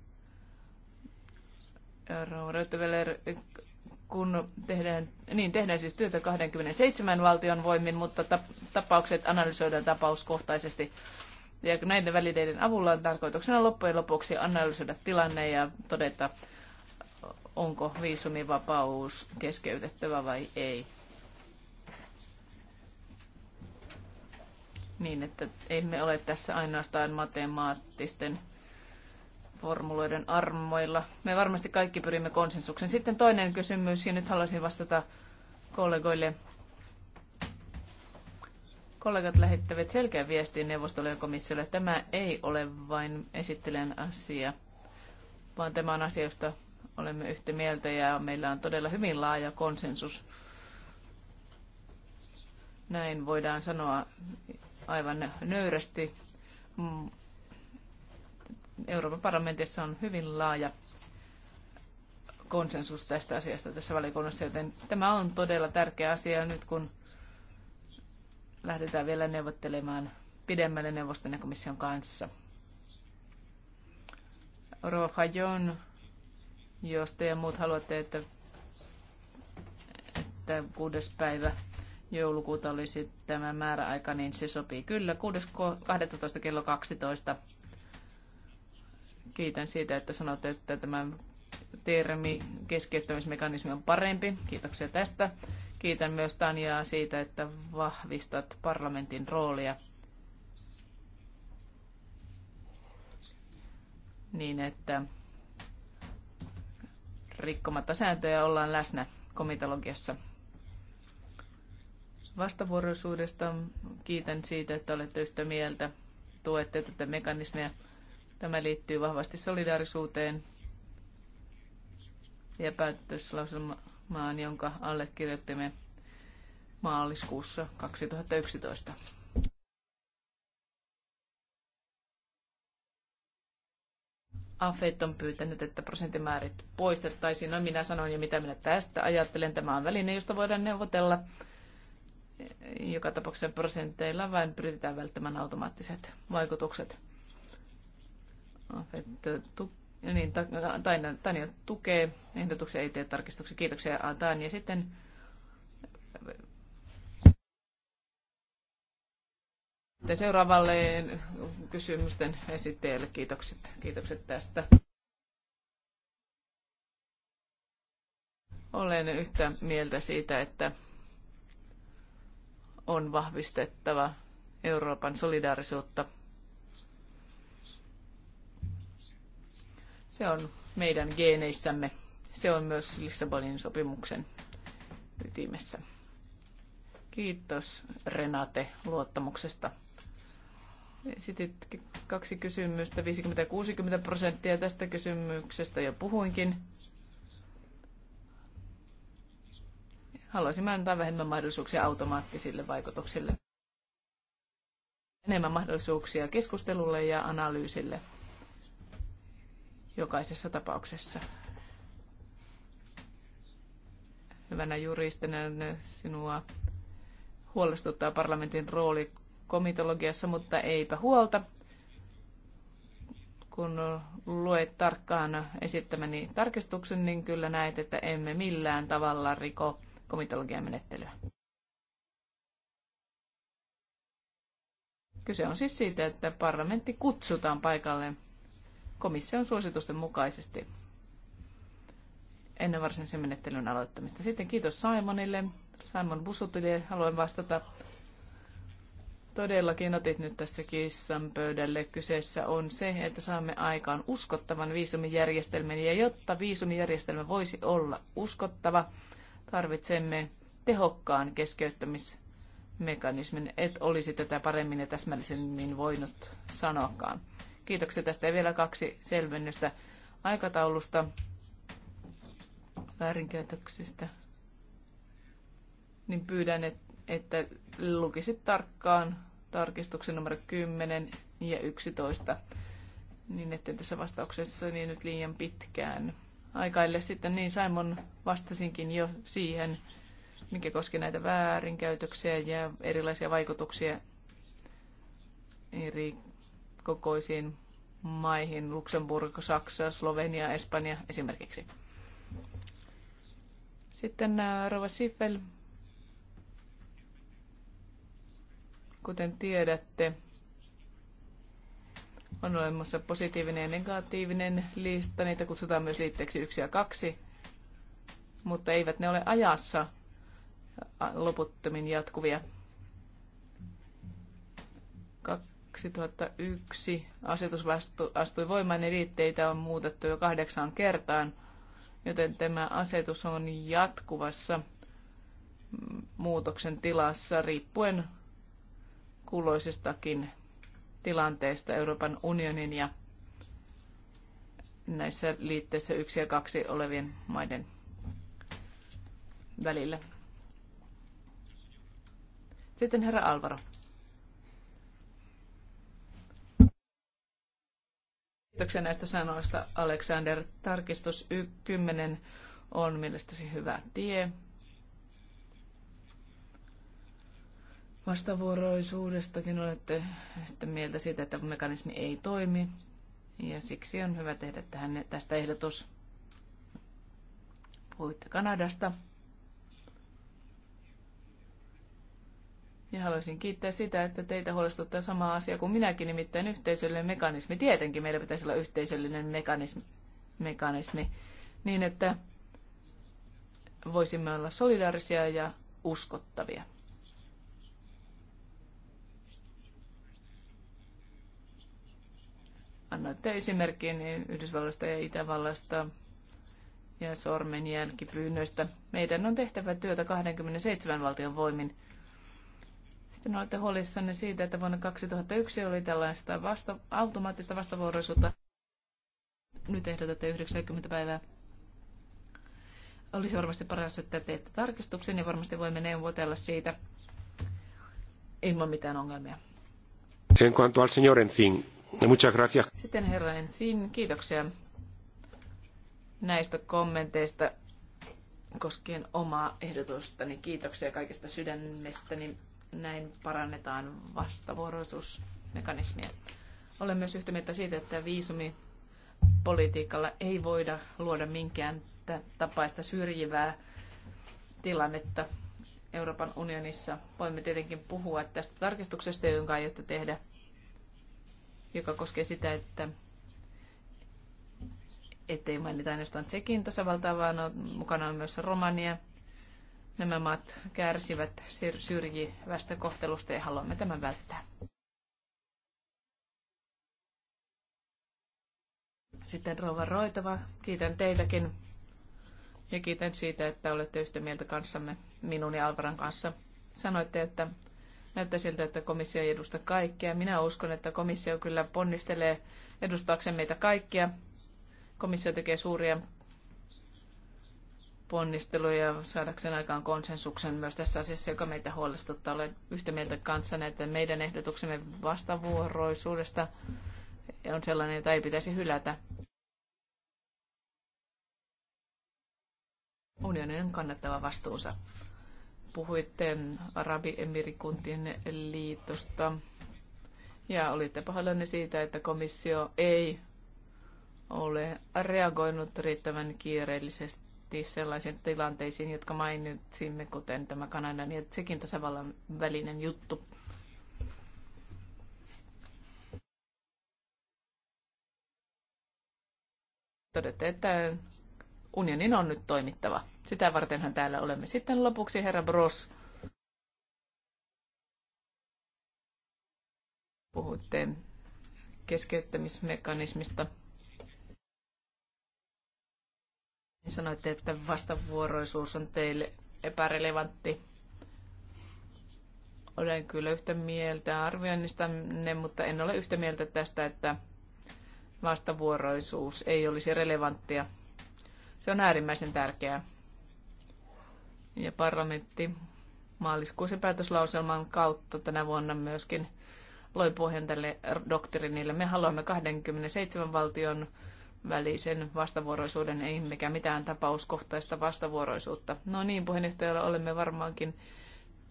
Rauha kun tehdään, niin tehdään siis työtä 27 valtion voimin, mutta tapaukset analysoidaan tapauskohtaisesti. Ja näiden välineiden avulla on tarkoituksena loppujen lopuksi analysoida tilanne ja todeta, onko viisumivapaus keskeytettävä vai ei. niin, että emme ole tässä ainoastaan matemaattisten formuloiden armoilla. Me varmasti kaikki pyrimme konsensuksen. Sitten toinen kysymys, ja nyt haluaisin vastata kollegoille. Kollegat lähettävät selkeän viestin neuvostolle ja komissiolle, tämä ei ole vain esittelen asia, vaan tämä on asia, josta olemme yhtä mieltä ja meillä on todella hyvin laaja konsensus. Näin voidaan sanoa aivan nöyrästi. Mm. Euroopan parlamentissa on hyvin laaja konsensus tästä asiasta tässä valikunnassa, joten tämä on todella tärkeä asia nyt, kun lähdetään vielä neuvottelemaan pidemmälle neuvoston ja komission kanssa. Rova Fajon, jos te ja muut haluatte, että, että kuudes päivä joulukuuta olisi tämä määräaika, niin se sopii kyllä. 6.12. kello 12. Kiitän siitä, että sanotte, että tämä termi keskeyttämismekanismi on parempi. Kiitoksia tästä. Kiitän myös Tanjaa siitä, että vahvistat parlamentin roolia niin, että rikkomatta sääntöjä ollaan läsnä komitologiassa vastavuoroisuudesta. Kiitän siitä, että olette yhtä mieltä, tuette tätä mekanismia. Tämä liittyy vahvasti solidaarisuuteen ja päätöslauselmaan, jonka allekirjoittimme maaliskuussa 2011. Afet on pyytänyt, että prosenttimäärit poistettaisiin. No minä sanoin jo, mitä minä tästä ajattelen. Tämä on väline, josta voidaan neuvotella joka tapauksessa prosenteilla vain pyritään välttämään automaattiset vaikutukset. Eh, niin, Tanja, tukee ehdotuksia, ei tee tarkistuksia. Kiitoksia Ja Sitten seuraavalle kysymysten esittäjälle kiitokset, kiitokset tästä. Olen yhtä mieltä siitä, että on vahvistettava Euroopan solidaarisuutta. Se on meidän geeneissämme. Se on myös Lissabonin sopimuksen ytimessä. Kiitos Renate luottamuksesta. Esitit kaksi kysymystä, 50 60 prosenttia tästä kysymyksestä jo puhuinkin. haluaisimme antaa vähemmän mahdollisuuksia automaattisille vaikutuksille. Enemmän mahdollisuuksia keskustelulle ja analyysille jokaisessa tapauksessa. Hyvänä juristina sinua huolestuttaa parlamentin rooli komitologiassa, mutta eipä huolta. Kun luet tarkkaan esittämäni tarkistuksen, niin kyllä näet, että emme millään tavalla riko komitologian menettelyä. Kyse on siis siitä, että parlamentti kutsutaan paikalle komission suositusten mukaisesti ennen varsinaisen menettelyn aloittamista. Sitten kiitos Simonille. Simon Busutille haluan vastata. Todellakin otit nyt tässä kissan pöydälle. Kyseessä on se, että saamme aikaan uskottavan viisumijärjestelmän. Ja jotta viisumijärjestelmä voisi olla uskottava, Tarvitsemme tehokkaan keskeyttämismekanismin. Et olisi tätä paremmin ja täsmällisemmin voinut sanoakaan. Kiitoksia tästä ja vielä kaksi selvennystä aikataulusta väärinkäytöksistä. Niin pyydän, että lukisit tarkkaan tarkistuksen numero 10 ja 11, niin ettei tässä vastauksessa niin nyt liian pitkään aikaille sitten, niin Simon vastasinkin jo siihen, mikä koski näitä väärinkäytöksiä ja erilaisia vaikutuksia eri kokoisiin maihin, Luxemburg, Saksa, Slovenia, Espanja esimerkiksi. Sitten äh, Rova Siffel, kuten tiedätte, on olemassa positiivinen ja negatiivinen lista. Niitä kutsutaan myös liitteeksi yksi ja kaksi, mutta eivät ne ole ajassa loputtomin jatkuvia. 2001 asetus vastu, astui voimaan ja liitteitä on muutettu jo kahdeksaan kertaan, joten tämä asetus on jatkuvassa muutoksen tilassa riippuen kulloisestakin tilanteesta Euroopan unionin ja näissä liitteissä yksi ja kaksi olevien maiden välillä. Sitten herra Alvaro. Kiitoksia näistä sanoista, Alexander. Tarkistus 10 on mielestäsi hyvä tie. vastavuoroisuudestakin olette yhtä mieltä siitä, että mekanismi ei toimi. Ja siksi on hyvä tehdä tähän, tästä ehdotus. Puhuitte Kanadasta. Ja haluaisin kiittää sitä, että teitä huolestuttaa sama asia kuin minäkin, nimittäin yhteisöllinen mekanismi. Tietenkin meillä pitäisi olla yhteisöllinen mekanismi, mekanismi niin että voisimme olla solidaarisia ja uskottavia. annoitte esimerkkiä niin Yhdysvalloista ja Itävallasta ja sormenjälkipyynnöistä. Meidän on tehtävä työtä 27 valtion voimin. Sitten olette huolissanne siitä, että vuonna 2001 oli tällaista vasta, automaattista vastavuoroisuutta. Nyt ehdotatte 90 päivää. Olisi varmasti paras, että teette tarkistuksen ja varmasti voimme neuvotella siitä ilman mitään ongelmia. En cuanto al señor Encin, Muchas gracias. Sitten herra Ensin, kiitoksia näistä kommenteista koskien omaa ehdotustani. Kiitoksia kaikista sydämestäni. Näin parannetaan vastavuoroisuusmekanismia. Olen myös yhtä mieltä siitä, että viisumi politiikalla ei voida luoda minkään tapaista syrjivää tilannetta Euroopan unionissa. Voimme tietenkin puhua tästä tarkistuksesta, jonka aiotte tehdä joka koskee sitä, että ettei mainita ainoastaan Tsekin tasavaltaa, vaan on, mukana on myös Romania. Nämä maat kärsivät syrjivästä kohtelusta ja haluamme tämän välttää. Sitten Rova Roitava, kiitän teitäkin ja kiitän siitä, että olette yhtä mieltä kanssamme, minun ja Alvaran kanssa. Sanoitte, että Näyttää siltä, että komissio ei edusta kaikkia. Minä uskon, että komissio kyllä ponnistelee edustaakseen meitä kaikkia. Komissio tekee suuria ponnisteluja saadakseen aikaan konsensuksen myös tässä asiassa, joka meitä huolestuttaa. Olen yhtä mieltä kanssanne, että meidän ehdotuksemme vastavuoroisuudesta on sellainen, jota ei pitäisi hylätä. Unionin on kannattava vastuunsa puhuitte Arabiemirikuntien liitosta ja olitte pahoillanne siitä, että komissio ei ole reagoinut riittävän kiireellisesti sellaisiin tilanteisiin, jotka mainitsimme, kuten tämä Kanadan ja Tsekin tasavallan välinen juttu. Todette, että unionin on nyt toimittava. Sitä vartenhan täällä olemme. Sitten lopuksi herra Bros. Puhutte keskeyttämismekanismista. Niin sanoitte, että vastavuoroisuus on teille epärelevantti. Olen kyllä yhtä mieltä arvioinnista, mutta en ole yhtä mieltä tästä, että vastavuoroisuus ei olisi relevanttia. Se on äärimmäisen tärkeää. Ja parlamentti maaliskuisen päätöslauselman kautta tänä vuonna myöskin loi pohjan tälle doktrinille. Me haluamme 27 valtion välisen vastavuoroisuuden, ei mikään mitään tapauskohtaista vastavuoroisuutta. No niin, puheenjohtajalla olemme varmaankin,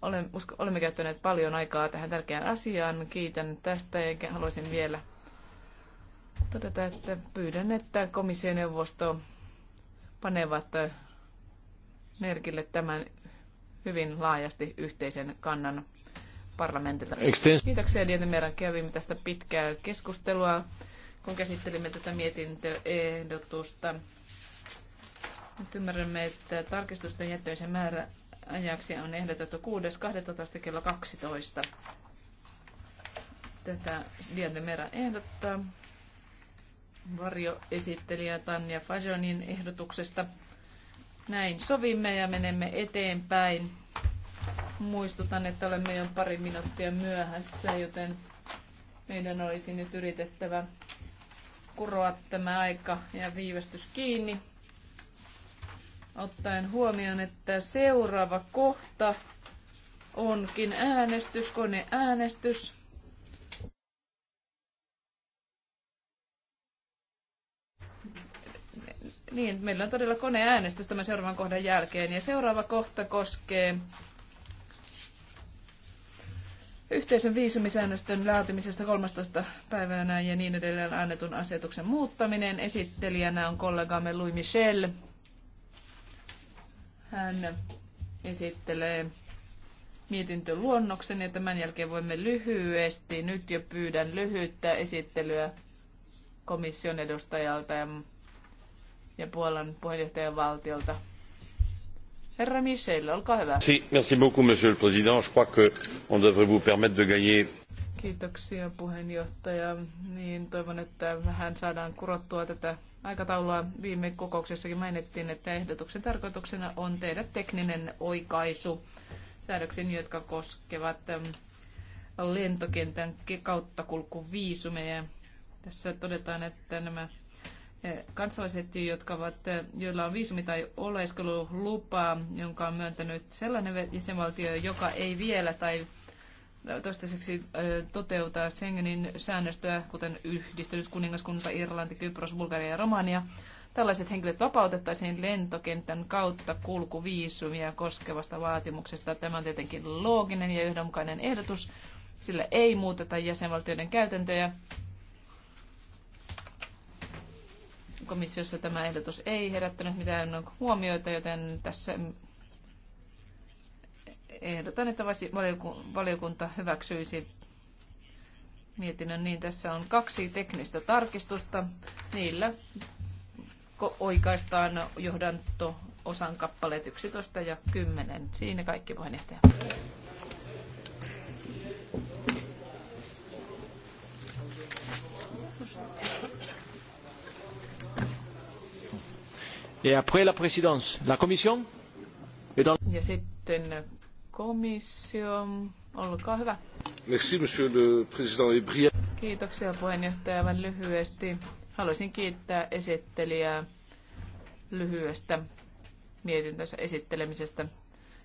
olemme, usko, olemme käyttäneet paljon aikaa tähän tärkeään asiaan. Kiitän tästä ja haluaisin vielä todeta, että pyydän, että komissioneuvosto panevat merkille tämän hyvin laajasti yhteisen kannan parlamentilta. Kiitoksia Meran. kävimme tästä pitkää keskustelua, kun käsittelimme tätä mietintöehdotusta. Nyt ymmärrämme, että tarkistusten jättöisen määrä ajaksi on ehdotettu 6.12. kello 12. Tätä Mera ehdottaa varjoesittelijä Tanja Fajonin ehdotuksesta. Näin sovimme ja menemme eteenpäin. Muistutan, että olemme jo pari minuuttia myöhässä, joten meidän olisi nyt yritettävä kuroa tämä aika ja viivästys kiinni. Ottaen huomioon, että seuraava kohta onkin äänestyskoneäänestys. Äänestys Niin, meillä on todella koneäänestys tämän seuraavan kohdan jälkeen. Ja seuraava kohta koskee yhteisen viisumisäännöstön laatimisesta 13. päivänä ja niin edelleen annetun asetuksen muuttaminen. Esittelijänä on kollegamme Louis Michel. Hän esittelee mietintöluonnoksen ja tämän jälkeen voimme lyhyesti, nyt jo pyydän lyhyyttä esittelyä komission edustajalta ja ja Puolan puheenjohtajavaltiolta. Herra Michel, olkaa hyvä. Si, merci beaucoup, monsieur le président. Je crois que on devrait vous permettre de gagner Kiitoksia puheenjohtaja. Niin, toivon, että vähän saadaan kurottua tätä aikataulua. Viime kokouksessakin mainittiin, että ehdotuksen tarkoituksena on tehdä tekninen oikaisu säädöksiin, jotka koskevat ähm, lentokentän kautta kulkuviisumeja. Tässä todetaan, että nämä kansalaiset, jotka ovat, joilla on viisumi tai oleskelulupa, jonka on myöntänyt sellainen jäsenvaltio, joka ei vielä tai toistaiseksi toteuta Schengenin säännöstöä, kuten yhdistynyt kuningaskunta, Irlanti, Kypros, Bulgaria ja Romania. Tällaiset henkilöt vapautettaisiin lentokentän kautta kulkuviisumia koskevasta vaatimuksesta. Tämä on tietenkin looginen ja yhdenmukainen ehdotus, sillä ei muuteta jäsenvaltioiden käytäntöjä komissiossa tämä ehdotus ei herättänyt mitään huomioita, joten tässä ehdotan, että valiokunta hyväksyisi mietinnön. Niin tässä on kaksi teknistä tarkistusta. Niillä oikaistaan johdanto osan kappaleet 11 ja 10. Siinä kaikki puheenjohtaja. Et après la présidence, la commission est dans... Ja sitten komissio, olkaa hyvä. Merci, monsieur le président. Et Kiitoksia puheenjohtaja. Aivan lyhyesti haluaisin kiittää esittelijää lyhyestä mietintönsä esittelemisestä.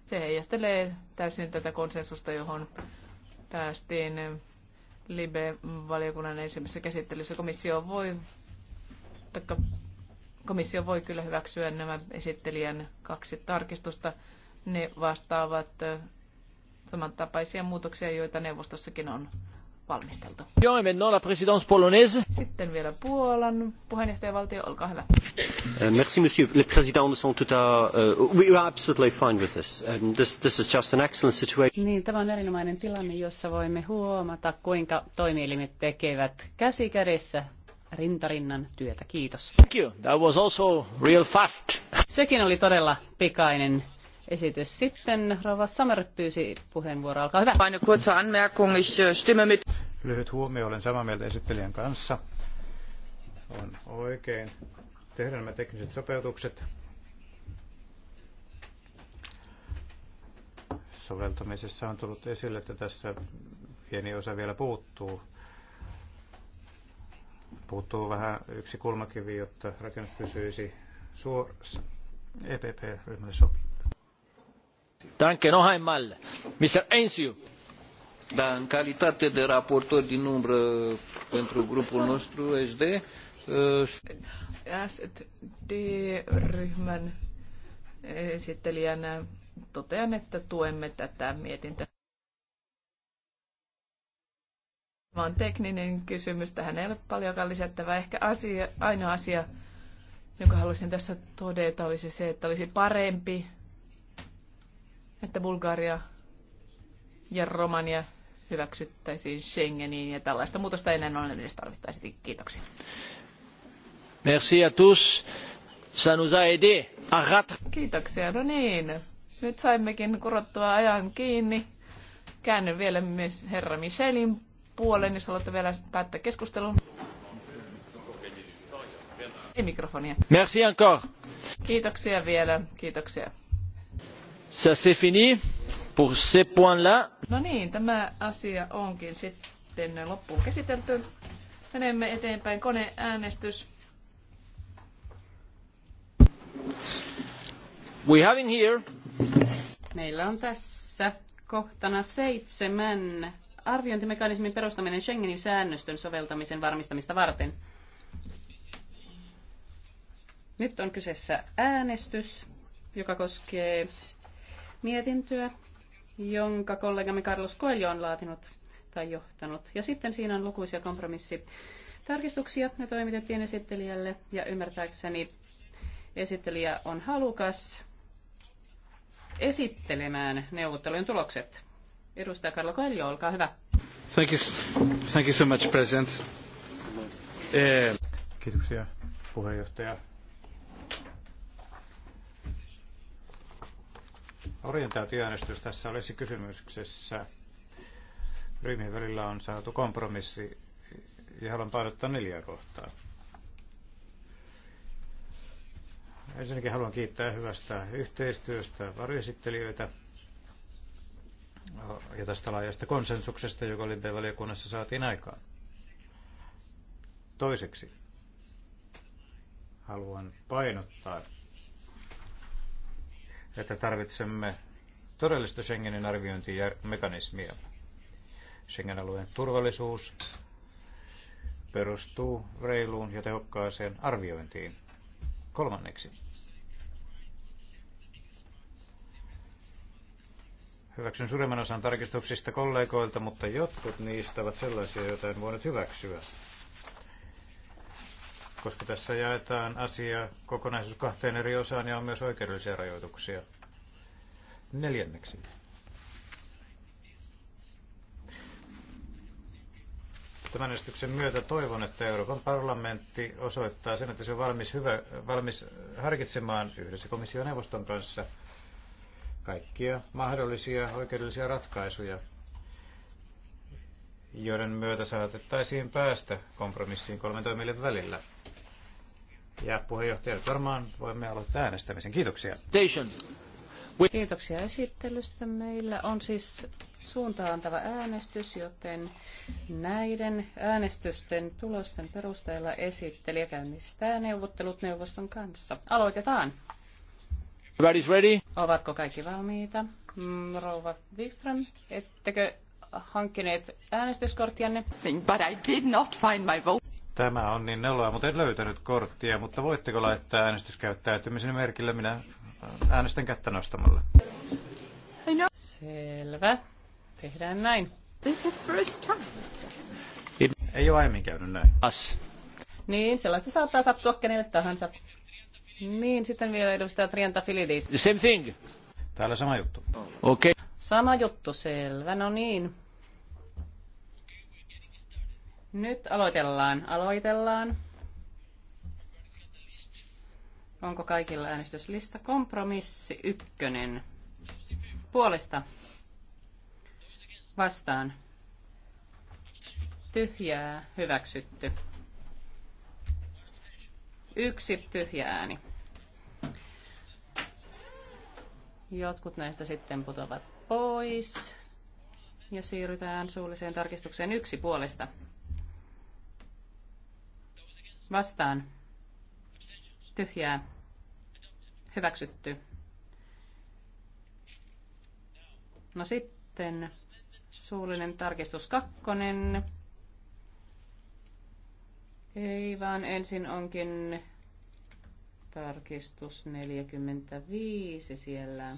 Se heijastelee täysin tätä konsensusta, johon päästiin Libe-valiokunnan ensimmäisessä käsittelyssä. Komissio voi taikka komissio voi kyllä hyväksyä nämä esittelijän kaksi tarkistusta. Ne vastaavat samantapaisia muutoksia, joita neuvostossakin on valmisteltu. Sitten vielä Puolan puheenjohtajavaltio, olkaa hyvä. Uh, merci, monsieur le président. Nous sommes tout à, uh, we are absolutely fine with this. Um, this. This is just an excellent situation. Niin, tämä on erinomainen tilanne, jossa voimme huomata, kuinka toimielimet tekevät käsi kädessä rintarinnan työtä. Kiitos. Thank you. That was also real fast. Sekin oli todella pikainen esitys. Sitten Rova Sommer pyysi puheenvuoroa. Olkaa hyvä. Eine kurze Anmerkung. Ich äh, stimme mit. Lyhyt huomio. Olen samaa mieltä esittelijän kanssa. On oikein. Tehdään nämä tekniset sopeutukset. Soveltamisessa on tullut esille, että tässä pieni osa vielä puuttuu puuttuu vähän yksi kulmakivi, jotta rakennus pysyisi suorassa. EPP-ryhmälle sopii. Danke noch einmal. Mr. Ensiu. Da, în calitate de raportor din umbră pentru grupul nostru SD, uh, SD-ryhmän esittelijänä totean, että tuemme tätä mietintöä. vaan tekninen kysymys. Tähän ei ole paljonkaan lisättävää. Ehkä asia, ainoa asia, jonka haluaisin tässä todeta, olisi se, että olisi parempi, että Bulgaria ja Romania hyväksyttäisiin Schengeniin ja tällaista muutosta ennen ole edes tarvittaisi. Kiitoksia. Merci à tous. Ça nous a aidé à rat... Kiitoksia. No niin. Nyt saimmekin kurottua ajan kiinni. Käännyn vielä myös herra Michelin puolen, jos haluatte vielä päättää keskustelun. Ei mikrofonia. Merci encore. Kiitoksia vielä. Kiitoksia. Ça c'est fini pour ce point là. No niin, tämä asia onkin sitten loppuun käsitelty. Menemme eteenpäin koneäänestys. We have in here. Meillä on tässä kohtana seitsemän arviointimekanismin perustaminen Schengenin säännöstön soveltamisen varmistamista varten. Nyt on kyseessä äänestys, joka koskee mietintöä, jonka kollegamme Carlos Coelho on laatinut tai johtanut. Ja sitten siinä on lukuisia kompromissitarkistuksia. Ne toimitettiin esittelijälle ja ymmärtääkseni esittelijä on halukas esittelemään neuvottelujen tulokset. Edustaja Carlo Coelho, olkaa hyvä. Thank you, thank you so much, President. Eh... Kiitoksia, puheenjohtaja. Orientaatioäänestys tässä olisi kysymyksessä. Ryhmien välillä on saatu kompromissi ja haluan painottaa neljää kohtaa. Ensinnäkin haluan kiittää hyvästä yhteistyöstä varjoesittelijöitä – ja tästä laajasta konsensuksesta, joka Libe-valiokunnassa saatiin aikaan. Toiseksi haluan painottaa, että tarvitsemme todellista Schengenin arviointimekanismia. Schengen-alueen turvallisuus perustuu reiluun ja tehokkaaseen arviointiin. Kolmanneksi Hyväksyn suurimman osan tarkistuksista kollegoilta, mutta jotkut niistä ovat sellaisia, joita en voinut hyväksyä. Koska tässä jaetaan asia kokonaisuus kahteen eri osaan ja on myös oikeudellisia rajoituksia. Neljänneksi. Tämän esityksen myötä toivon, että Euroopan parlamentti osoittaa sen, että se on valmis, hyvä, valmis harkitsemaan yhdessä komission neuvoston kanssa – kaikkia mahdollisia oikeudellisia ratkaisuja, joiden myötä saatettaisiin päästä kompromissiin kolmen toimille välillä. Ja puheenjohtaja, nyt varmaan voimme aloittaa äänestämisen. Kiitoksia. Kiitoksia esittelystä. Meillä on siis suuntaantava äänestys, joten näiden äänestysten tulosten perusteella esittelijä käynnistää neuvottelut neuvoston kanssa. Aloitetaan ready? Ovatko kaikki valmiita? Mm, rouva Wikström, ettekö hankkineet äänestyskorttianne? But I did not find my vote. Tämä on niin neloa, mutta en löytänyt korttia, mutta voitteko laittaa äänestyskäyttäytymisen merkille? Minä äh, äänestän kättä nostamalla. Selvä. Tehdään näin. This is the first time. It... Ei ole aiemmin käynyt näin. As. Niin, sellaista saattaa sattua kenelle tahansa. Niin, sitten vielä edustaja Trienta Filidis. Same thing. Täällä sama juttu. Okei. Okay. Sama juttu, selvä. No niin. Nyt aloitellaan. Aloitellaan. Onko kaikilla äänestyslista? Kompromissi ykkönen. Puolesta. Vastaan. Tyhjää. Hyväksytty. Yksi tyhjä ääni. Jotkut näistä sitten putoavat pois. Ja siirrytään suulliseen tarkistukseen yksi puolesta. Vastaan. Tyhjää. Hyväksytty. No sitten suullinen tarkistus kakkonen ei, vaan ensin onkin tarkistus 45 siellä.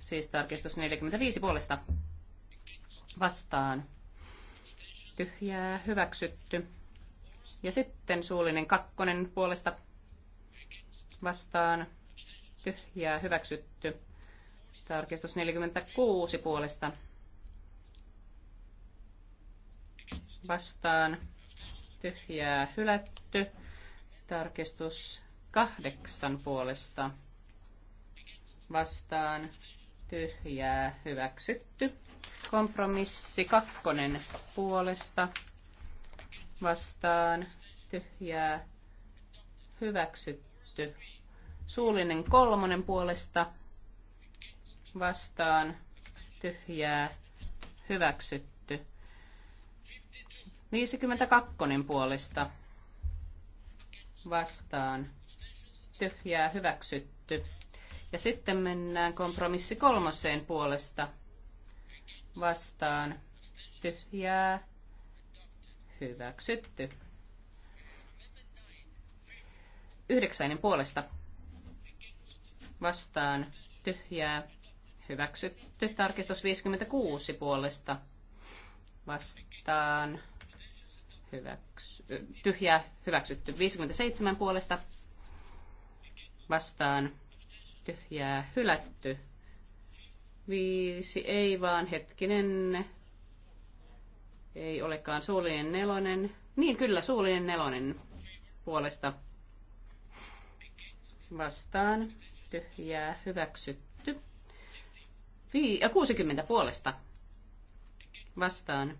Siis tarkistus 45 puolesta vastaan. Tyhjää hyväksytty. Ja sitten suullinen kakkonen puolesta vastaan. Tyhjää hyväksytty. Tarkistus 46 puolesta vastaan tyhjää hylätty. Tarkistus kahdeksan puolesta vastaan tyhjää hyväksytty. Kompromissi kakkonen puolesta vastaan tyhjää hyväksytty. Suullinen kolmonen puolesta vastaan tyhjää hyväksytty 52 puolesta vastaan. Tyhjää hyväksytty. Ja sitten mennään kompromissi kolmoseen puolesta vastaan. Tyhjää hyväksytty. Yhdeksäinen puolesta vastaan. Tyhjää hyväksytty. Tarkistus 56 puolesta vastaan hyväksy, tyhjä hyväksytty. 57 puolesta vastaan tyhjää hylätty. Viisi ei vaan hetkinen. Ei olekaan suullinen nelonen. Niin kyllä suullinen nelonen puolesta vastaan tyhjää hyväksytty. Vi- 60 puolesta vastaan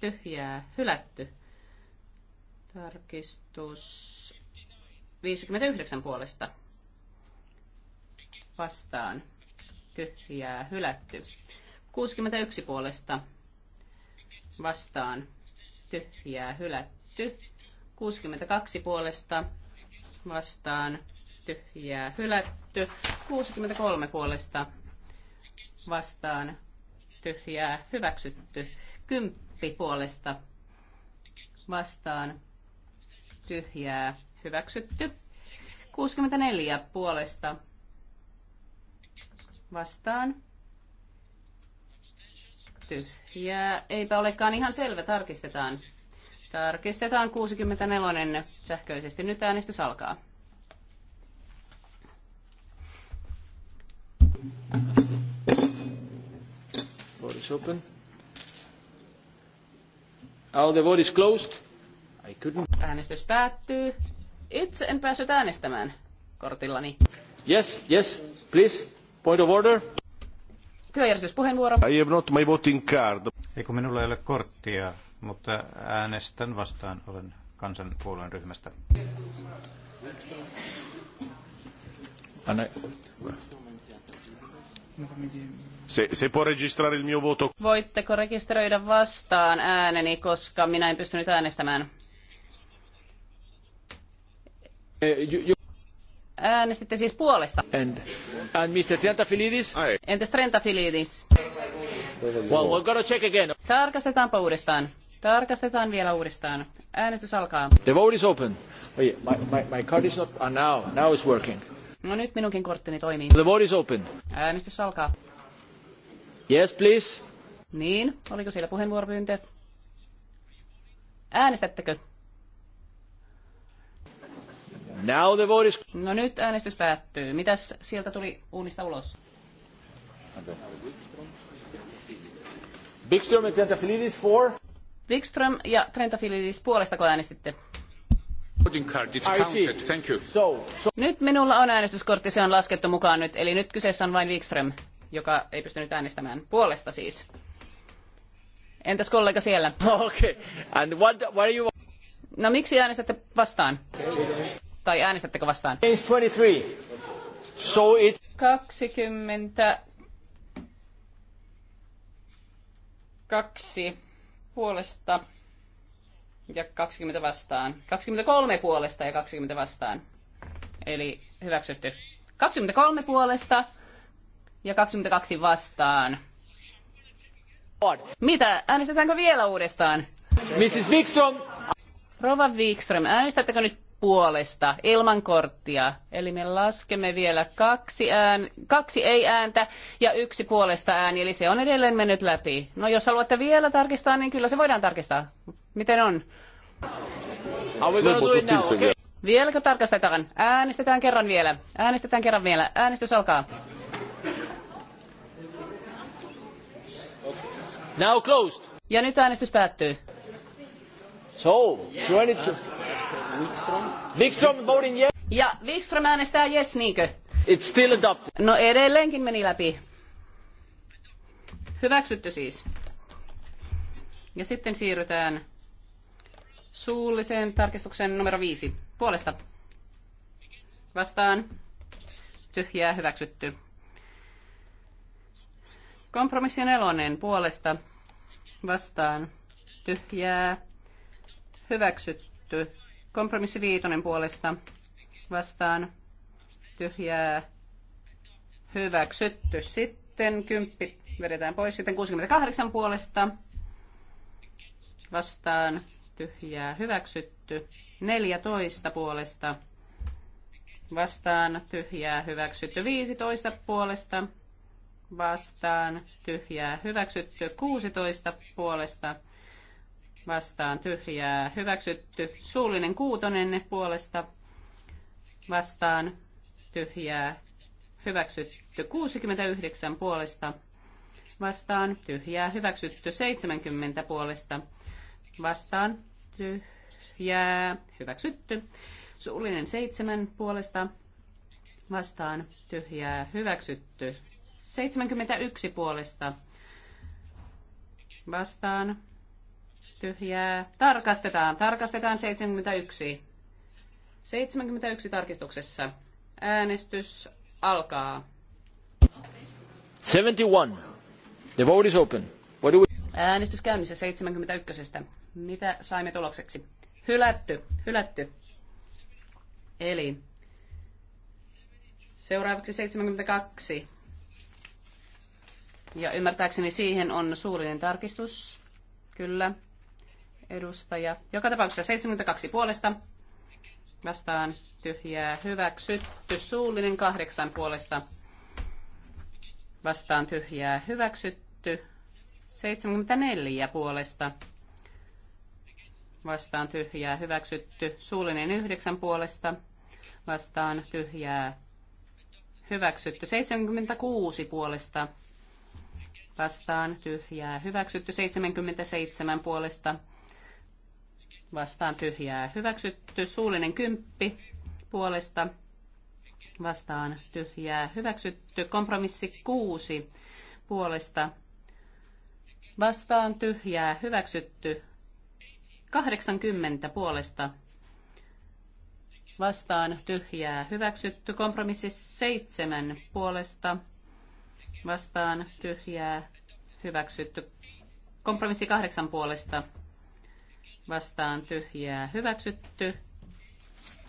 tyhjää, hylätty. Tarkistus 59 puolesta vastaan, tyhjää, hylätty. 61 puolesta vastaan, tyhjää, hylätty. 62 puolesta vastaan, tyhjää, hylätty. 63 puolesta vastaan, tyhjää, hyväksytty. 10 Nappi puolesta vastaan tyhjää hyväksytty. 64 puolesta vastaan tyhjää. Eipä olekaan ihan selvä, tarkistetaan. Tarkistetaan 64 sähköisesti. Nyt äänestys alkaa. Vote is open. Now the vote is closed. I couldn't. Äänestys päättyy. Itse en päässyt äänestämään kortillani. Yes, yes, please. Point of order. Työjärjestyspuheenvuoro. I have not my voting card. Ei kun minulla ei ole korttia, mutta äänestän vastaan. Olen kansanpuolueen ryhmästä. Anna. Se, se può registrare il mio voto. Voitteko rekisteröidä vastaan ääneni, koska minä en pystynyt äänestämään? Eh, Äänestitte siis puolesta. And, and Mr. Trentafilidis? Entäs Trentafilidis? Well, we're gonna check again. Tarkastetaanpa uudestaan. Tarkastetaan vielä uudestaan. Äänestys alkaa. The vote is open. Oh yeah, my, my, my card is not... Uh, now, now it's working. No nyt minunkin korttini toimii. The vote is open. Äänestys alkaa. Yes, please. Niin, oliko siellä puheenvuoropyyntö? Äänestättekö? Now the vote is... No nyt äänestys päättyy. Mitäs sieltä tuli uunista ulos? Bigström ja Trentafilidis for. Bigström ja Trentafilidis puolesta, äänestitte? Nyt minulla on äänestyskortti, se on laskettu mukaan nyt. Eli nyt kyseessä on vain Wikström, joka ei pystynyt äänestämään. Puolesta siis. Entäs kollega siellä? [laughs] Okay. And what, what are you... No miksi äänestätte vastaan? Tai äänestättekö vastaan? 23. So it... 20 kaksi puolesta ja 20 vastaan. 23 puolesta ja 20 vastaan. Eli hyväksytty. 23 puolesta ja 22 vastaan. Mitä? Äänestetäänkö vielä uudestaan? Mrs. Wikström! Rova Wikström, äänestättekö nyt puolesta ilman korttia? Eli me laskemme vielä kaksi, ään, kaksi ei-ääntä ja yksi puolesta ääni, eli se on edelleen mennyt läpi. No jos haluatte vielä tarkistaa, niin kyllä se voidaan tarkistaa. Miten on? Okay. Vieläkö tarkastetaan? Äänestetään kerran vielä. Äänestetään kerran vielä. Äänestys alkaa. Now closed. Ja nyt äänestys päättyy. So, Wikström voting yes. Ja Wikström äänestää yes, niinkö? It's still adopted. No edelleenkin meni läpi. Hyväksytty siis. Ja sitten siirrytään suulliseen tarkistukseen numero 5. Puolesta. Vastaan. Tyhjää hyväksytty. Kompromissi nelonen puolesta vastaan tyhjää hyväksytty. Kompromissi viitonen puolesta vastaan tyhjää hyväksytty. Sitten kymppi vedetään pois. Sitten 68 puolesta vastaan tyhjää hyväksytty. 14 puolesta vastaan tyhjää hyväksytty. 15 puolesta vastaan tyhjää hyväksytty. 16 puolesta vastaan tyhjää hyväksytty. Suullinen kuutonen puolesta vastaan tyhjää hyväksytty. 69 puolesta vastaan tyhjää hyväksytty. 70 puolesta vastaan tyhjää, hyväksytty. Suullinen seitsemän puolesta vastaan tyhjää, hyväksytty. 71 puolesta vastaan tyhjää. Tarkastetaan, tarkastetaan 71. 71 tarkistuksessa. Äänestys alkaa. 71. The vote is open. What do we... Äänestys käynnissä 71. Mitä saimme tulokseksi? Hylätty, hylätty. Eli seuraavaksi 72. Ja ymmärtääkseni siihen on suullinen tarkistus. Kyllä. Edustaja. Joka tapauksessa 72 puolesta. Vastaan tyhjää hyväksytty. Suullinen kahdeksan puolesta. Vastaan tyhjää hyväksytty. 74 puolesta vastaan tyhjää hyväksytty. Suullinen yhdeksän puolesta vastaan tyhjää hyväksytty. 76 puolesta vastaan tyhjää hyväksytty. 77 puolesta vastaan tyhjää hyväksytty. Suullinen kymppi puolesta vastaan tyhjää hyväksytty. Kompromissi 6 puolesta vastaan tyhjää hyväksytty. 80 puolesta vastaan tyhjää hyväksytty. Kompromissi 7 puolesta vastaan tyhjää hyväksytty. Kompromissi 8 puolesta vastaan tyhjää hyväksytty.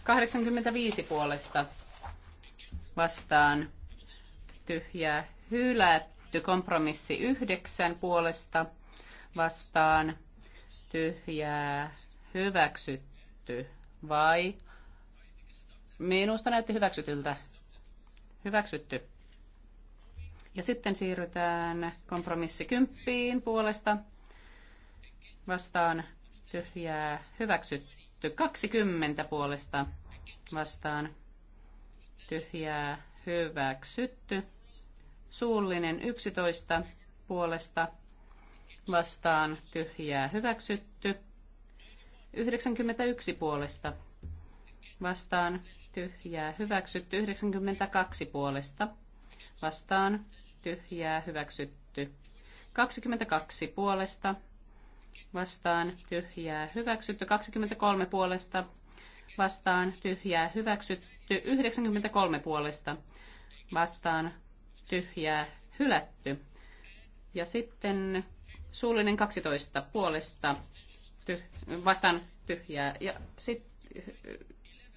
85 puolesta vastaan tyhjää hylätty. Kompromissi 9 puolesta vastaan tyhjää hyväksytty vai minusta näytti hyväksytyltä. Hyväksytty. Ja sitten siirrytään kompromissi kymppiin puolesta. Vastaan tyhjää hyväksytty. 20 puolesta vastaan tyhjää hyväksytty. Suullinen 11 puolesta vastaan tyhjää hyväksytty. 91 puolesta vastaan tyhjää hyväksytty. 92 puolesta vastaan tyhjää hyväksytty. 22 puolesta vastaan tyhjää hyväksytty. 23 puolesta vastaan tyhjää hyväksytty. 93 puolesta vastaan tyhjää hylätty. Ja sitten Suullinen 12 puolesta ty- vastaan tyhjää. Ja sit,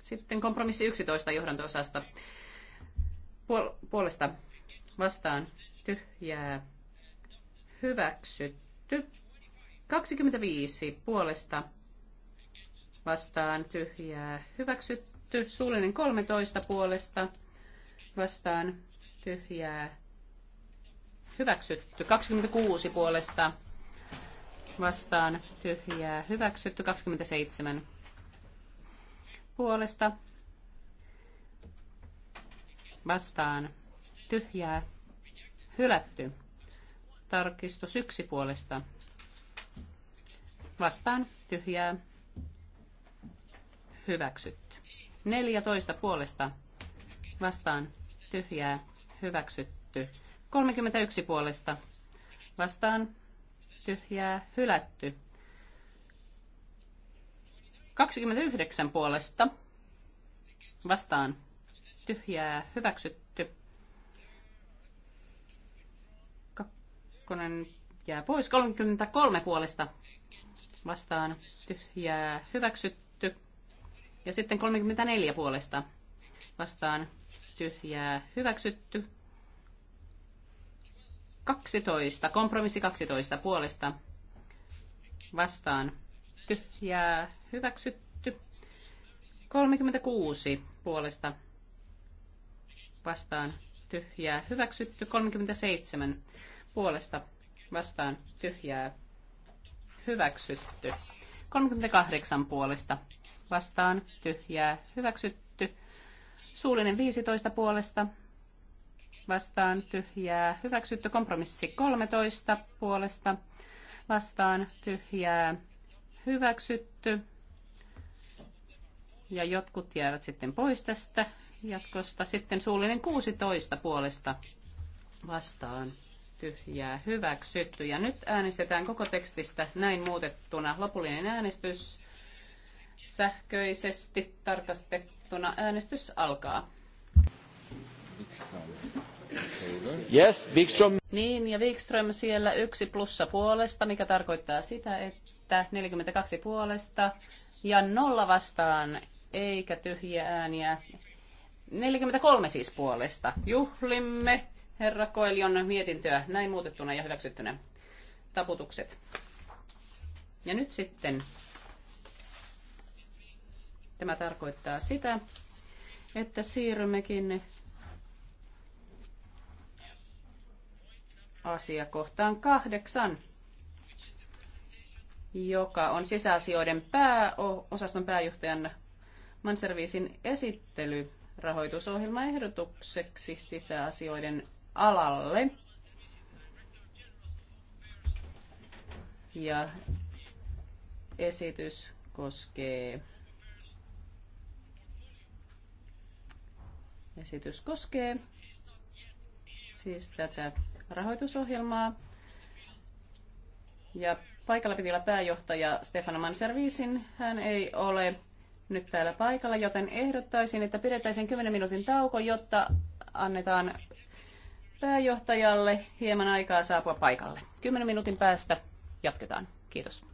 sitten kompromissi 11 johdanto-osasta puol- puolesta vastaan tyhjää. Hyväksytty. 25 puolesta vastaan tyhjää. Hyväksytty. Suullinen 13 puolesta vastaan tyhjää. Hyväksytty. 26 puolesta vastaan tyhjää hyväksytty 27 puolesta vastaan tyhjää hylätty tarkistus yksi puolesta vastaan tyhjää hyväksytty 14 puolesta vastaan tyhjää hyväksytty 31 puolesta vastaan tyhjää hylätty. 29 puolesta vastaan tyhjää hyväksytty. Kakkonen jää pois. 33 puolesta vastaan tyhjää hyväksytty. Ja sitten 34 puolesta vastaan tyhjää hyväksytty. 12, kompromissi 12 puolesta vastaan tyhjää hyväksytty. 36 puolesta vastaan tyhjää hyväksytty. 37 puolesta vastaan tyhjää hyväksytty. 38 puolesta vastaan tyhjää hyväksytty. Suullinen 15 puolesta vastaan tyhjää hyväksytty. Kompromissi 13 puolesta vastaan tyhjää hyväksytty. Ja jotkut jäävät sitten pois tästä jatkosta. Sitten suullinen 16 puolesta vastaan tyhjää hyväksytty. Ja nyt äänestetään koko tekstistä näin muutettuna. Lopullinen äänestys sähköisesti tarkastettuna. Äänestys alkaa. Yes, Wikström. Niin, ja Wikström siellä yksi plussa puolesta, mikä tarkoittaa sitä, että 42 puolesta ja nolla vastaan, eikä tyhjiä ääniä. 43 siis puolesta. Juhlimme herra Koelion mietintöä näin muutettuna ja hyväksyttynä. Taputukset. Ja nyt sitten tämä tarkoittaa sitä, että siirrymmekin asiakohtaan kahdeksan, joka on sisäasioiden pääosaston pääjohtajan Manserviisin esittely rahoitusohjelmaehdotukseksi sisäasioiden alalle. Ja esitys koskee esitys koskee siis tätä rahoitusohjelmaa. Ja paikalla piti olla pääjohtaja Stefano Manservisin. Hän ei ole nyt täällä paikalla, joten ehdottaisin, että pidetään 10 minuutin tauko, jotta annetaan pääjohtajalle hieman aikaa saapua paikalle. 10 minuutin päästä jatketaan. Kiitos.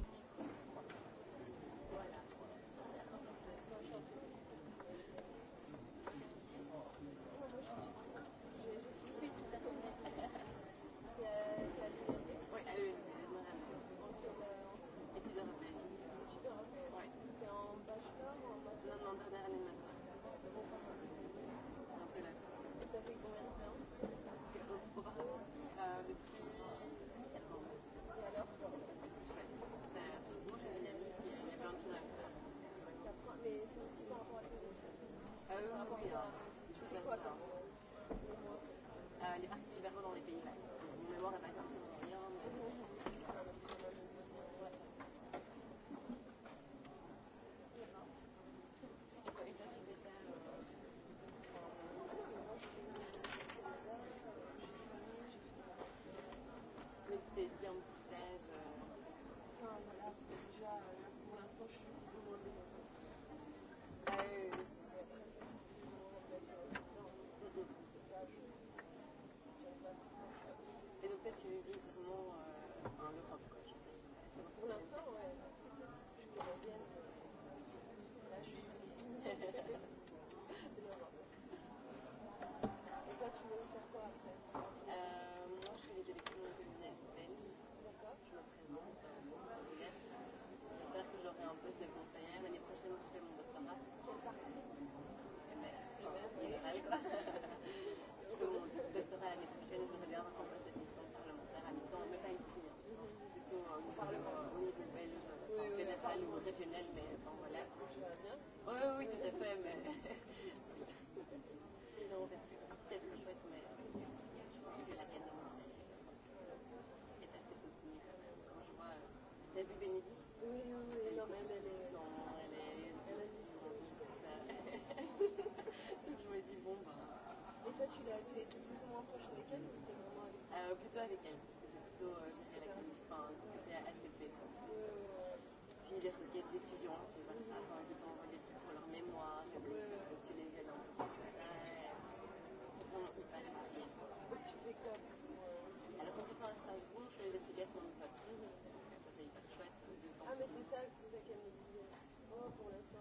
bien sans passer son temps parlementaire à mi-temps, mais pas ici. Hein. Plutôt au Parlement, au niveau belge, enfin, fédéral ou régional, mais enfin voilà. Oui, oui, tout à fait, mais. c'est très chouette, mais je pense que la cadence est assez soutenue quand même. Quand je vois. T'as vu Bénédicte Oui, oui, oui, elle est. toi, tu l'as, tu plus ou moins proche avec elle ou c'était Euh, plutôt avec elle, parce que j'ai plutôt euh, géré la question, enfin, c'était assez fait. Puis les requêtes d'étudiants, tu vois, enfin, qui t'envoient des trucs pour leur mémoire, que, que tu les aides un peu vraiment hyper utile. Donc tu fais quoi Alors quand ils à Strasbourg, je fais les de papier. Ça c'est hyper chouette. Ah mais c'est ça, c'est ça qu'elle me disait. Oh, pour l'instant,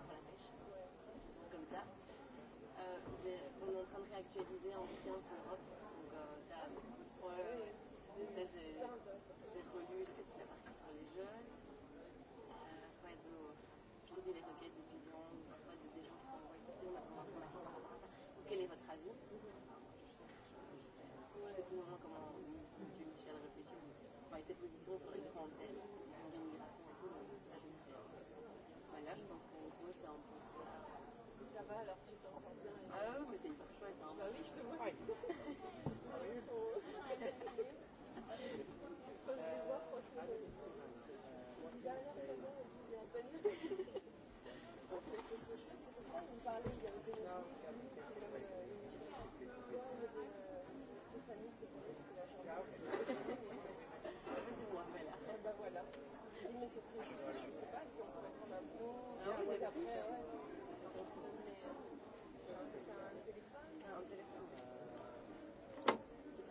train de réactualiser en bouquin sur l'Europe. Donc, euh, ça, ouais, ouais. ça j'ai, j'ai relu, j'ai fait toute la partie sur les jeunes. Euh, ouais, de, je relis les requêtes d'étudiants, parfois des, des gens qui t'envoient écouter, on a besoin d'informations par rapport à ça. Donc, quel est votre avis Je sais plus vraiment comment M. Michel réfléchit, mais enfin, ses positions sur les grands thèmes, l'immigration et tout, donc ça, je sais. Voilà, je pense qu'en gros, c'est un peu ça. Ça va alors, tu t'en sens bien Ah oui, mais c'est right now. No, nicht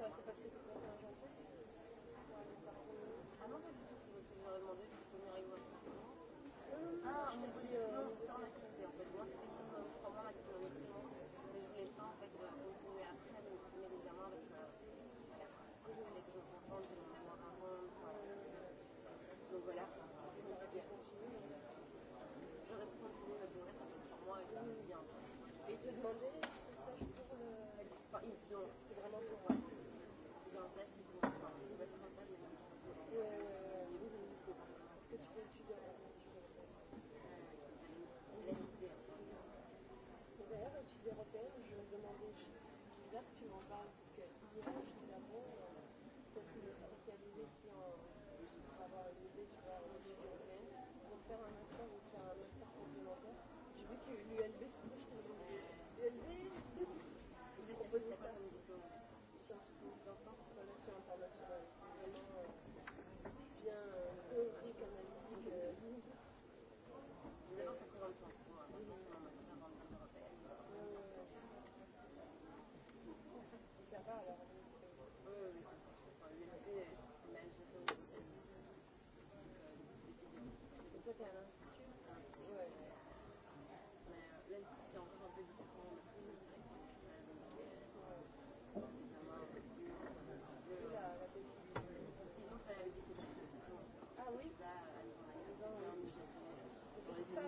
c'est parce que c'est pour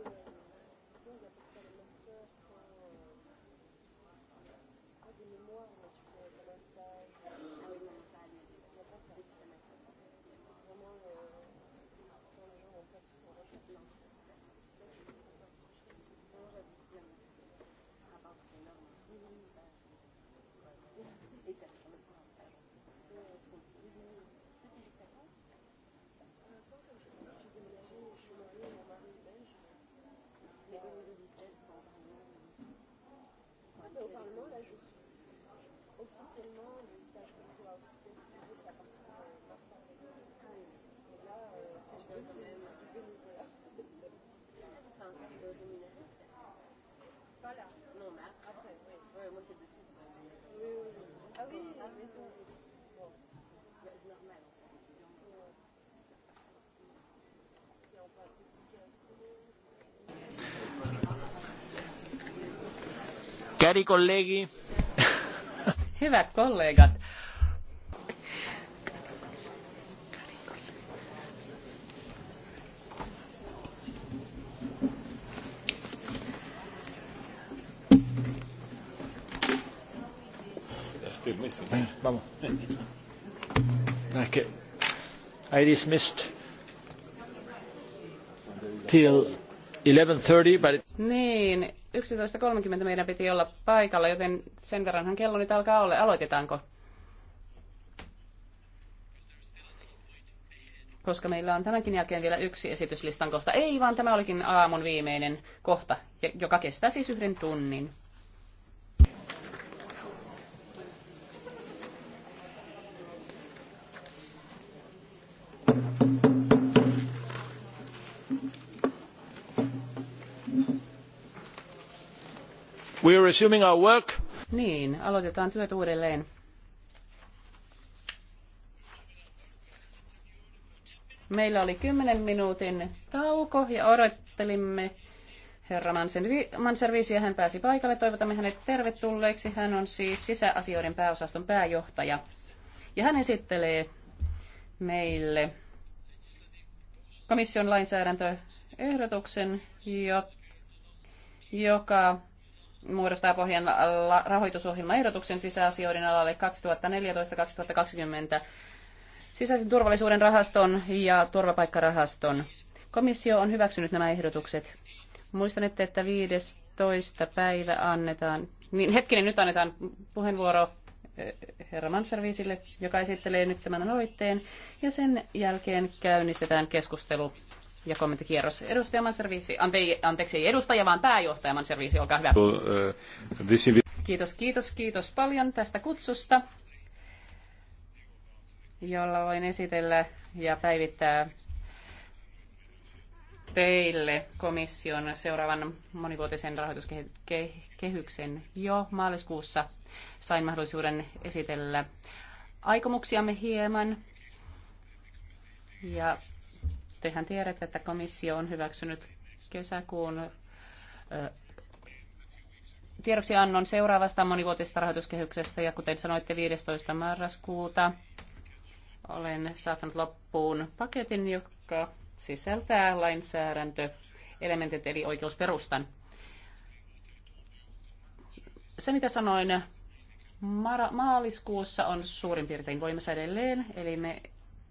deux, euh, donc on appelle ça les masters, sont des mémoires. Cari colleghi. Hyvät kollegat, Vamos. Okay. I dismissed till 11.30, but... Niin, 11.30 meidän piti olla paikalla, joten sen verranhan kello nyt alkaa olla. Aloitetaanko? Koska meillä on tämänkin jälkeen vielä yksi esityslistan kohta. Ei, vaan tämä olikin aamun viimeinen kohta, joka kestää siis yhden tunnin. We are resuming our work. Niin, aloitetaan työt uudelleen. Meillä oli 10 minuutin tauko ja odottelimme herra Manservisiä. Hän pääsi paikalle. Toivotamme hänet tervetulleeksi. Hän on siis sisäasioiden pääosaston pääjohtaja. Ja hän esittelee meille komission lainsäädäntöehdotuksen, joka muodostaa pohjan ehdotuksen sisäasioiden alalle 2014-2020 sisäisen turvallisuuden rahaston ja turvapaikkarahaston. Komissio on hyväksynyt nämä ehdotukset. Muistan, että 15. päivä annetaan, niin hetkinen, nyt annetaan puheenvuoro eh, herra Manserviisille, joka esittelee nyt tämän aloitteen, ja sen jälkeen käynnistetään keskustelu ja kommenttikierros. Edustaja Manserviisi, ante, anteeksi, ei edustaja, vaan pääjohtaja Manserviisi, olkaa hyvä. Uh, kiitos, kiitos, kiitos paljon tästä kutsusta, jolla voin esitellä ja päivittää teille komission seuraavan monivuotisen rahoituskehyksen jo maaliskuussa. Sain mahdollisuuden esitellä aikomuksiamme hieman ja Tehän tiedätte, että komissio on hyväksynyt kesäkuun tiedoksiannon seuraavasta monivuotisesta rahoituskehyksestä ja kuten sanoitte 15. marraskuuta olen saattanut loppuun paketin, joka sisältää lainsäädäntöelementit eli oikeusperustan. Se mitä sanoin maaliskuussa on suurin piirtein voimassa edelleen, eli me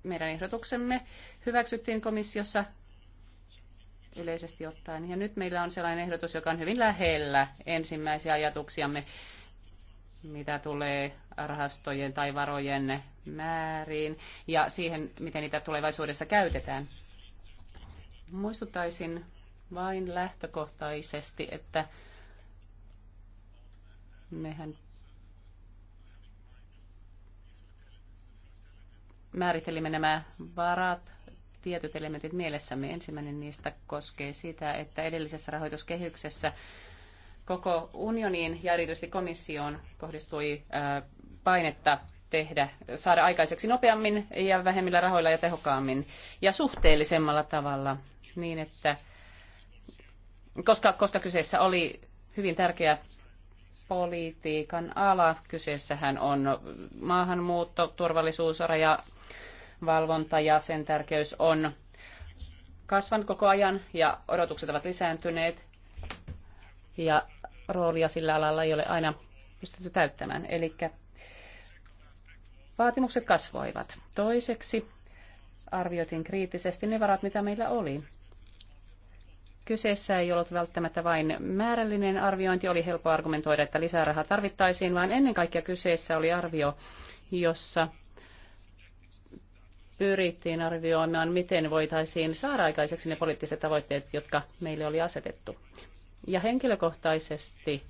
meidän ehdotuksemme hyväksyttiin komissiossa yleisesti ottaen. Ja nyt meillä on sellainen ehdotus, joka on hyvin lähellä ensimmäisiä ajatuksiamme, mitä tulee rahastojen tai varojen määriin ja siihen, miten niitä tulevaisuudessa käytetään. Muistuttaisin vain lähtökohtaisesti, että mehän määrittelimme nämä varat, tietyt elementit mielessämme. Ensimmäinen niistä koskee sitä, että edellisessä rahoituskehyksessä koko unioniin ja erityisesti komissioon kohdistui painetta tehdä, saada aikaiseksi nopeammin ja vähemmillä rahoilla ja tehokkaammin ja suhteellisemmalla tavalla niin, että koska, koska kyseessä oli hyvin tärkeä politiikan ala, kyseessähän on maahanmuutto, turvallisuus, raja, valvonta ja sen tärkeys on kasvanut koko ajan ja odotukset ovat lisääntyneet ja roolia sillä alalla ei ole aina pystytty täyttämään. Eli vaatimukset kasvoivat. Toiseksi arvioitiin kriittisesti ne varat, mitä meillä oli. Kyseessä ei ollut välttämättä vain määrällinen arviointi, oli helppo argumentoida, että lisää rahaa tarvittaisiin, vaan ennen kaikkea kyseessä oli arvio, jossa pyrittiin arvioimaan, miten voitaisiin saada aikaiseksi ne poliittiset tavoitteet, jotka meille oli asetettu. Ja henkilökohtaisesti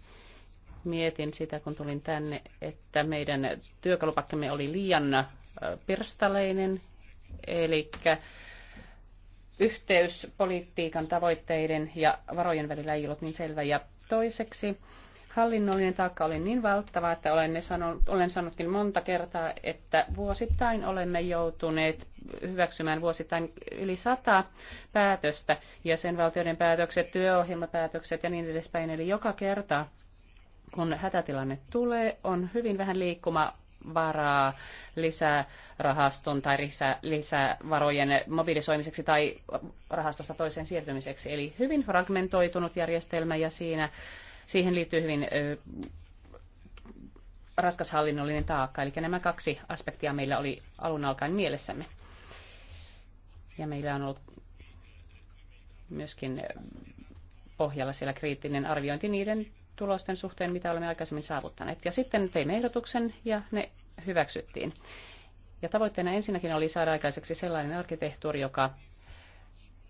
mietin sitä, kun tulin tänne, että meidän työkalupakkemme oli liian pirstaleinen, eli yhteys politiikan tavoitteiden ja varojen välillä ei ollut niin selvä. Ja toiseksi Hallinnollinen taakka oli niin valtava, että olen, sanonut, olen sanonutkin monta kertaa, että vuosittain olemme joutuneet hyväksymään vuosittain yli sata päätöstä, jäsenvaltioiden päätökset, työohjelmapäätökset ja niin edespäin. Eli joka kerta, kun hätätilanne tulee, on hyvin vähän liikkuma varaa lisärahaston tai lisä, lisävarojen mobilisoimiseksi tai rahastosta toiseen siirtymiseksi. Eli hyvin fragmentoitunut järjestelmä ja siinä siihen liittyy hyvin raskas hallinnollinen taakka. Eli nämä kaksi aspektia meillä oli alun alkaen mielessämme. Ja meillä on ollut myöskin pohjalla siellä kriittinen arviointi niiden tulosten suhteen, mitä olemme aikaisemmin saavuttaneet. Ja sitten teimme ehdotuksen ja ne hyväksyttiin. Ja tavoitteena ensinnäkin oli saada aikaiseksi sellainen arkkitehtuuri, joka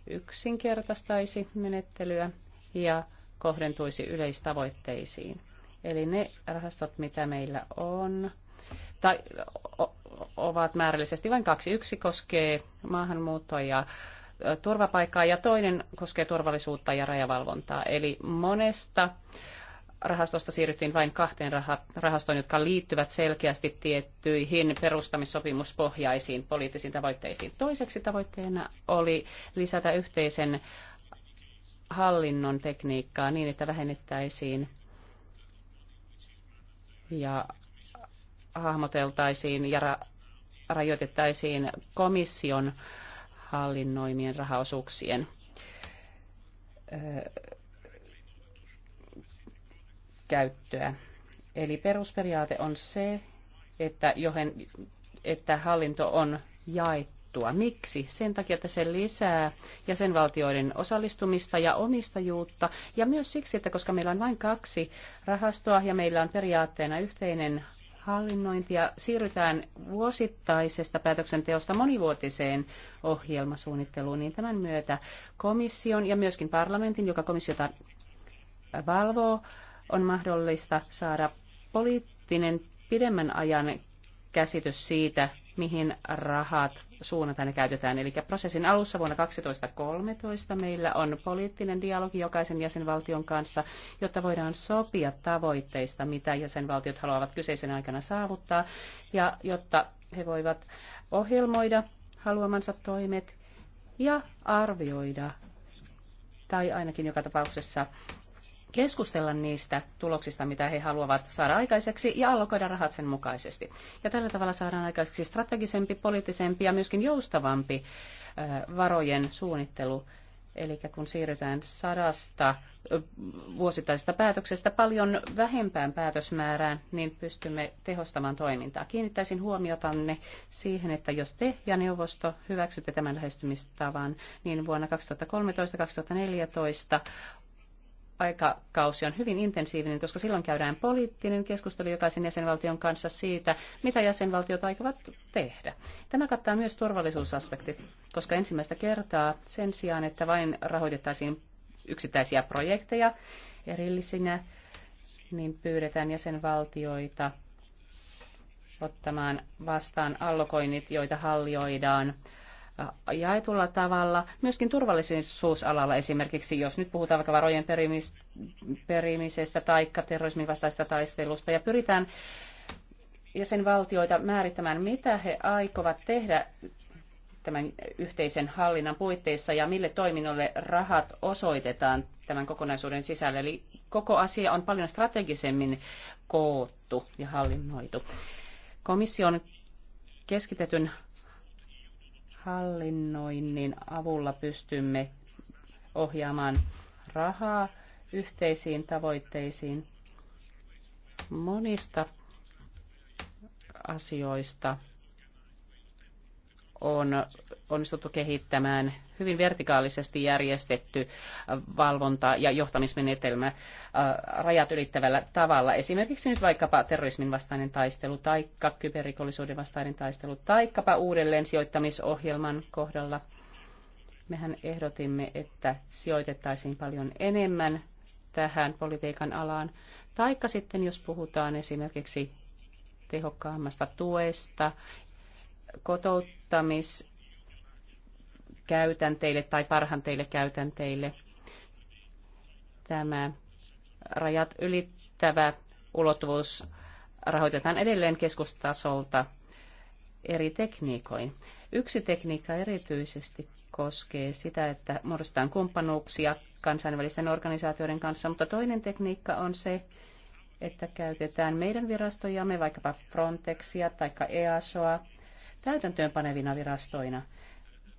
yksinkertaistaisi menettelyä ja kohdentuisi yleistavoitteisiin. Eli ne rahastot, mitä meillä on, tai ovat määrällisesti vain kaksi. Yksi koskee maahanmuuttoa ja turvapaikkaa ja toinen koskee turvallisuutta ja rajavalvontaa. Eli monesta rahastosta siirryttiin vain kahteen rahastoon, jotka liittyvät selkeästi tiettyihin perustamissopimuspohjaisiin poliittisiin tavoitteisiin. Toiseksi tavoitteena oli lisätä yhteisen hallinnon tekniikkaa niin, että vähennettäisiin ja hahmoteltaisiin ja ra- rajoitettaisiin komission hallinnoimien rahaosuuksien öö, käyttöä. Eli perusperiaate on se, että, johen, että hallinto on jaettu puuttua. Miksi? Sen takia, että se lisää jäsenvaltioiden osallistumista ja omistajuutta ja myös siksi, että koska meillä on vain kaksi rahastoa ja meillä on periaatteena yhteinen hallinnointi ja siirrytään vuosittaisesta päätöksenteosta monivuotiseen ohjelmasuunnitteluun, niin tämän myötä komission ja myöskin parlamentin, joka komissiota valvoo, on mahdollista saada poliittinen pidemmän ajan käsitys siitä, mihin rahat suunnataan ja käytetään. Eli prosessin alussa vuonna 2013 meillä on poliittinen dialogi jokaisen jäsenvaltion kanssa, jotta voidaan sopia tavoitteista, mitä jäsenvaltiot haluavat kyseisen aikana saavuttaa, ja jotta he voivat ohjelmoida haluamansa toimet ja arvioida tai ainakin joka tapauksessa keskustella niistä tuloksista, mitä he haluavat saada aikaiseksi ja allokoida rahat sen mukaisesti. Ja tällä tavalla saadaan aikaiseksi strategisempi, poliittisempi ja myöskin joustavampi varojen suunnittelu. Eli kun siirrytään sadasta vuosittaisesta päätöksestä paljon vähempään päätösmäärään, niin pystymme tehostamaan toimintaa. Kiinnittäisin huomiotanne siihen, että jos te ja neuvosto hyväksytte tämän lähestymistavan, niin vuonna 2013-2014 aikakausi on hyvin intensiivinen, koska silloin käydään poliittinen keskustelu jokaisen jäsenvaltion kanssa siitä, mitä jäsenvaltiot aikovat tehdä. Tämä kattaa myös turvallisuusaspektit, koska ensimmäistä kertaa sen sijaan, että vain rahoitettaisiin yksittäisiä projekteja erillisinä, niin pyydetään jäsenvaltioita ottamaan vastaan allokoinnit, joita hallioidaan jaetulla tavalla, myöskin turvallisuusalalla esimerkiksi, jos nyt puhutaan vaikka varojen perimisestä tai terrorismin vastaista taistelusta ja pyritään jäsenvaltioita määrittämään, mitä he aikovat tehdä tämän yhteisen hallinnan puitteissa ja mille toiminnolle rahat osoitetaan tämän kokonaisuuden sisällä. Eli koko asia on paljon strategisemmin koottu ja hallinnoitu. Komission keskitetyn hallinnoinnin avulla pystymme ohjaamaan rahaa yhteisiin tavoitteisiin monista asioista on onnistuttu kehittämään hyvin vertikaalisesti järjestetty valvonta- ja johtamismenetelmä äh, rajat ylittävällä tavalla. Esimerkiksi nyt vaikkapa terrorismin vastainen taistelu, taikka kyberrikollisuuden vastainen taistelu, taikkapa uudelleen sijoittamisohjelman kohdalla. Mehän ehdotimme, että sijoitettaisiin paljon enemmän tähän politiikan alaan. Taikka sitten, jos puhutaan esimerkiksi tehokkaammasta tuesta kotouttamiskäytänteille tai parhanteille käytänteille. Tämä rajat ylittävä ulottuvuus rahoitetaan edelleen keskustasolta eri tekniikoin. Yksi tekniikka erityisesti koskee sitä, että muodostetaan kumppanuuksia kansainvälisten organisaatioiden kanssa, mutta toinen tekniikka on se, että käytetään meidän virastojamme, vaikkapa Frontexia tai EASOa täytäntöönpanevina virastoina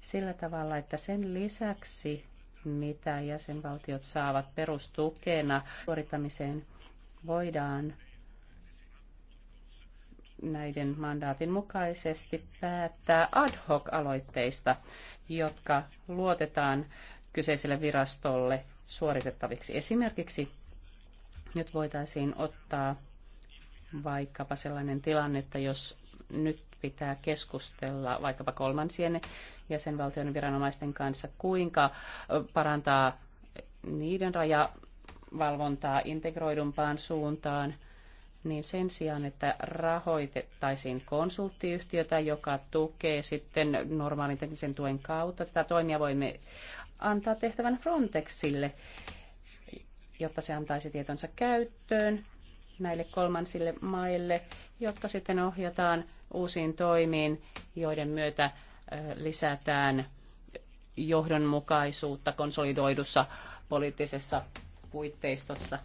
sillä tavalla, että sen lisäksi, mitä jäsenvaltiot saavat perustukena suorittamiseen, voidaan näiden mandaatin mukaisesti päättää ad hoc-aloitteista, jotka luotetaan kyseiselle virastolle suoritettaviksi. Esimerkiksi nyt voitaisiin ottaa vaikkapa sellainen tilanne, että jos nyt pitää keskustella vaikkapa kolmansien jäsenvaltion viranomaisten kanssa, kuinka parantaa niiden rajavalvontaa integroidumpaan suuntaan, niin sen sijaan, että rahoitettaisiin konsulttiyhtiötä, joka tukee sitten normaalin teknisen tuen kautta, tätä toimia voimme antaa tehtävän Frontexille, jotta se antaisi tietonsa käyttöön näille kolmansille maille, jotta sitten ohjataan uusiin toimiin, joiden myötä lisätään johdonmukaisuutta konsolidoidussa poliittisessa puitteistossa.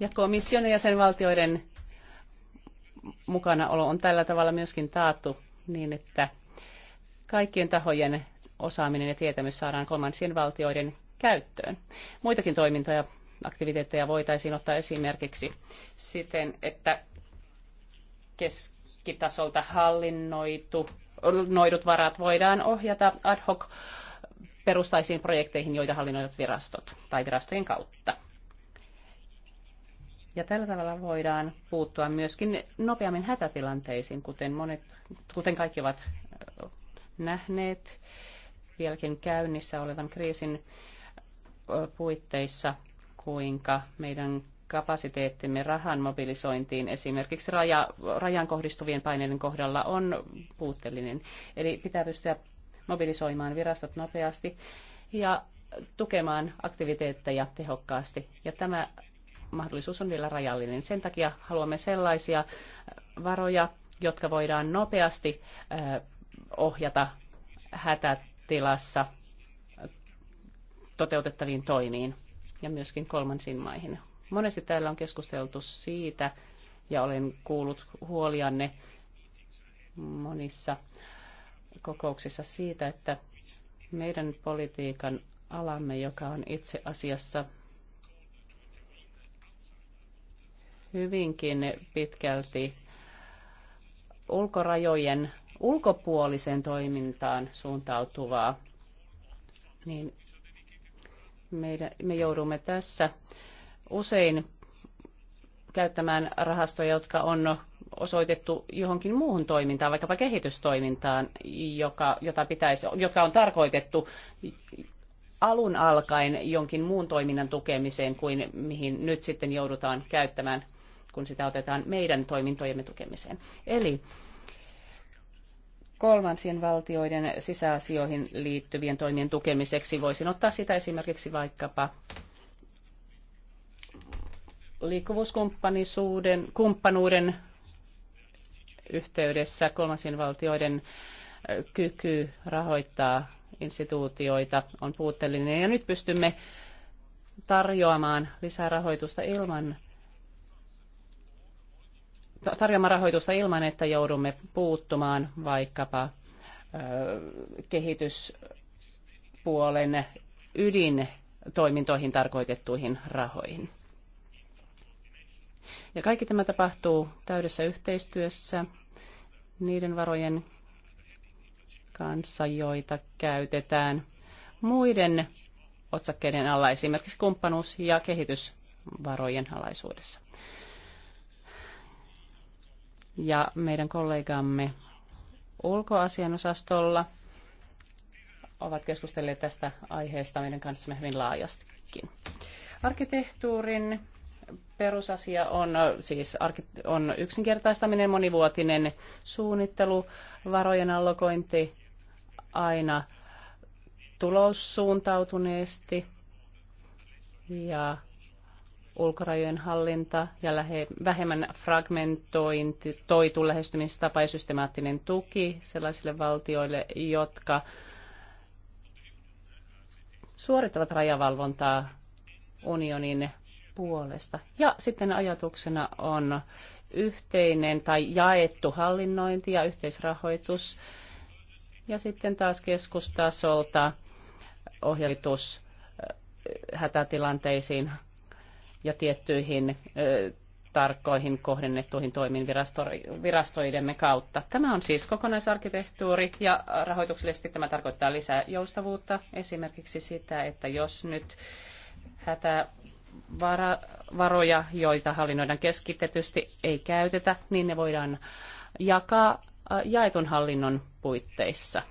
Ja komission ja sen valtioiden mukanaolo on tällä tavalla myöskin taattu niin, että kaikkien tahojen osaaminen ja tietämys saadaan kolmansien valtioiden käyttöön. Muitakin toimintoja aktiviteetteja voitaisiin ottaa esimerkiksi siten, että keskitasolta hallinnoitu, noidut varat voidaan ohjata ad hoc perustaisiin projekteihin, joita hallinnoivat virastot tai virastojen kautta. Ja tällä tavalla voidaan puuttua myöskin nopeammin hätätilanteisiin, kuten, monet, kuten kaikki ovat nähneet vieläkin käynnissä olevan kriisin puitteissa kuinka meidän kapasiteettimme rahan mobilisointiin esimerkiksi raja, rajan kohdistuvien paineiden kohdalla on puutteellinen. Eli pitää pystyä mobilisoimaan virastot nopeasti ja tukemaan aktiviteetteja tehokkaasti. Ja tämä mahdollisuus on vielä rajallinen. Sen takia haluamme sellaisia varoja, jotka voidaan nopeasti ohjata hätätilassa toteutettaviin toimiin ja myöskin kolmansiin maihin. Monesti täällä on keskusteltu siitä, ja olen kuullut huolianne monissa kokouksissa siitä, että meidän politiikan alamme, joka on itse asiassa hyvinkin pitkälti ulkorajojen ulkopuoliseen toimintaan suuntautuvaa, niin meidän, me joudumme tässä usein käyttämään rahastoja, jotka on osoitettu johonkin muuhun toimintaan, vaikkapa kehitystoimintaan, joka, jota pitäisi, jotka on tarkoitettu alun alkaen jonkin muun toiminnan tukemiseen kuin mihin nyt sitten joudutaan käyttämään, kun sitä otetaan meidän toimintojemme tukemiseen. Eli kolmansien valtioiden sisäasioihin liittyvien toimien tukemiseksi. Voisin ottaa sitä esimerkiksi vaikkapa liikkuvuuskumppanuuden kumppanuuden yhteydessä kolmansien valtioiden kyky rahoittaa instituutioita on puutteellinen ja nyt pystymme tarjoamaan lisää rahoitusta ilman, tarjoamaan rahoitusta ilman, että joudumme puuttumaan vaikkapa kehityspuolen ydintoimintoihin tarkoitettuihin rahoihin. Ja kaikki tämä tapahtuu täydessä yhteistyössä niiden varojen kanssa, joita käytetään muiden otsakkeiden alla, esimerkiksi kumppanuus- ja kehitysvarojen alaisuudessa ja meidän kollegamme ulkoasianosastolla ovat keskustelleet tästä aiheesta meidän kanssamme hyvin laajastikin. Arkkitehtuurin perusasia on siis on yksinkertaistaminen, monivuotinen suunnittelu, varojen allokointi aina tulossuuntautuneesti ja ulkorajojen hallinta ja lähe, vähemmän fragmentoitu lähestymistapa ja systemaattinen tuki sellaisille valtioille, jotka suorittavat rajavalvontaa unionin puolesta. Ja sitten ajatuksena on yhteinen tai jaettu hallinnointi ja yhteisrahoitus ja sitten taas keskustasolta ohjelitus äh, hätätilanteisiin ja tiettyihin tarkkoihin kohdennettuihin toimiin virasto, virastoidemme kautta. Tämä on siis kokonaisarkkitehtuuri ja rahoituksellisesti tämä tarkoittaa lisää joustavuutta, esimerkiksi sitä, että jos nyt hätä varoja, joita hallinnoidaan keskitetysti, ei käytetä, niin ne voidaan jakaa jaetun hallinnon puitteissa.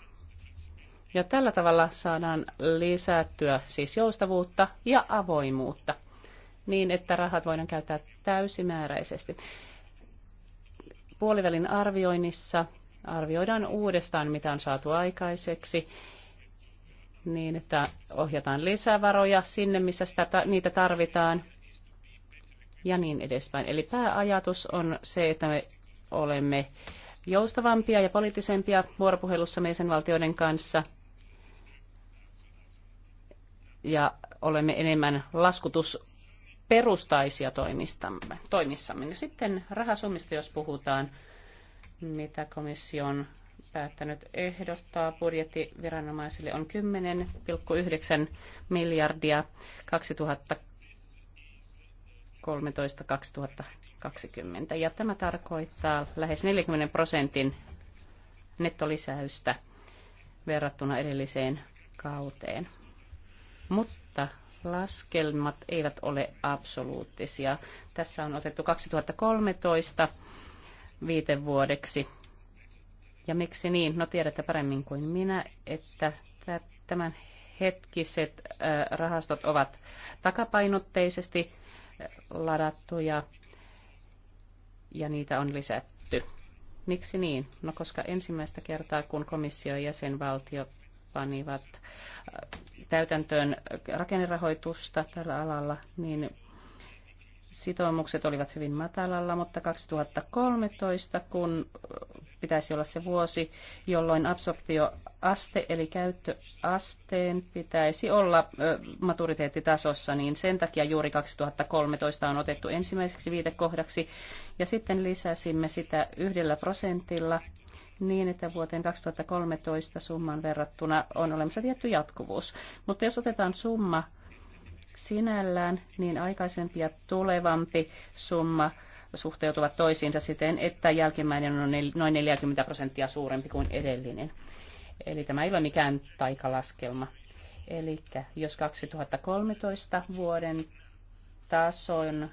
Ja tällä tavalla saadaan lisättyä siis joustavuutta ja avoimuutta niin, että rahat voidaan käyttää täysimääräisesti. Puolivälin arvioinnissa arvioidaan uudestaan, mitä on saatu aikaiseksi, niin että ohjataan lisävaroja sinne, missä sitä, niitä tarvitaan ja niin edespäin. Eli pääajatus on se, että me olemme joustavampia ja poliittisempia vuoropuhelussa meidän valtioiden kanssa ja olemme enemmän laskutus perustaisia toimistamme, toimissamme. No sitten rahasummista, jos puhutaan, mitä komissio on päättänyt ehdostaa budjettiviranomaisille, on 10,9 miljardia 2013-2020. Ja tämä tarkoittaa lähes 40 prosentin nettolisäystä verrattuna edelliseen kauteen. Mutta laskelmat eivät ole absoluuttisia. Tässä on otettu 2013 viitevuodeksi. Ja miksi niin? No tiedätte paremmin kuin minä, että tämän hetkiset rahastot ovat takapainotteisesti ladattuja ja niitä on lisätty. Miksi niin? No koska ensimmäistä kertaa, kun komissio ja jäsenvaltiot panivat äh, täytäntöön rakennerahoitusta tällä alalla, niin sitoumukset olivat hyvin matalalla, mutta 2013, kun äh, pitäisi olla se vuosi, jolloin absorptioaste eli käyttöasteen pitäisi olla äh, maturiteettitasossa, niin sen takia juuri 2013 on otettu ensimmäiseksi viitekohdaksi. Ja sitten lisäsimme sitä yhdellä prosentilla niin, että vuoteen 2013 summan verrattuna on olemassa tietty jatkuvuus. Mutta jos otetaan summa sinällään, niin aikaisempi ja tulevampi summa suhteutuvat toisiinsa siten, että jälkimmäinen on noin 40 prosenttia suurempi kuin edellinen. Eli tämä ei ole mikään taikalaskelma. Eli jos 2013 vuoden tason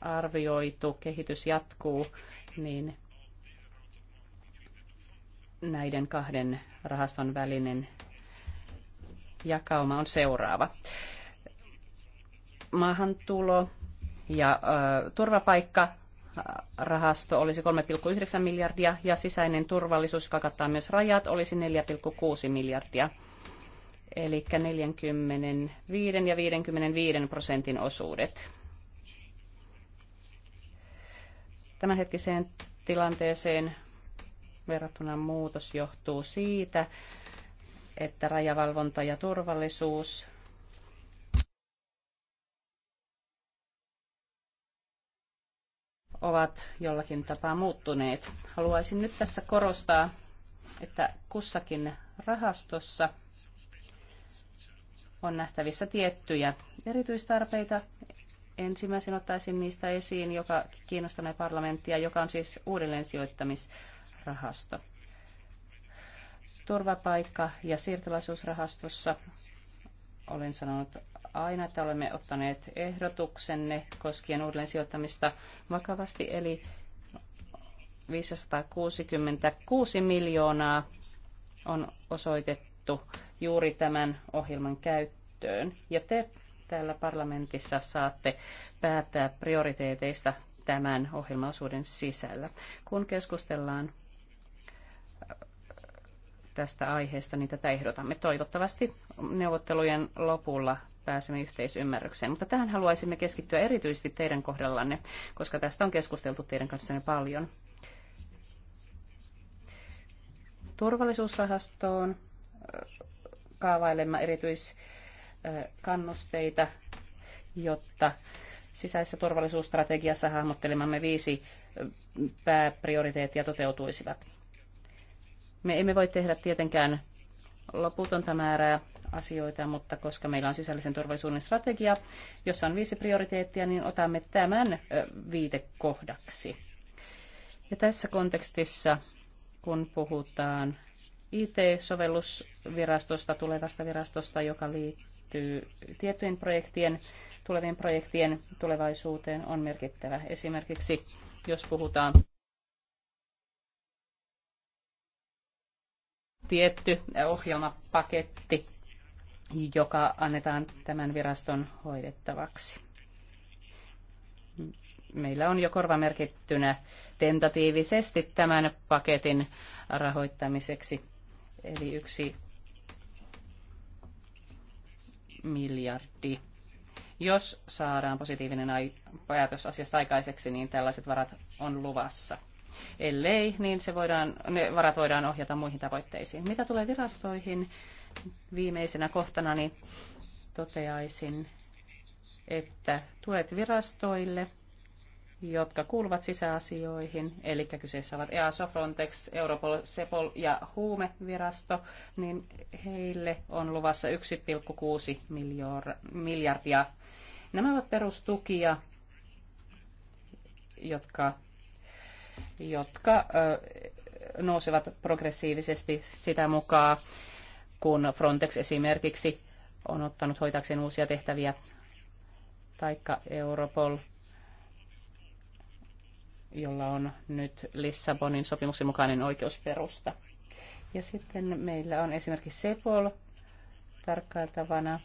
arvioitu kehitys jatkuu, niin näiden kahden rahaston välinen jakauma on seuraava. Maahantulo ja ö, turvapaikka rahasto olisi 3,9 miljardia ja sisäinen turvallisuus, joka kattaa myös rajat, olisi 4,6 miljardia. Eli 45 ja 55 prosentin osuudet. Tämänhetkiseen tilanteeseen verrattuna muutos johtuu siitä, että rajavalvonta ja turvallisuus ovat jollakin tapaa muuttuneet. Haluaisin nyt tässä korostaa, että kussakin rahastossa on nähtävissä tiettyjä erityistarpeita. Ensimmäisen ottaisin niistä esiin, joka kiinnostaa parlamenttia, joka on siis uudelleensijoittamis- sijoittamis rahasto. Turvapaikka- ja siirtolaisuusrahastossa olen sanonut aina, että olemme ottaneet ehdotuksenne koskien uudelleen sijoittamista vakavasti, eli 566 miljoonaa on osoitettu juuri tämän ohjelman käyttöön. Ja te täällä parlamentissa saatte päättää prioriteeteista tämän ohjelmaosuuden sisällä. Kun keskustellaan tästä aiheesta, niin tätä ehdotamme. Toivottavasti neuvottelujen lopulla pääsemme yhteisymmärrykseen. Mutta tähän haluaisimme keskittyä erityisesti teidän kohdallanne, koska tästä on keskusteltu teidän kanssanne paljon. Turvallisuusrahastoon kaavailemme erityiskannusteita, jotta sisäisessä turvallisuusstrategiassa hahmottelemamme viisi pääprioriteettia toteutuisivat. Me emme voi tehdä tietenkään loputonta määrää asioita, mutta koska meillä on sisällisen turvallisuuden strategia, jossa on viisi prioriteettia, niin otamme tämän viitekohdaksi. Ja tässä kontekstissa, kun puhutaan IT-sovellusvirastosta, tulevasta virastosta, joka liittyy tiettyjen projektien, tulevien projektien tulevaisuuteen, on merkittävä. Esimerkiksi jos puhutaan tietty ohjelmapaketti, joka annetaan tämän viraston hoidettavaksi. Meillä on jo korvamerkittynä tentatiivisesti tämän paketin rahoittamiseksi, eli yksi miljardi. Jos saadaan positiivinen päätös asiasta aikaiseksi, niin tällaiset varat on luvassa. Ellei, niin se voidaan, ne varat voidaan ohjata muihin tavoitteisiin. Mitä tulee virastoihin, viimeisenä kohtana niin toteaisin, että tuet virastoille, jotka kuuluvat sisäasioihin, eli kyseessä ovat EASO, Frontex, Europol, Sepol ja Huumevirasto, niin heille on luvassa 1,6 miljardia. Nämä ovat perustukia, jotka jotka nousevat progressiivisesti sitä mukaan, kun Frontex esimerkiksi on ottanut hoitakseen uusia tehtäviä, taikka Europol, jolla on nyt Lissabonin sopimuksen mukainen oikeusperusta. Ja sitten meillä on esimerkiksi Sepol tarkkailtavana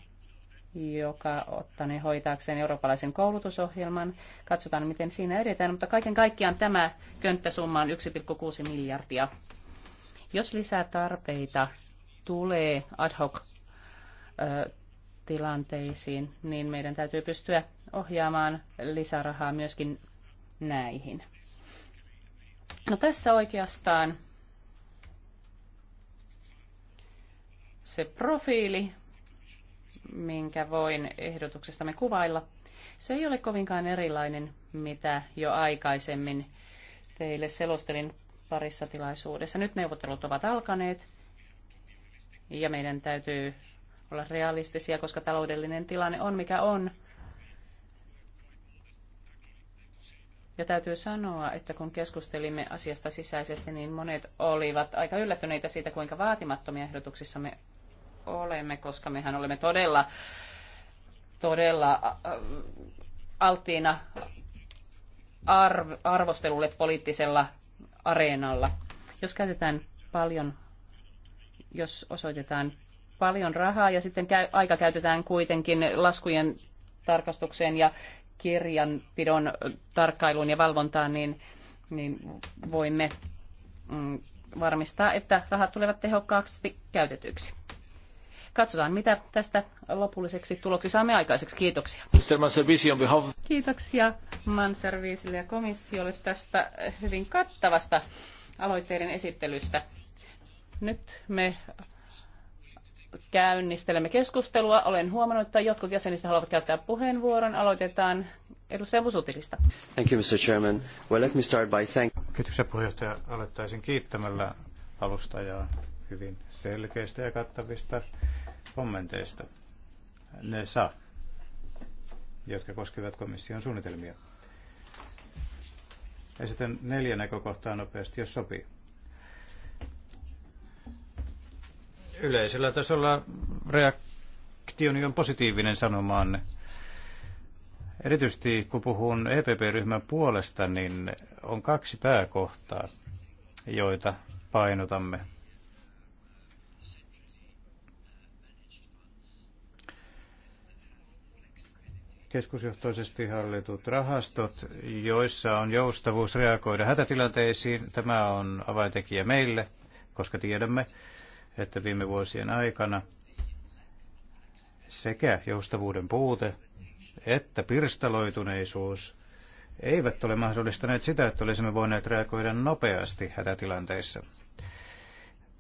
joka ne hoitaakseen eurooppalaisen koulutusohjelman. Katsotaan, miten siinä edetään, mutta kaiken kaikkiaan tämä könttäsumma on 1,6 miljardia. Jos lisää tarpeita tulee ad hoc tilanteisiin, niin meidän täytyy pystyä ohjaamaan lisärahaa myöskin näihin. No tässä oikeastaan se profiili minkä voin ehdotuksestamme kuvailla, se ei ole kovinkaan erilainen, mitä jo aikaisemmin teille selostelin parissa tilaisuudessa. Nyt neuvottelut ovat alkaneet ja meidän täytyy olla realistisia, koska taloudellinen tilanne on mikä on. Ja täytyy sanoa, että kun keskustelimme asiasta sisäisesti, niin monet olivat aika yllättyneitä siitä, kuinka vaatimattomia ehdotuksissamme olemme, koska mehän olemme todella, todella alttiina arvostelulle poliittisella areenalla. Jos käytetään paljon, jos osoitetaan paljon rahaa ja sitten aika käytetään kuitenkin laskujen tarkastukseen ja kirjanpidon tarkkailuun ja valvontaan, niin, niin voimme mm, varmistaa, että rahat tulevat tehokkaasti käytetyksi. Katsotaan, mitä tästä lopulliseksi tuloksi saamme aikaiseksi. Kiitoksia. Kiitoksia Manserviisille ja komissiolle tästä hyvin kattavasta aloitteiden esittelystä. Nyt me käynnistelemme keskustelua. Olen huomannut, että jotkut jäsenistä haluavat käyttää puheenvuoron. Aloitetaan edustaja Vusutilista. Thank you, Mr. Chairman. Well, let me start by thank... Kiitoksia puheenjohtaja. Aloittaisin kiittämällä alustajaa hyvin selkeistä ja kattavista kommenteista. Ne saa, jotka koskevat komission suunnitelmia. Esitän neljä näkökohtaa nopeasti, jos sopii. Yleisellä tasolla reaktioni on positiivinen sanomaan. Erityisesti kun puhun EPP-ryhmän puolesta, niin on kaksi pääkohtaa, joita painotamme keskusjohtoisesti hallitut rahastot, joissa on joustavuus reagoida hätätilanteisiin. Tämä on avaintekijä meille, koska tiedämme, että viime vuosien aikana sekä joustavuuden puute että pirstaloituneisuus eivät ole mahdollistaneet sitä, että olisimme voineet reagoida nopeasti hätätilanteissa.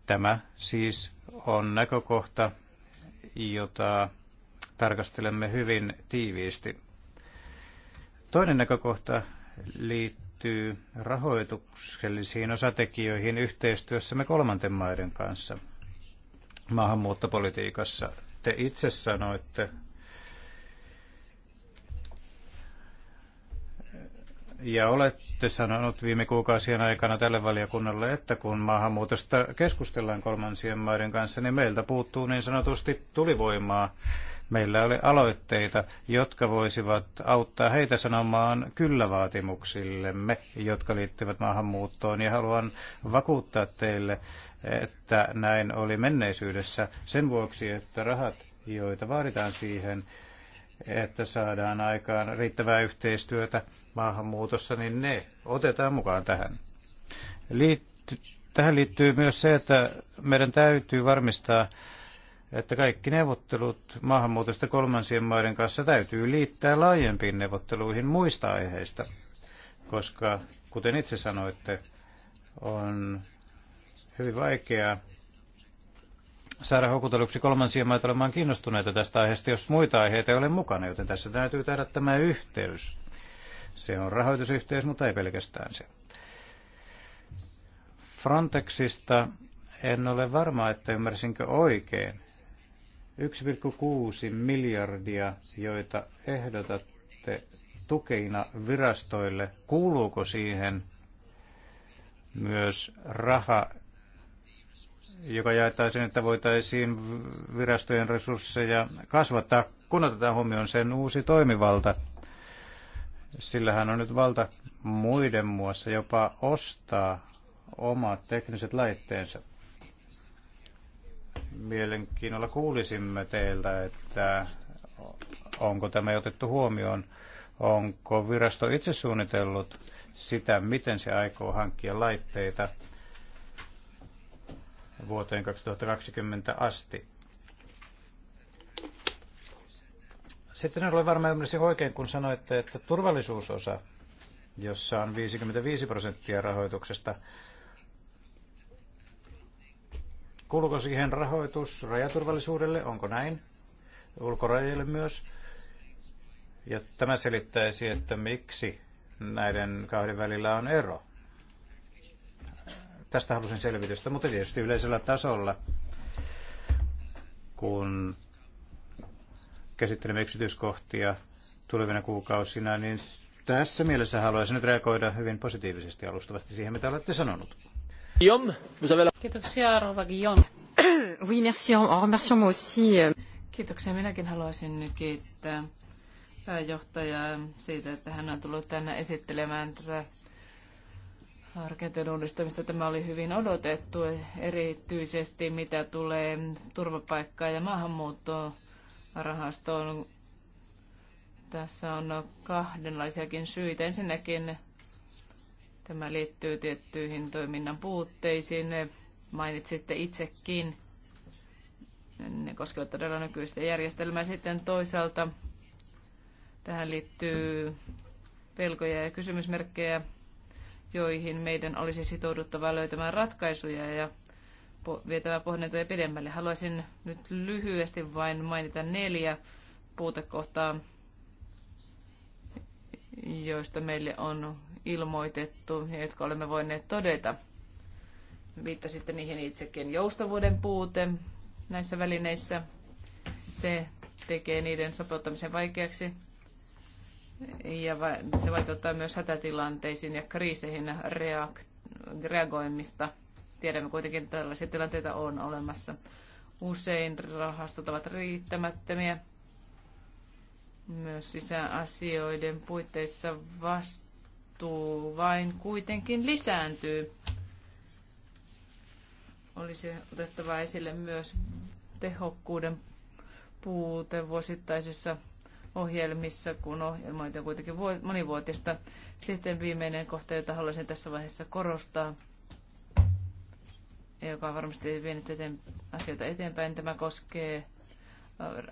Tämä siis on näkökohta, jota tarkastelemme hyvin tiiviisti. Toinen näkökohta liittyy rahoituksellisiin osatekijöihin yhteistyössämme kolmanten maiden kanssa maahanmuuttopolitiikassa. Te itse sanoitte ja olette sanonut viime kuukausien aikana tälle valiokunnalle, että kun maahanmuutosta keskustellaan kolmansien maiden kanssa, niin meiltä puuttuu niin sanotusti tulivoimaa meillä oli aloitteita, jotka voisivat auttaa heitä sanomaan kyllä vaatimuksillemme, jotka liittyvät maahanmuuttoon. Ja haluan vakuuttaa teille, että näin oli menneisyydessä sen vuoksi, että rahat, joita vaaditaan siihen, että saadaan aikaan riittävää yhteistyötä maahanmuutossa, niin ne otetaan mukaan tähän. Liitty, tähän liittyy myös se, että meidän täytyy varmistaa, että kaikki neuvottelut maahanmuutosta kolmansien maiden kanssa täytyy liittää laajempiin neuvotteluihin muista aiheista, koska kuten itse sanoitte, on hyvin vaikeaa saada houkutelluksi kolmansien maita olemaan kiinnostuneita tästä aiheesta, jos muita aiheita ei ole mukana, joten tässä täytyy tehdä tämä yhteys. Se on rahoitusyhteys, mutta ei pelkästään se. Frontexista en ole varma, että ymmärsinkö oikein. 1,6 miljardia, joita ehdotatte tukeina virastoille, kuuluuko siihen myös raha, joka jaettaisiin, että voitaisiin virastojen resursseja kasvattaa, kun otetaan huomioon sen uusi toimivalta. Sillähän on nyt valta muiden muassa jopa ostaa omat tekniset laitteensa. Mielenkiinnolla kuulisimme teiltä, että onko tämä otettu huomioon, onko virasto itse suunnitellut sitä, miten se aikoo hankkia laitteita vuoteen 2020 asti. Sitten olen varmaan varma ymmärsin oikein, kun sanoitte, että turvallisuusosa, jossa on 55 prosenttia rahoituksesta, Kuuluuko siihen rahoitus rajaturvallisuudelle? Onko näin? Ulkorajoille myös. Ja tämä selittäisi, että miksi näiden kahden välillä on ero. Tästä halusin selvitystä, mutta tietysti yleisellä tasolla, kun käsittelemme yksityiskohtia tulevina kuukausina, niin tässä mielessä haluaisin nyt reagoida hyvin positiivisesti alustavasti siihen, mitä olette sanonut. Guillaume, Kiitoksia, [coughs] moi aussi. Euh. Kiitoksia. Minäkin haluaisin kiittää pääjohtajaa siitä, että hän on tullut tänne esittelemään tätä Argentiinan uudistamista tämä oli hyvin odotettu, erityisesti mitä tulee turvapaikkaa ja maahanmuuttoon rahastoon. Tässä on kahdenlaisiakin syitä. Ensinnäkin Tämä liittyy tiettyihin toiminnan puutteisiin. Ne mainitsitte itsekin. Ne koskevat todella nykyistä järjestelmää. Sitten toisaalta tähän liittyy pelkoja ja kysymysmerkkejä, joihin meidän olisi sitouduttava löytämään ratkaisuja ja vietävä pohdintoja pidemmälle. Haluaisin nyt lyhyesti vain mainita neljä puutekohtaa, joista meille on ilmoitettu ja jotka olemme voineet todeta. Viittasitte niihin itsekin. Joustavuuden puute näissä välineissä, se tekee niiden sopeuttamisen vaikeaksi ja se vaikuttaa myös hätätilanteisiin ja kriiseihin reagoimista. Tiedämme kuitenkin, että tällaisia tilanteita on olemassa. Usein rahastot ovat riittämättömiä. Myös sisäasioiden puitteissa vasta muuttuu, vain kuitenkin lisääntyy. Olisi otettava esille myös tehokkuuden puute vuosittaisissa ohjelmissa, kun ohjelmointi on kuitenkin monivuotista. Sitten viimeinen kohta, jota haluaisin tässä vaiheessa korostaa, joka varmasti vienyt asioita eteenpäin, tämä koskee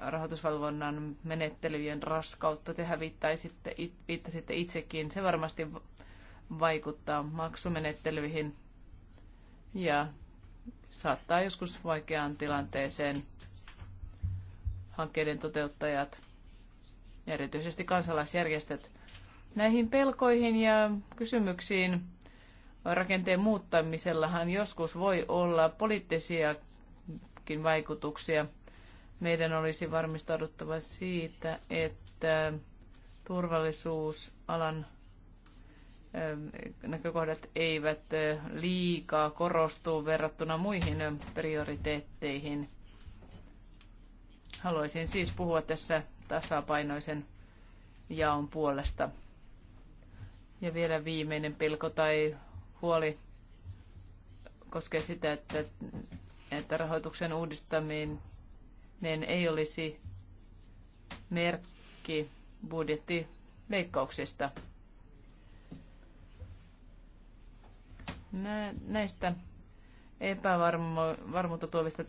rahoitusvalvonnan menettelyjen raskautta. Te hävittäisitte, viittasitte itsekin. Se varmasti vaikuttaa maksumenettelyihin ja saattaa joskus vaikeaan tilanteeseen hankkeiden toteuttajat ja erityisesti kansalaisjärjestöt. Näihin pelkoihin ja kysymyksiin rakenteen muuttamisellahan joskus voi olla poliittisiakin vaikutuksia – meidän olisi varmistauduttava siitä, että turvallisuusalan ähm, näkökohdat eivät äh, liikaa korostu verrattuna muihin ähm, prioriteetteihin. Haluaisin siis puhua tässä tasapainoisen jaon puolesta. Ja vielä viimeinen pelko tai huoli koskee sitä, että, että rahoituksen uudistaminen niin ei olisi merkki budjettileikkauksista. Näistä epävarmuutta tuovista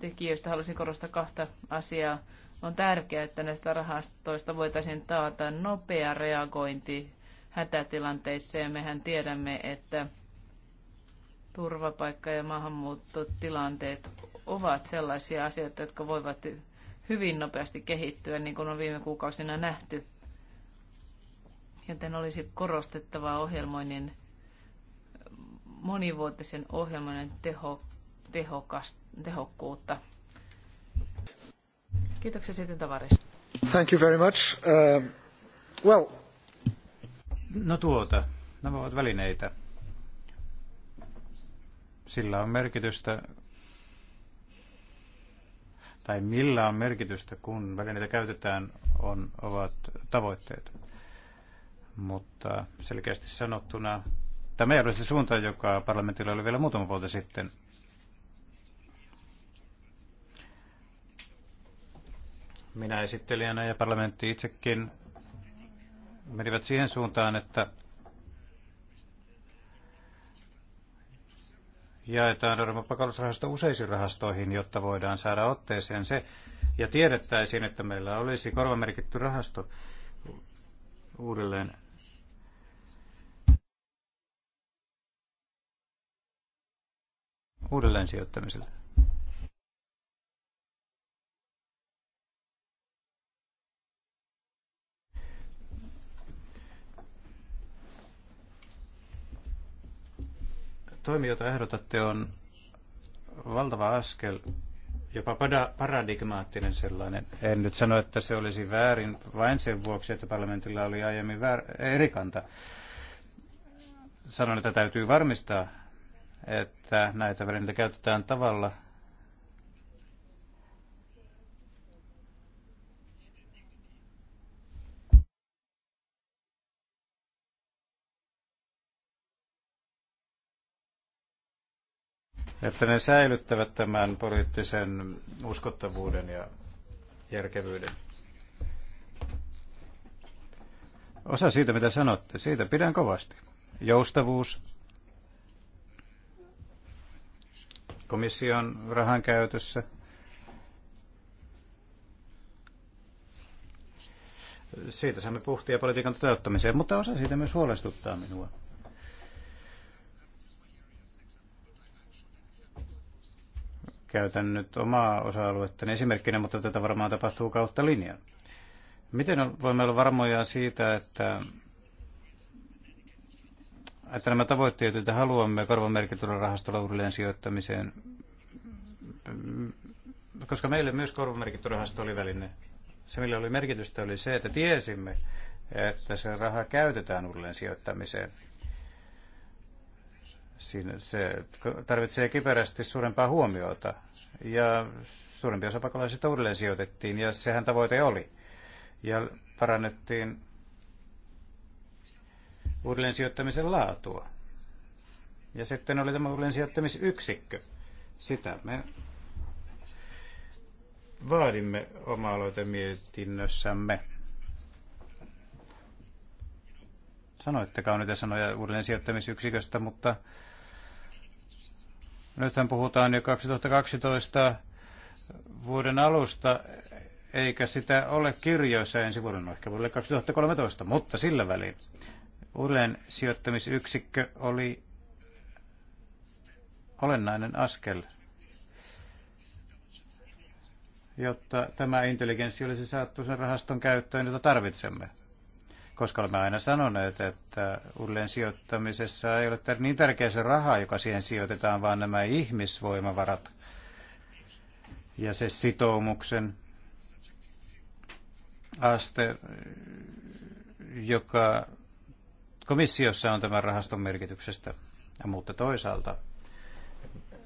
tekijöistä haluaisin korostaa kahta asiaa. On tärkeää, että näistä rahastoista voitaisiin taata nopea reagointi hätätilanteissa ja mehän tiedämme, että turvapaikka- ja maahanmuuttotilanteet ovat sellaisia asioita, jotka voivat hyvin nopeasti kehittyä, niin kuin on viime kuukausina nähty. Joten olisi korostettava ohjelmoinnin, monivuotisen ohjelmoinnin teho, tehokas, tehokkuutta. Kiitoksia sitten tavarista. Thank you very much. Uh, well. No tuota, nämä ovat välineitä. Sillä on merkitystä, tai millä on merkitystä, kun välineitä käytetään, on, ovat tavoitteet. Mutta selkeästi sanottuna tämä ei ole se suunta, joka parlamentilla oli vielä muutama vuotta sitten. Minä esittelijänä ja parlamentti itsekin menivät siihen suuntaan, että jaetaan Euroopan pakolaisrahasto useisiin rahastoihin, jotta voidaan saada otteeseen se, ja tiedettäisiin, että meillä olisi korvamerkitty rahasto uudelleen uudelleen sijoittamiselle. Toimi, jota ehdotatte, on valtava askel, jopa paradigmaattinen sellainen. En nyt sano, että se olisi väärin vain sen vuoksi, että parlamentilla oli aiemmin väär, eri kanta. Sanon, että täytyy varmistaa, että näitä välineitä käytetään tavalla, että ne säilyttävät tämän poliittisen uskottavuuden ja järkevyyden. Osa siitä, mitä sanotte, siitä pidän kovasti. Joustavuus komission rahan käytössä. Siitä saamme puhtia politiikan toteuttamiseen, mutta osa siitä myös huolestuttaa minua. käytän nyt omaa osa-aluettani esimerkkinä, mutta tätä varmaan tapahtuu kautta linjan. Miten voimme olla varmoja siitä, että, että nämä tavoitteet, joita haluamme korvamerkityllä rahastolla uudelleen sijoittamiseen, koska meille myös korvamerkitty rahasto oli väline. Se, millä oli merkitystä, oli se, että tiesimme, että se raha käytetään uudelleen sijoittamiseen. Siinä se tarvitsee kiperästi suurempaa huomiota ja suurempi osa pakolaisista uudelleen sijoitettiin ja sehän tavoite oli. Ja parannettiin uudelleen sijoittamisen laatua. Ja sitten oli tämä uudelleen sijoittamisyksikkö. Sitä me vaadimme oma-aloitemietinnössämme. Sanoittekaan niitä sanoja uudelleen sijoittamisyksiköstä, mutta Nythän puhutaan jo 2012 vuoden alusta, eikä sitä ole kirjoissa ensi vuoden, ehkä vuodelle 2013, mutta sillä välin. Uuden sijoittamisyksikkö oli olennainen askel, jotta tämä intelligenssi olisi saattu sen rahaston käyttöön, jota tarvitsemme koska olemme aina sanoneet, että uudelleen sijoittamisessa ei ole niin tärkeä se raha, joka siihen sijoitetaan, vaan nämä ihmisvoimavarat ja se sitoumuksen aste, joka komissiossa on tämän rahaston merkityksestä. Ja, mutta toisaalta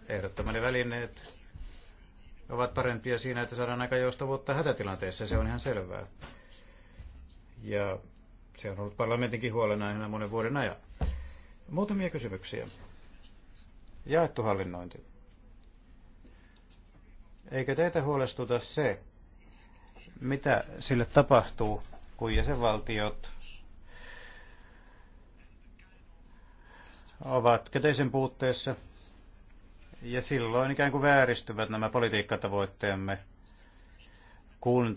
ehdottomani välineet ovat parempia siinä, että saadaan aika joustavuutta hätätilanteessa, se on ihan selvää. Ja se on ollut parlamentinkin huolenaiheena monen vuoden ajan. Muutamia kysymyksiä. Jaettu hallinnointi. Eikö teitä huolestuta se, mitä sille tapahtuu, kun jäsenvaltiot ovat käteisen puutteessa ja silloin ikään kuin vääristyvät nämä politiikkatavoitteemme, kun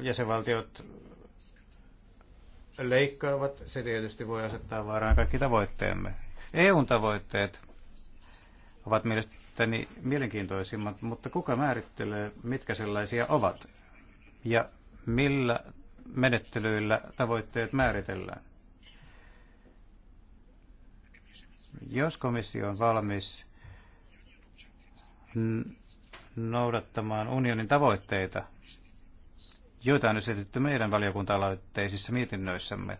jäsenvaltiot leikkaavat, se tietysti voi asettaa vaaraan kaikki tavoitteemme. EUn tavoitteet ovat mielestäni mielenkiintoisimmat, mutta kuka määrittelee, mitkä sellaisia ovat ja millä menettelyillä tavoitteet määritellään? Jos komissio on valmis noudattamaan unionin tavoitteita, joita on esitetty meidän valiokunta-aloitteisissa mietinnöissämme,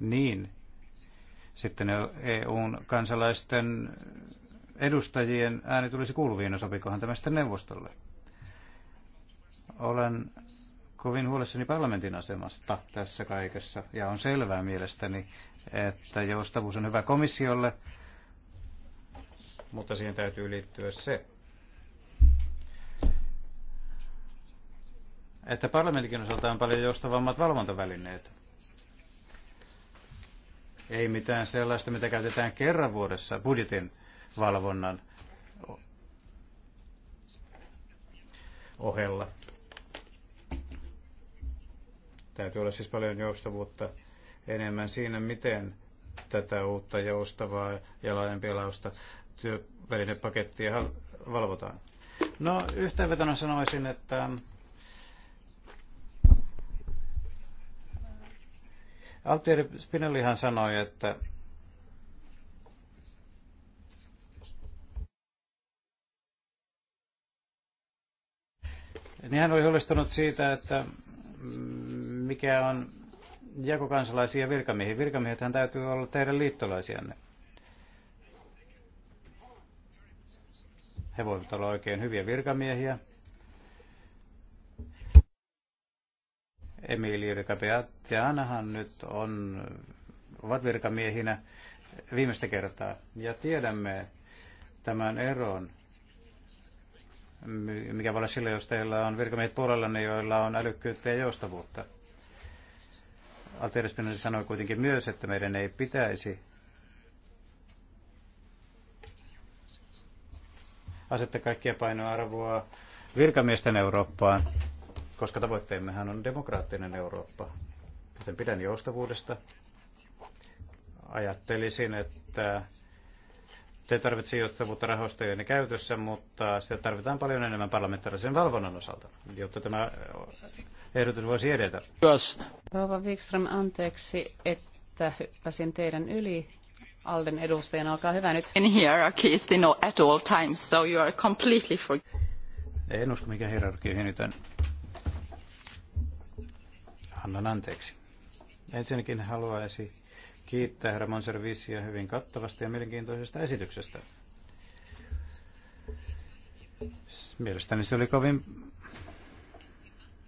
niin sitten EUn kansalaisten edustajien ääni tulisi kuuluviin, no sopikohan tämä sitten neuvostolle. Olen kovin huolissani parlamentin asemasta tässä kaikessa, ja on selvää mielestäni, että joustavuus on hyvä komissiolle, mutta siihen täytyy liittyä se, että parlamentin osalta on paljon joustavammat valvontavälineet. Ei mitään sellaista, mitä käytetään kerran vuodessa budjetin valvonnan ohella. Täytyy olla siis paljon joustavuutta enemmän siinä, miten tätä uutta joustavaa ja laajempia lausta työvälinepakettia valvotaan. No yhteenvetona sanoisin, että Altieri Spinellihan sanoi, että Niin hän oli huolestunut siitä, että mikä on jakokansalaisia kansalaisia virkamiehiä. Virkamiehethän täytyy olla teidän liittolaisianne. He voivat olla oikein hyviä virkamiehiä, Emilio de Capeat ja Anahan nyt on, ovat virkamiehinä viimeistä kertaa. Ja tiedämme tämän eron, mikä voi olla sillä, jos teillä on virkamiehet puolellanne, niin joilla on älykkyyttä ja joustavuutta. Altieri sanoi kuitenkin myös, että meidän ei pitäisi asettaa kaikkia painoarvoa virkamiesten Eurooppaan koska tavoitteemmehan on demokraattinen Eurooppa. Joten pidän joustavuudesta. Ajattelisin, että te tarvitse joustavuutta rahoistajien käytössä, mutta sitä tarvitaan paljon enemmän parlamentaarisen valvonnan osalta, jotta tämä ehdotus voisi edetä. Rouva Wikström, anteeksi, että hyppäsin teidän yli. Alden edustajana, olkaa hyvä nyt. In hierarchy is at all times, so you are completely for... En usko, mikä hierarkia nyt Annan anteeksi. Ensinnäkin haluaisin kiittää herra Monservisia hyvin kattavasta ja mielenkiintoisesta esityksestä. Mielestäni se oli kovin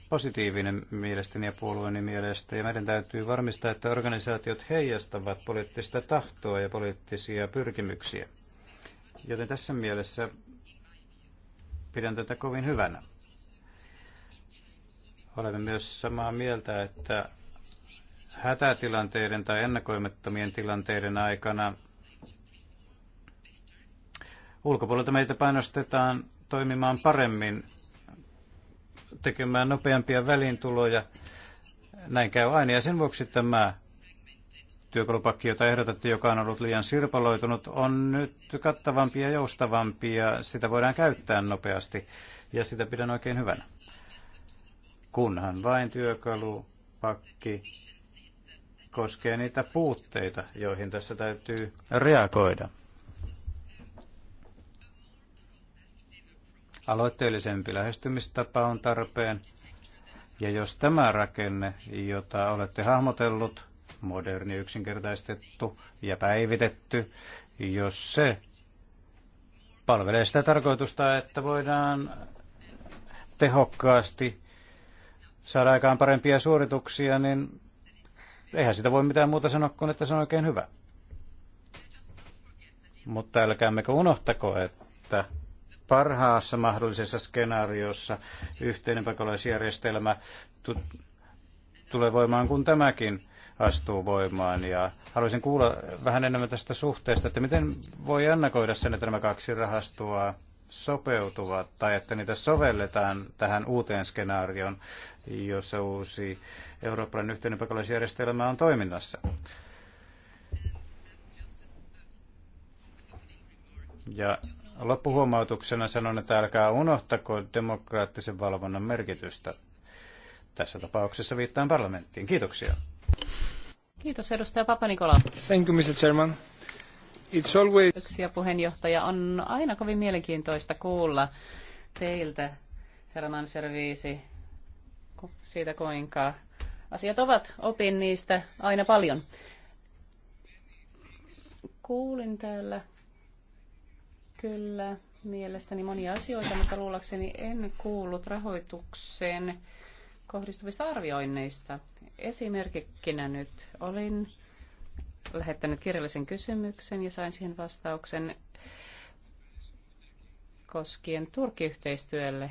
positiivinen mielestäni ja puolueeni mielestä, ja meidän täytyy varmistaa, että organisaatiot heijastavat poliittista tahtoa ja poliittisia pyrkimyksiä. Joten tässä mielessä pidän tätä kovin hyvänä. Olemme myös samaa mieltä, että hätätilanteiden tai ennakoimattomien tilanteiden aikana ulkopuolelta meitä painostetaan toimimaan paremmin, tekemään nopeampia välintuloja. Näin käy aina ja sen vuoksi tämä työkalupakki, jota ehdotatte, joka on ollut liian sirpaloitunut, on nyt kattavampi ja joustavampi ja sitä voidaan käyttää nopeasti ja sitä pidän oikein hyvänä kunhan vain työkalupakki koskee niitä puutteita, joihin tässä täytyy reagoida. Aloitteellisempi lähestymistapa on tarpeen, ja jos tämä rakenne, jota olette hahmotellut, moderni, yksinkertaistettu ja päivitetty, jos se palvelee sitä tarkoitusta, että voidaan tehokkaasti saada aikaan parempia suorituksia, niin eihän sitä voi mitään muuta sanoa kuin, että se on oikein hyvä. Mutta älkäämmekö unohtako, että parhaassa mahdollisessa skenaariossa yhteinen pakolaisjärjestelmä tulee voimaan, kun tämäkin astuu voimaan. Ja haluaisin kuulla vähän enemmän tästä suhteesta, että miten voi ennakoida sen, että nämä kaksi rahastoa sopeutuvat tai että niitä sovelletaan tähän uuteen skenaarioon jossa uusi eurooppalainen yhteinen pakolaisjärjestelmä on toiminnassa. Ja loppuhuomautuksena sanon, että älkää unohtako demokraattisen valvonnan merkitystä. Tässä tapauksessa viittaan parlamenttiin. Kiitoksia. Kiitos edustaja Papanikola. Thank you, Mr. Chairman. It's always... Kiitoksia puheenjohtaja. On aina kovin mielenkiintoista kuulla teiltä, herra Manservisi, siitä, kuinka asiat ovat. Opin niistä aina paljon. Kuulin täällä kyllä mielestäni monia asioita, mutta luulakseni en kuullut rahoitukseen kohdistuvista arvioinneista. Esimerkkinä nyt olin lähettänyt kirjallisen kysymyksen ja sain siihen vastauksen koskien Turkiyhteistyölle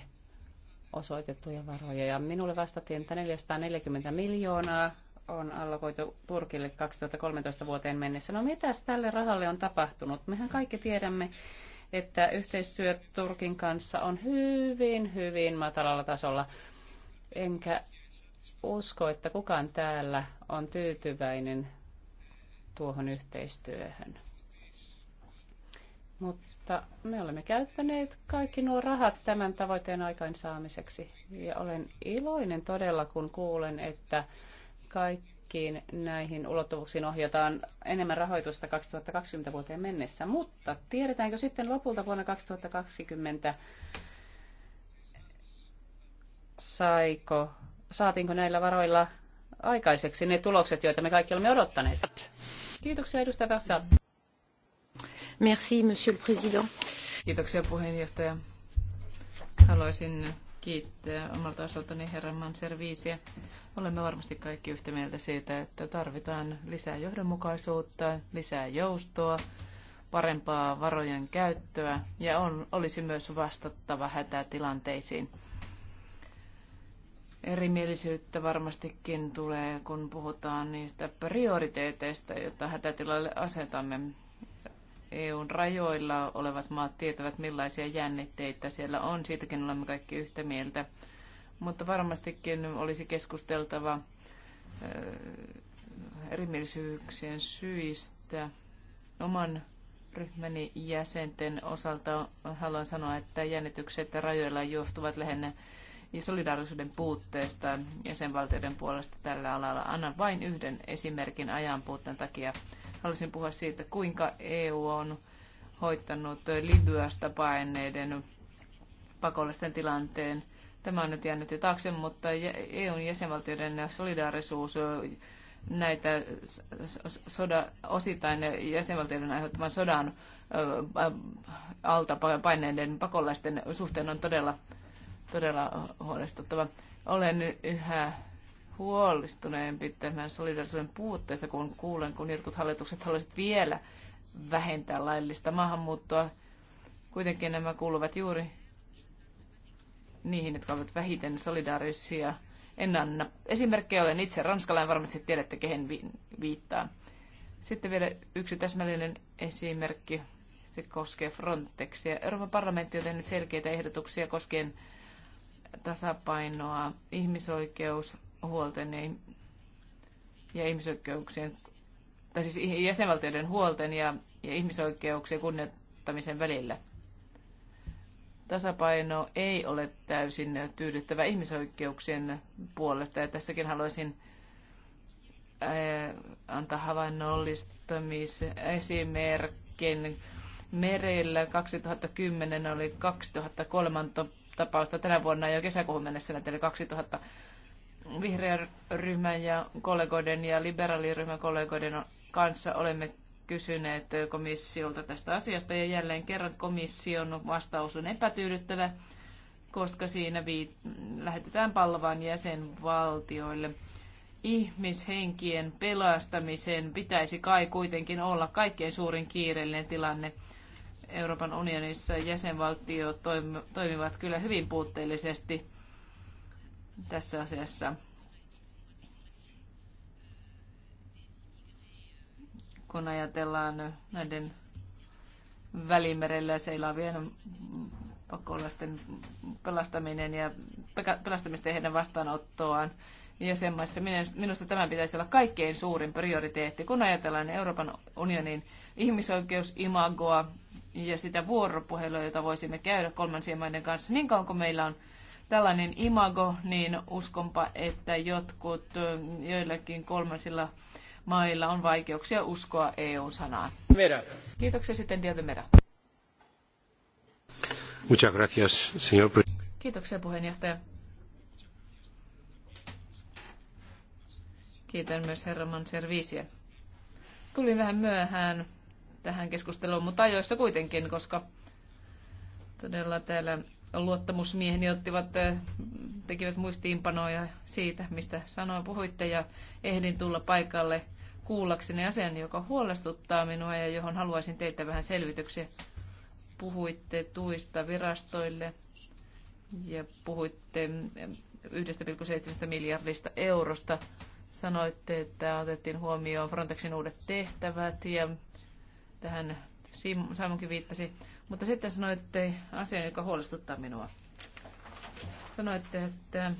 osoitettuja varoja. Ja minulle vastattiin, että 440 miljoonaa on allokoitu Turkille 2013 vuoteen mennessä. No mitä tälle rahalle on tapahtunut? Mehän kaikki tiedämme, että yhteistyö Turkin kanssa on hyvin, hyvin matalalla tasolla. Enkä usko, että kukaan täällä on tyytyväinen tuohon yhteistyöhön. Mutta me olemme käyttäneet kaikki nuo rahat tämän tavoitteen aikaansaamiseksi. Ja olen iloinen todella, kun kuulen, että kaikkiin näihin ulottuvuuksiin ohjataan enemmän rahoitusta 2020 vuoteen mennessä. Mutta tiedetäänkö sitten lopulta vuonna 2020, saiko, saatiinko näillä varoilla aikaiseksi ne tulokset, joita me kaikki olemme odottaneet? Kiitoksia edustaja Vassat. Merci, monsieur le président. Kiitoksia puheenjohtaja. Haluaisin kiittää omalta osaltani herran Manserviisiä. Olemme varmasti kaikki yhtä mieltä siitä, että tarvitaan lisää johdonmukaisuutta, lisää joustoa, parempaa varojen käyttöä ja on, olisi myös vastattava hätätilanteisiin. Erimielisyyttä varmastikin tulee, kun puhutaan niistä prioriteeteista, joita hätätilalle asetamme. EUn rajoilla olevat maat tietävät, millaisia jännitteitä siellä on. Siitäkin olemme kaikki yhtä mieltä. Mutta varmastikin olisi keskusteltava äh, erimielisyyksien syistä. Oman ryhmäni jäsenten osalta haluan sanoa, että jännitykset rajoilla johtuvat lähinnä ja solidaarisuuden puutteesta jäsenvaltioiden puolesta tällä alalla. Annan vain yhden esimerkin ajanpuutteen takia Haluaisin puhua siitä, kuinka EU on hoittanut Libyasta paineiden pakollisten tilanteen. Tämä on nyt jäänyt jo taakse, mutta EUn jäsenvaltioiden solidaarisuus näitä soda, osittain jäsenvaltioiden aiheuttaman sodan alta paineiden pakolaisten suhteen on todella, todella huolestuttava. Olen yhä huolestuneempi tämän solidarisuuden puutteesta, kun kuulen, kun jotkut hallitukset haluaisivat vielä vähentää laillista maahanmuuttoa. Kuitenkin nämä kuuluvat juuri niihin, jotka ovat vähiten solidaarisia. En anna esimerkkejä, olen itse ranskalainen, varmasti tiedätte, kehen vi- viittaa. Sitten vielä yksi täsmällinen esimerkki. Se koskee Frontexia. Euroopan parlamentti on tehnyt selkeitä ehdotuksia koskien tasapainoa ihmisoikeus huolten ja ihmisoikeuksien, tai siis jäsenvaltioiden huolten ja, ja ihmisoikeuksien kunnioittamisen välillä. Tasapaino ei ole täysin tyydyttävä ihmisoikeuksien puolesta, ja tässäkin haluaisin ää, äh, antaa havainnollistamisesimerkin. Merillä 2010 oli 2003 tapausta tänä vuonna jo kesäkuuhun mennessä näitä 2000 vihreän ryhmän ja kollegoiden ja liberaaliryhmän kollegoiden kanssa olemme kysyneet komissiolta tästä asiasta ja jälleen kerran komission vastaus on epätyydyttävä, koska siinä viit- lähetetään palvan jäsenvaltioille. Ihmishenkien pelastamisen pitäisi kai kuitenkin olla kaikkein suurin kiireellinen tilanne. Euroopan unionissa jäsenvaltiot toimivat kyllä hyvin puutteellisesti – tässä asiassa. Kun ajatellaan näiden välimerellä seilaavien pakolaisten pelastaminen ja pelastamista ja heidän vastaanottoaan jäsenmaissa. Minusta tämä pitäisi olla kaikkein suurin prioriteetti, kun ajatellaan Euroopan unionin ihmisoikeusimagoa ja sitä vuoropuhelua, jota voisimme käydä kolmansien maiden kanssa niin kauan kuin meillä on tällainen imago, niin uskonpa, että jotkut joillakin kolmasilla mailla on vaikeuksia uskoa EU-sanaan. Mera. Kiitoksia sitten Diego Mera. Muchas gracias, señor Kiitoksia puheenjohtaja. Kiitän myös herra Manserviisiä. Tulin vähän myöhään tähän keskusteluun, mutta ajoissa kuitenkin, koska todella täällä luottamusmieheni ottivat, tekivät muistiinpanoja siitä, mistä sanoin puhuitte ja ehdin tulla paikalle kuullakseni asian, joka huolestuttaa minua ja johon haluaisin teitä vähän selvityksiä. Puhuitte tuista virastoille ja puhuitte 1,7 mm, miljardista eurosta. Sanoitte, että otettiin huomioon Frontexin uudet tehtävät ja tähän Simonkin viittasi mutta sitten sanoitte asian, joka huolestuttaa minua. Sanoitte, että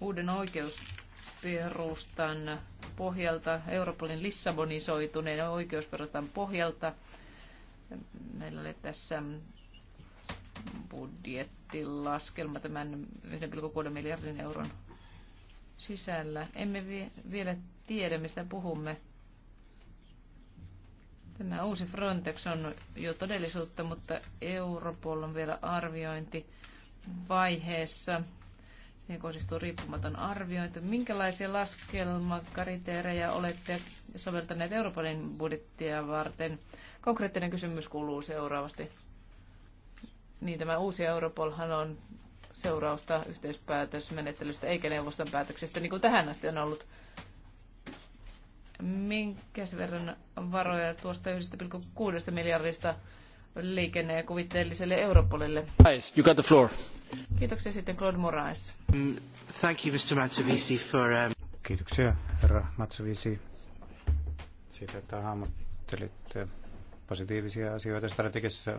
uuden oikeusperustan pohjalta, Euroopan lissabonisoituneen oikeusperustan pohjalta, meillä oli tässä budjettilaskelma tämän 1,6 miljardin euron sisällä. Emme vielä tiedä, mistä puhumme. Tämä uusi Frontex on jo todellisuutta, mutta Europol on vielä arviointi arviointivaiheessa. Siihen kohdistuu riippumaton arviointi. Minkälaisia laskelmakariteereja olette soveltaneet Europolin budjettia varten? Konkreettinen kysymys kuuluu seuraavasti. Niin tämä uusi Europolhan on seurausta yhteispäätösmenettelystä eikä neuvoston päätöksestä, niin kuin tähän asti on ollut minkä verran varoja tuosta 1,6 miljardista liikenne- ja kuvitteelliselle Europolille. You got the floor. Kiitoksia sitten Claude Moraes. Mm, thank you, Mr. Matsavisi, for... Um... Kiitoksia, herra Matsavisi, siitä, että hahmottelitte positiivisia asioita strategisessa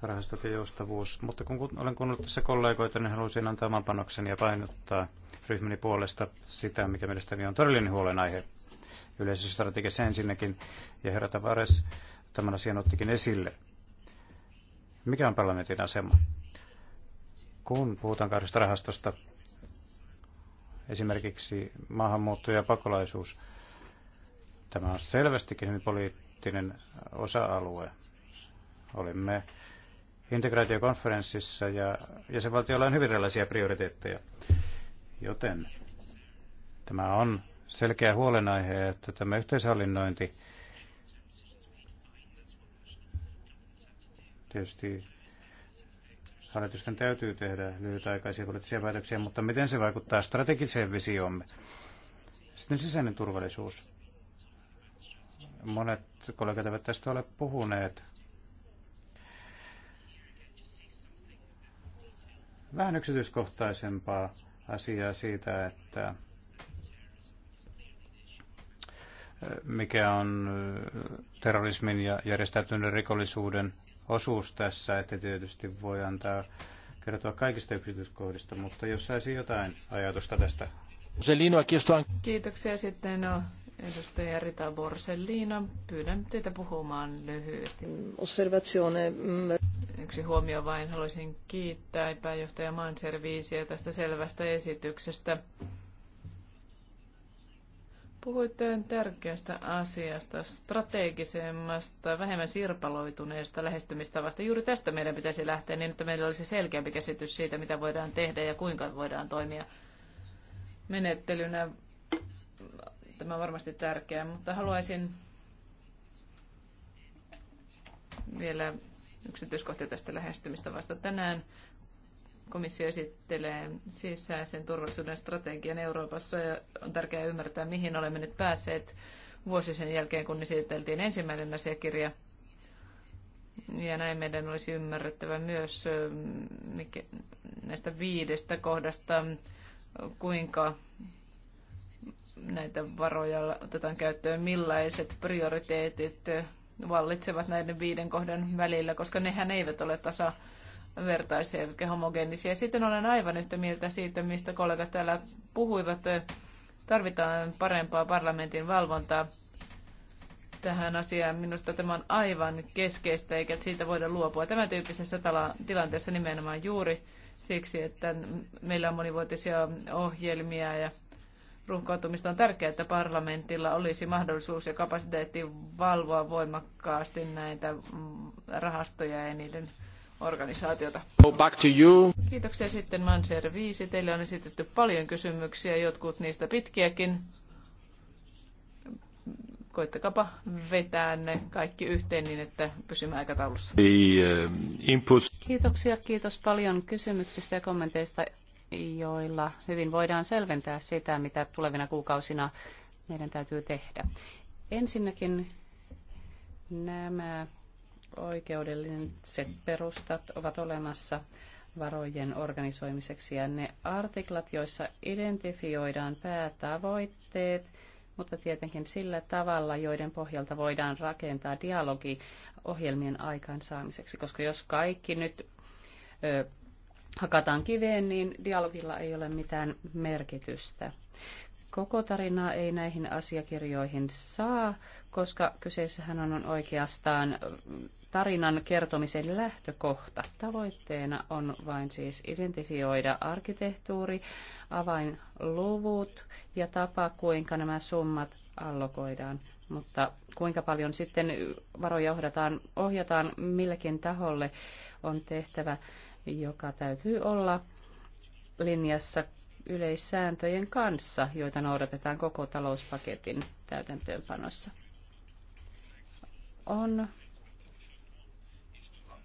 parhaista ja joustavuus. Mutta kun olen kuunnellut tässä kollegoita, niin haluaisin antaa oman panokseni ja painottaa ryhmäni puolesta sitä, mikä mielestäni on todellinen huolenaihe yleisessä strategiassa ensinnäkin. Ja herra Tavares tämän asian ottikin esille. Mikä on parlamentin asema? Kun puhutaan kahdesta rahastosta, esimerkiksi maahanmuutto ja pakolaisuus, tämä on selvästikin hyvin poliittinen osa-alue. Olimme integraatiokonferenssissa ja jäsenvaltioilla on hyvin erilaisia prioriteetteja. Joten tämä on selkeä huolenaihe, että tämä yhteishallinnointi tietysti hallitusten täytyy tehdä lyhytaikaisia poliittisia päätöksiä, mutta miten se vaikuttaa strategiseen visioomme? Sitten sisäinen turvallisuus. Monet kollegat eivät tästä ole puhuneet vähän yksityiskohtaisempaa asiaa siitä, että mikä on terrorismin ja järjestäytyneen rikollisuuden osuus tässä, että tietysti voi antaa kertoa kaikista yksityiskohdista, mutta jos saisi jotain ajatusta tästä. Kiitoksia sitten no, Edustaja Rita Borsellino, pyydän teitä puhumaan lyhyesti. Osservazione. Mm. Yksi huomio vain. Haluaisin kiittää pääjohtaja Manserviisiä tästä selvästä esityksestä. Puhuitte tärkeästä asiasta, strategisemmasta, vähemmän sirpaloituneesta lähestymistavasta. Juuri tästä meidän pitäisi lähteä niin, että meillä olisi selkeämpi käsitys siitä, mitä voidaan tehdä ja kuinka voidaan toimia menettelynä Tämä on varmasti tärkeää, mutta haluaisin vielä yksityiskohtia tästä lähestymistä vasta tänään. Komissio esittelee sisäisen turvallisuuden strategian Euroopassa ja on tärkeää ymmärtää, mihin olemme nyt päässeet vuosi sen jälkeen, kun esiteltiin ensimmäinen asiakirja. Ja näin meidän olisi ymmärrettävä myös näistä viidestä kohdasta, kuinka näitä varoja otetaan käyttöön, millaiset prioriteetit vallitsevat näiden viiden kohdan välillä, koska nehän eivät ole vertaisia eli homogeenisia. Sitten olen aivan yhtä mieltä siitä, mistä kollegat täällä puhuivat. Tarvitaan parempaa parlamentin valvontaa tähän asiaan. Minusta tämä on aivan keskeistä, eikä siitä voida luopua. Tämän tyyppisessä tala- tilanteessa nimenomaan juuri siksi, että meillä on monivuotisia ohjelmia ja Runkautumista on tärkeää, että parlamentilla olisi mahdollisuus ja kapasiteetti valvoa voimakkaasti näitä mm, rahastoja ja niiden organisaatiota. Go back to you. Kiitoksia sitten Manser 5. Teille on esitetty paljon kysymyksiä, jotkut niistä pitkiäkin. Koittakapa vetää ne kaikki yhteen niin, että pysymme aikataulussa. The, uh, input. Kiitoksia, kiitos paljon kysymyksistä ja kommenteista joilla hyvin voidaan selventää sitä, mitä tulevina kuukausina meidän täytyy tehdä. Ensinnäkin nämä oikeudelliset perustat ovat olemassa varojen organisoimiseksi ja ne artiklat, joissa identifioidaan päätavoitteet, mutta tietenkin sillä tavalla, joiden pohjalta voidaan rakentaa dialogi ohjelmien aikaansaamiseksi, koska jos kaikki nyt ö, hakataan kiveen, niin dialogilla ei ole mitään merkitystä. Koko tarinaa ei näihin asiakirjoihin saa, koska kyseessähän on oikeastaan tarinan kertomisen lähtökohta. Tavoitteena on vain siis identifioida arkkitehtuuri, avainluvut ja tapa, kuinka nämä summat allokoidaan. Mutta kuinka paljon sitten varoja ohjataan, ohjataan millekin taholle on tehtävä joka täytyy olla linjassa yleissääntöjen kanssa, joita noudatetaan koko talouspaketin täytäntöönpanossa. On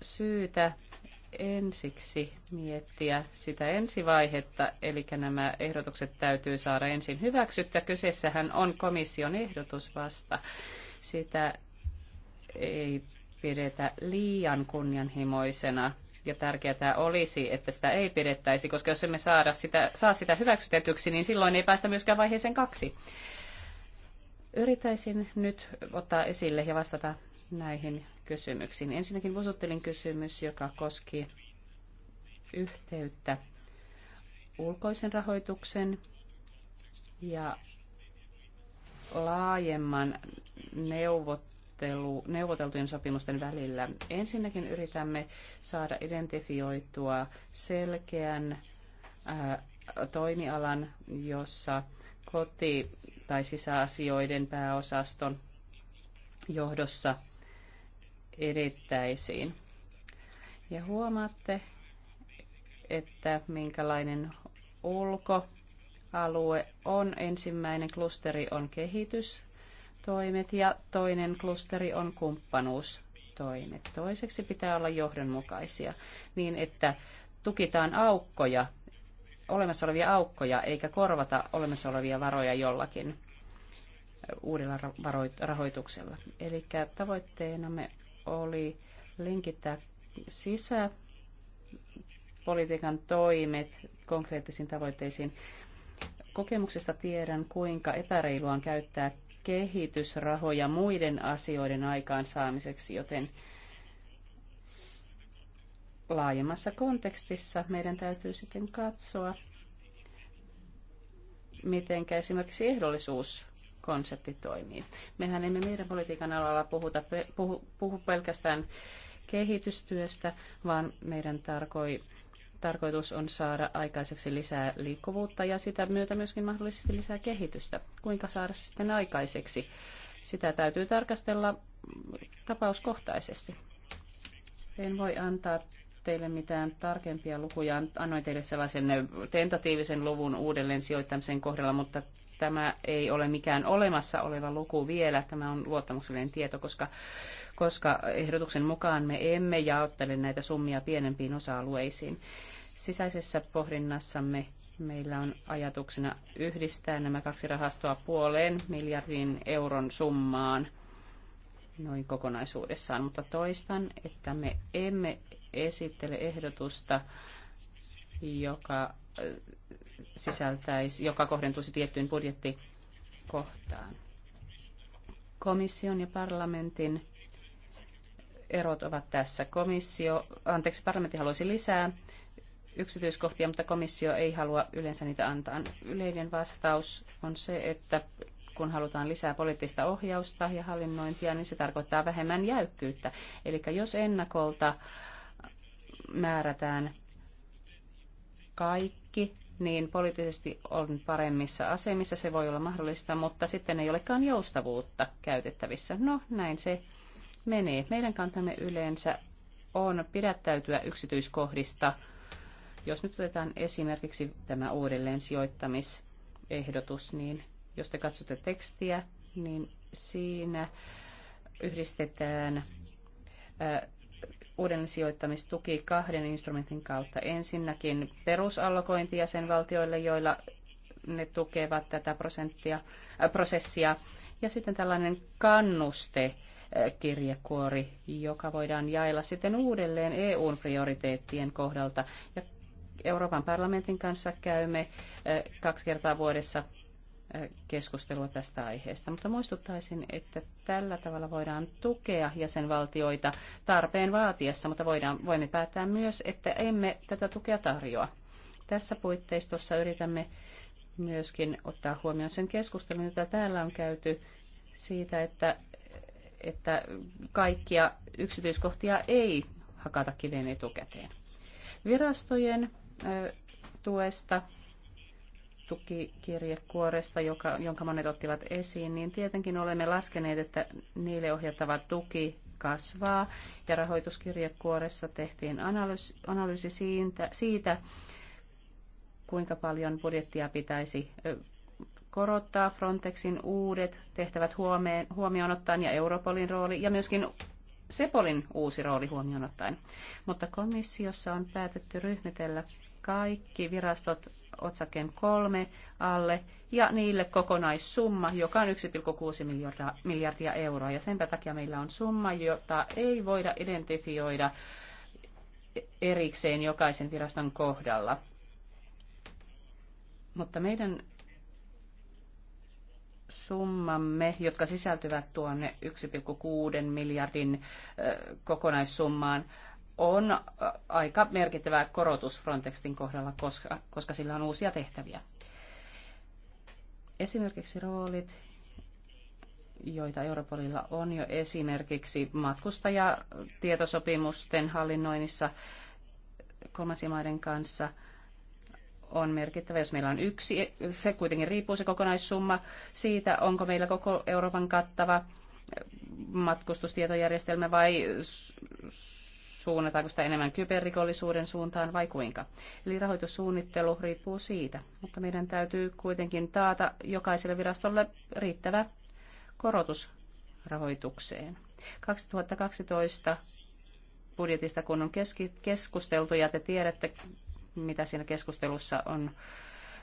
syytä ensiksi miettiä sitä ensivaihetta, eli nämä ehdotukset täytyy saada ensin hyväksyttä. Kyseessähän on komission ehdotus vasta. Sitä ei pidetä liian kunnianhimoisena ja tärkeää olisi, että sitä ei pidettäisi, koska jos emme saada sitä, saa sitä hyväksytetyksi, niin silloin ei päästä myöskään vaiheeseen kaksi. Yritäisin nyt ottaa esille ja vastata näihin kysymyksiin. Ensinnäkin Vusuttelin kysymys, joka koski yhteyttä ulkoisen rahoituksen ja laajemman neuvot neuvottelu, neuvoteltujen sopimusten välillä. Ensinnäkin yritämme saada identifioitua selkeän ää, äh, toimialan, jossa koti- tai sisäasioiden pääosaston johdossa edettäisiin. Ja huomaatte, että minkälainen ulkoalue on. Ensimmäinen klusteri on kehitys, toimet ja toinen klusteri on kumppanuustoimet. Toiseksi pitää olla johdonmukaisia niin, että tukitaan aukkoja, olemassa olevia aukkoja, eikä korvata olemassa olevia varoja jollakin uudella rahoituksella. Eli me oli linkittää sisäpolitiikan toimet konkreettisiin tavoitteisiin. Kokemuksesta tiedän, kuinka epäreilua on käyttää kehitysrahoja muiden asioiden aikaansaamiseksi, joten laajemmassa kontekstissa meidän täytyy sitten katsoa, miten esimerkiksi ehdollisuus konsepti toimii. Mehän emme meidän politiikan alalla puhuta, puhu, puhu pelkästään kehitystyöstä, vaan meidän tarkoi, tarkoitus on saada aikaiseksi lisää liikkuvuutta ja sitä myötä myöskin mahdollisesti lisää kehitystä. Kuinka saada se sitten aikaiseksi? Sitä täytyy tarkastella tapauskohtaisesti. En voi antaa teille mitään tarkempia lukuja. Annoin teille sellaisen tentatiivisen luvun uudelleen sijoittamisen kohdalla, mutta tämä ei ole mikään olemassa oleva luku vielä. Tämä on luottamuksellinen tieto, koska, koska ehdotuksen mukaan me emme jaottele näitä summia pienempiin osa-alueisiin. Sisäisessä pohdinnassamme meillä on ajatuksena yhdistää nämä kaksi rahastoa puoleen miljardin euron summaan noin kokonaisuudessaan, mutta toistan, että me emme esittele ehdotusta, joka äh, sisältäisi, joka kohdentuisi tiettyyn budjettikohtaan. Komission ja parlamentin erot ovat tässä. Komissio, anteeksi, parlamentti haluaisi lisää yksityiskohtia, mutta komissio ei halua yleensä niitä antaa. Yleinen vastaus on se, että kun halutaan lisää poliittista ohjausta ja hallinnointia, niin se tarkoittaa vähemmän jäykkyyttä. Eli jos ennakolta määrätään kaikki, niin poliittisesti on paremmissa asemissa, se voi olla mahdollista, mutta sitten ei olekaan joustavuutta käytettävissä. No, näin se menee. Meidän kantamme yleensä on pidättäytyä yksityiskohdista jos nyt otetaan esimerkiksi tämä uudelleen sijoittamisehdotus, niin jos te katsotte tekstiä, niin siinä yhdistetään uudelleen sijoittamistuki kahden instrumentin kautta. Ensinnäkin perusallokointi jäsenvaltioille, joilla ne tukevat tätä prosenttia, äh, prosessia. Ja sitten tällainen kannuste kirjekuori, joka voidaan jaella sitten uudelleen EUn prioriteettien kohdalta. Ja Euroopan parlamentin kanssa käymme eh, kaksi kertaa vuodessa eh, keskustelua tästä aiheesta, mutta muistuttaisin, että tällä tavalla voidaan tukea jäsenvaltioita tarpeen vaatiessa, mutta voidaan, voimme päättää myös, että emme tätä tukea tarjoa. Tässä puitteistossa yritämme myöskin ottaa huomioon sen keskustelun, jota täällä on käyty siitä, että, että kaikkia yksityiskohtia ei hakata kiveen etukäteen. Virastojen tuesta, tukikirjekuoresta, joka, jonka monet ottivat esiin, niin tietenkin olemme laskeneet, että niille ohjattava tuki kasvaa. Ja rahoituskirjekuoressa tehtiin analyysi, analyysi siitä, siitä, kuinka paljon budjettia pitäisi korottaa Frontexin uudet tehtävät huomioon, huomioon ottaen ja Europolin rooli ja myöskin Sepolin uusi rooli huomioon ottaen. Mutta komissiossa on päätetty ryhmitellä kaikki virastot otsakkeen kolme alle ja niille kokonaissumma, joka on 1,6 miljardia, miljardia euroa. Ja sen takia meillä on summa, jota ei voida identifioida erikseen jokaisen viraston kohdalla. Mutta meidän summamme, jotka sisältyvät tuonne 1,6 miljardin kokonaissummaan, on aika merkittävä korotus Frontextin kohdalla, koska, koska sillä on uusia tehtäviä. Esimerkiksi roolit, joita Europolilla on jo esimerkiksi matkustajatietosopimusten hallinnoinnissa kolmansien maiden kanssa, on merkittävä, jos meillä on yksi, se kuitenkin riippuu se kokonaissumma siitä, onko meillä koko Euroopan kattava matkustustietojärjestelmä vai suunnataanko sitä enemmän kyberrikollisuuden suuntaan vai kuinka. Eli rahoitussuunnittelu riippuu siitä, mutta meidän täytyy kuitenkin taata jokaiselle virastolle riittävä korotus rahoitukseen. 2012 budjetista kun on keskusteltu ja te tiedätte, mitä siinä keskustelussa on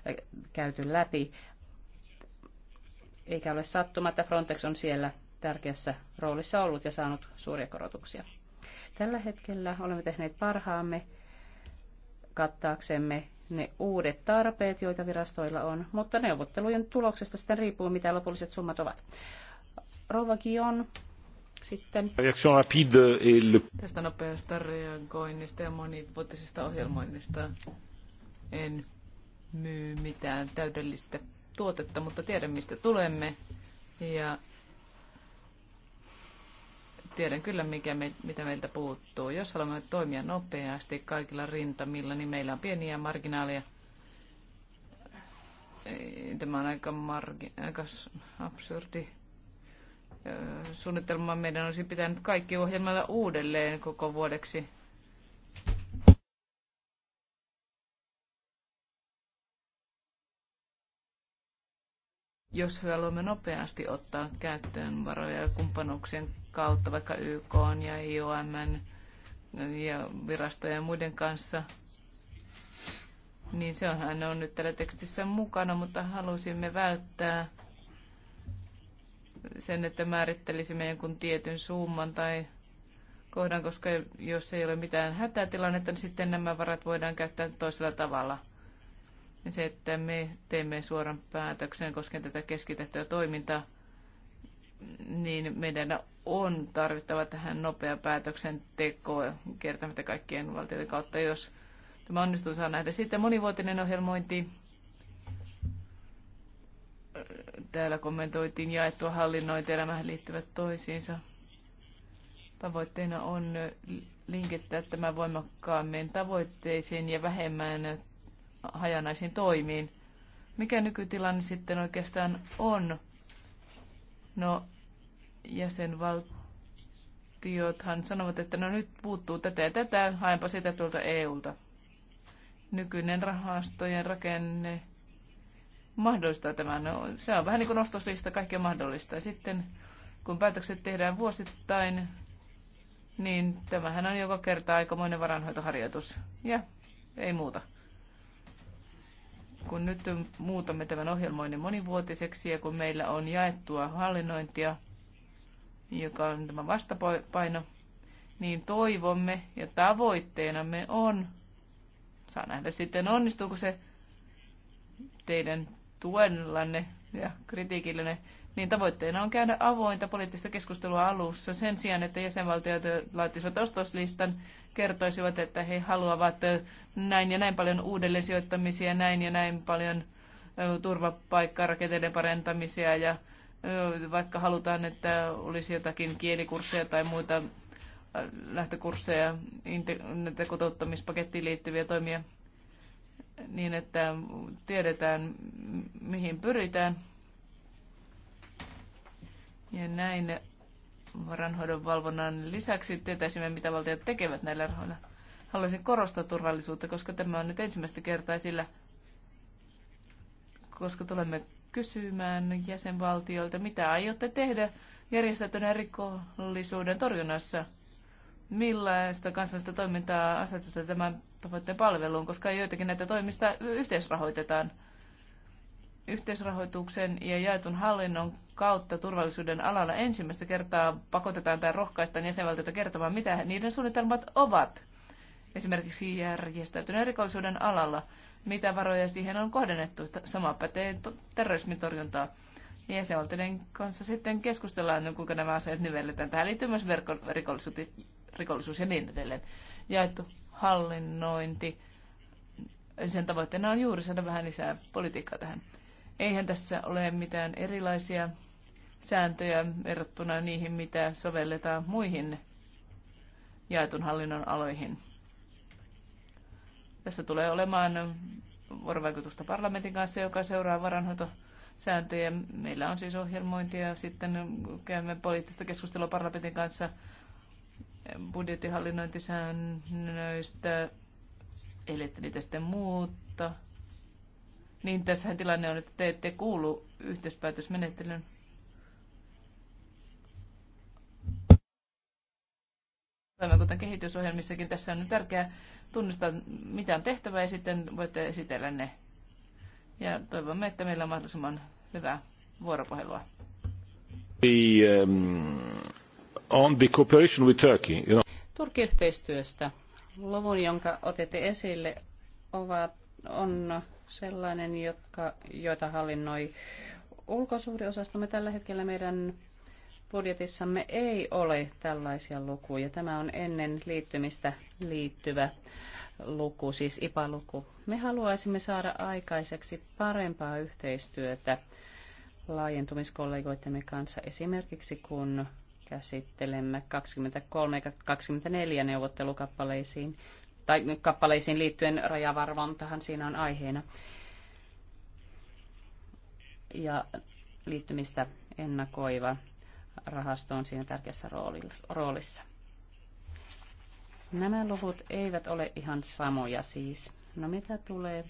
äh, käyty läpi, eikä ole sattumatta, että Frontex on siellä tärkeässä roolissa ollut ja saanut suuria korotuksia. Tällä hetkellä olemme tehneet parhaamme kattaaksemme ne uudet tarpeet, joita virastoilla on, mutta neuvottelujen tuloksesta sitten riippuu, mitä lopulliset summat ovat. Rouva Kion, sitten. Reaction rapide et le... Tästä nopeasta reagoinnista ja monivuotisesta ohjelmoinnista en myy mitään täydellistä tuotetta, mutta tiedän mistä tulemme. Ja Tiedän kyllä, mikä me, mitä meiltä puuttuu. Jos haluamme toimia nopeasti kaikilla rintamilla, niin meillä on pieniä marginaaleja. Tämä on aika, margi, aika absurdi suunnitelma. Meidän olisi pitänyt kaikki ohjelmalla uudelleen koko vuodeksi Jos haluamme nopeasti ottaa käyttöön varoja kumppanuuksien kautta, vaikka YK ja IOM ja virastojen ja muiden kanssa, niin sehän on nyt tällä tekstissä mukana, mutta halusimme välttää sen, että määrittelisimme jonkun tietyn summan tai kohdan, koska jos ei ole mitään hätätilannetta, niin sitten nämä varat voidaan käyttää toisella tavalla. Ja se, että me teemme suoran päätöksen koskien tätä keskitettyä toimintaa, niin meidän on tarvittava tähän nopea päätöksenteko kiertämättä kaikkien valtioiden kautta, jos tämä onnistuu, saa nähdä. Sitten monivuotinen ohjelmointi. Täällä kommentoitiin jaettua hallinnointi ja liittyvät toisiinsa. Tavoitteena on linkittää tämä voimakkaammin tavoitteisiin ja vähemmän hajanaisiin toimiin. Mikä nykytilanne sitten oikeastaan on? No, jäsenvaltiothan sanovat, että no nyt puuttuu tätä ja tätä, haenpa sitä tuolta EUlta. Nykyinen rahastojen rakenne mahdollistaa tämän. No, se on vähän niin kuin ostoslista, kaikki on mahdollista. Sitten kun päätökset tehdään vuosittain, niin tämähän on joka kerta aikamoinen varanhoitoharjoitus. Ja ei muuta kun nyt muutamme tämän ohjelmoinnin monivuotiseksi ja kun meillä on jaettua hallinnointia, joka on tämä vastapaino, niin toivomme ja tavoitteenamme on, saa nähdä sitten onnistuuko se teidän tuellanne ja kritiikillenne niin tavoitteena on käydä avointa poliittista keskustelua alussa sen sijaan, että jäsenvaltiot laatisivat ostoslistan, kertoisivat, että he haluavat näin ja näin paljon uudellisijoittamisia, näin ja näin paljon turvapaikkaa, rakenteiden parentamisia ja vaikka halutaan, että olisi jotakin kielikursseja tai muita lähtökursseja, näitä kotouttamispakettiin liittyviä toimia, niin että tiedetään, mihin pyritään ja näin varanhoidon valvonnan lisäksi tietäisimme, mitä valtiot tekevät näillä rahoilla. Haluaisin korostaa turvallisuutta, koska tämä on nyt ensimmäistä kertaa sillä, koska tulemme kysymään jäsenvaltioilta, mitä aiotte tehdä järjestäytyneen rikollisuuden torjunnassa. Millaista kansallista toimintaa asetetaan tämän tavoitteen palveluun, koska joitakin näitä toimista yhteisrahoitetaan. Yhteisrahoituksen ja jaetun hallinnon kautta turvallisuuden alalla ensimmäistä kertaa pakotetaan tai rohkaistaan jäsenvaltioita kertomaan, mitä niiden suunnitelmat ovat. Esimerkiksi järjestäytyneen rikollisuuden alalla, mitä varoja siihen on kohdennettu. Sama pätee terrorismin torjuntaa. Jäsenvaltioiden kanssa sitten keskustellaan, no, kuinka nämä asiat nivelletään. Tähän liittyy myös verkkorikollisuus rikollisuus ja niin edelleen. Jaettu hallinnointi. Sen tavoitteena on juuri saada vähän lisää politiikkaa tähän eihän tässä ole mitään erilaisia sääntöjä verrattuna niihin, mitä sovelletaan muihin jaetun hallinnon aloihin. Tässä tulee olemaan vuorovaikutusta parlamentin kanssa, joka seuraa varanhoito sääntöjä. Meillä on siis ohjelmointia ja sitten käymme poliittista keskustelua parlamentin kanssa budjettihallinnointisäännöistä, ellette niitä sitten muutta. Niin tässähän tilanne on, että te ette kuulu yhteispäätösmenettelyyn Aivan kuten kehitysohjelmissakin, tässä on tärkeää tunnistaa, mitä on tehtävä, ja sitten voitte esitellä ne. Ja toivomme, että meillä on mahdollisimman hyvää vuoropuhelua. The, um, on the cooperation with Turkey, you know. Turkki-yhteistyöstä. Luvun, jonka otette esille, ovat, on sellainen, jotka, joita hallinnoi ulkosuhdeosastomme tällä hetkellä meidän budjetissamme ei ole tällaisia lukuja. Tämä on ennen liittymistä liittyvä luku, siis IPA-luku. Me haluaisimme saada aikaiseksi parempaa yhteistyötä laajentumiskollegoitemme kanssa, esimerkiksi kun käsittelemme 23 24 neuvottelukappaleisiin tai kappaleisiin liittyen rajavarvontahan siinä on aiheena ja liittymistä ennakoiva rahasto on siinä tärkeässä roolissa. Nämä luvut eivät ole ihan samoja siis. No mitä tulee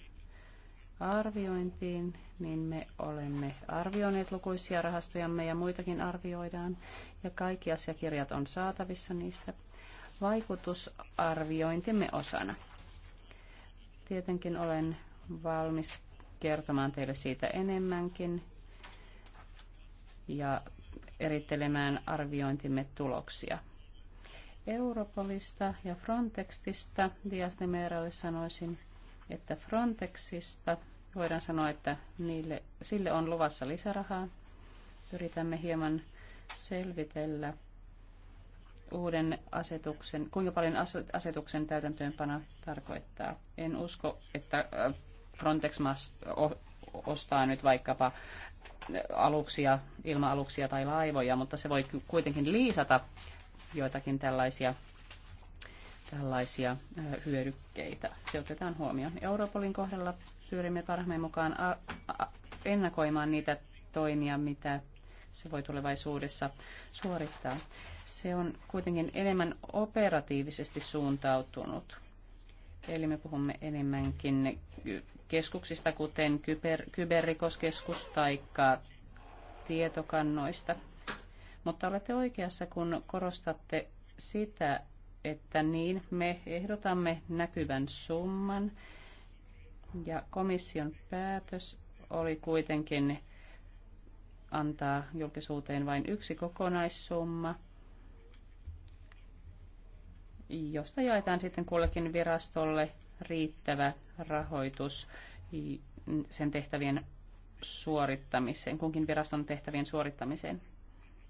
arviointiin, niin me olemme arvioineet lukuisia rahastojamme ja muitakin arvioidaan. Ja kaikki asiakirjat on saatavissa niistä vaikutusarviointimme osana. Tietenkin olen valmis kertomaan teille siitä enemmänkin. Ja erittelemään arviointimme tuloksia. Europolista ja Frontextista Dias Meralle sanoisin, että Frontexista voidaan sanoa, että niille, sille on luvassa lisärahaa. Yritämme hieman selvitellä uuden asetuksen, kuinka paljon asetuksen täytäntöönpano tarkoittaa. En usko, että äh, Frontex oh, ostaa nyt vaikkapa aluksia, ilma-aluksia tai laivoja, mutta se voi kuitenkin liisata joitakin tällaisia tällaisia hyödykkeitä. Se otetaan huomioon. Europolin kohdalla pyrimme parhaamme mukaan ennakoimaan niitä toimia, mitä se voi tulevaisuudessa suorittaa. Se on kuitenkin enemmän operatiivisesti suuntautunut. Eli me puhumme enemmänkin keskuksista, kuten kyber, kyberrikoskeskus tai tietokannoista. Mutta olette oikeassa, kun korostatte sitä, että niin me ehdotamme näkyvän summan ja komission päätös oli kuitenkin antaa julkisuuteen vain yksi kokonaissumma, josta jaetaan sitten kullekin virastolle riittävä rahoitus sen tehtävien suorittamiseen, kunkin viraston tehtävien suorittamiseen.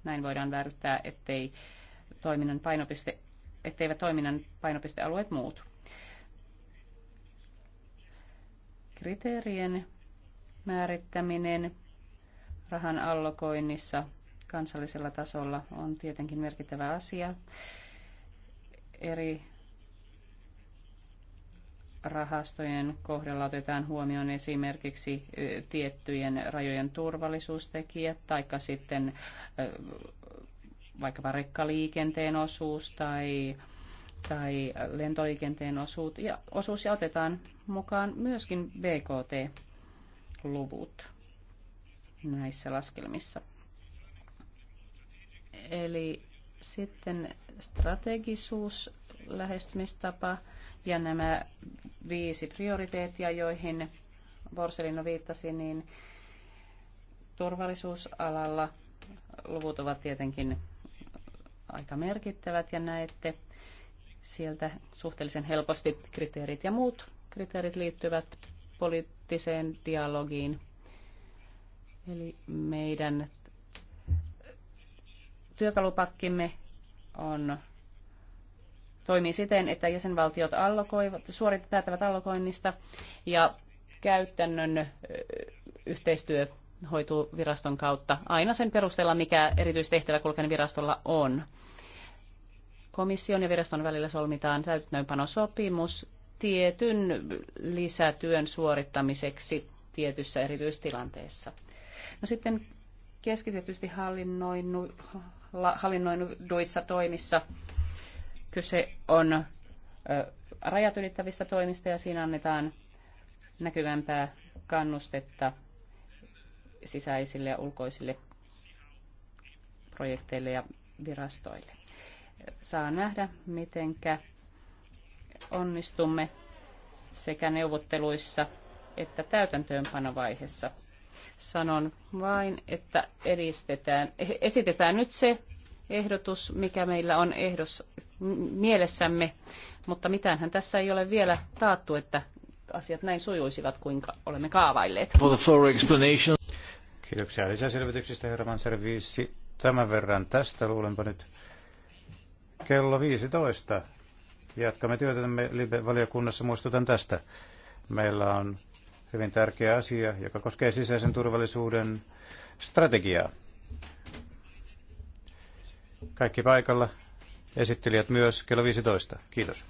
Näin voidaan välttää, ettei toiminnan painopiste, etteivät toiminnan painopistealueet muutu. Kriteerien määrittäminen rahan allokoinnissa kansallisella tasolla on tietenkin merkittävä asia. Eri rahastojen kohdalla otetaan huomioon esimerkiksi tiettyjen rajojen turvallisuustekijät tai sitten vaikkapa rekkaliikenteen osuus tai, tai lentoliikenteen osuus ja, osuus ja otetaan mukaan myöskin BKT-luvut näissä laskelmissa. Eli sitten strategisuus lähestymistapa ja nämä viisi prioriteettia, joihin Borsellino viittasi, niin turvallisuusalalla luvut ovat tietenkin aika merkittävät ja näette sieltä suhteellisen helposti kriteerit ja muut kriteerit liittyvät poliittiseen dialogiin. Eli meidän työkalupakkimme on toimii siten, että jäsenvaltiot allokoivat, suorit, päättävät allokoinnista ja käytännön yhteistyö hoituu viraston kautta aina sen perusteella, mikä erityistehtävä kulkeen virastolla on. Komission ja viraston välillä solmitaan täytäntöönpanosopimus tietyn lisätyön suorittamiseksi tietyssä erityistilanteessa. No sitten keskitetysti hallinnoinnuissa toimissa Kyse on rajat ylittävistä toimista ja siinä annetaan näkyvämpää kannustetta sisäisille ja ulkoisille projekteille ja virastoille. Saa nähdä, miten onnistumme sekä neuvotteluissa että täytäntöönpanovaiheessa. Sanon vain, että edistetään, esitetään nyt se, ehdotus, mikä meillä on ehdos mielessämme, mutta mitäänhän tässä ei ole vielä taattu, että asiat näin sujuisivat, kuinka olemme kaavailleet. Kiitoksia lisäselvityksistä, herra Manserviisi. Tämän verran tästä luulenpa nyt kello 15. Jatkamme työtämme Libe-valiokunnassa, muistutan tästä. Meillä on hyvin tärkeä asia, joka koskee sisäisen turvallisuuden strategiaa. Kaikki paikalla. Esittelijät myös kello 15. Kiitos.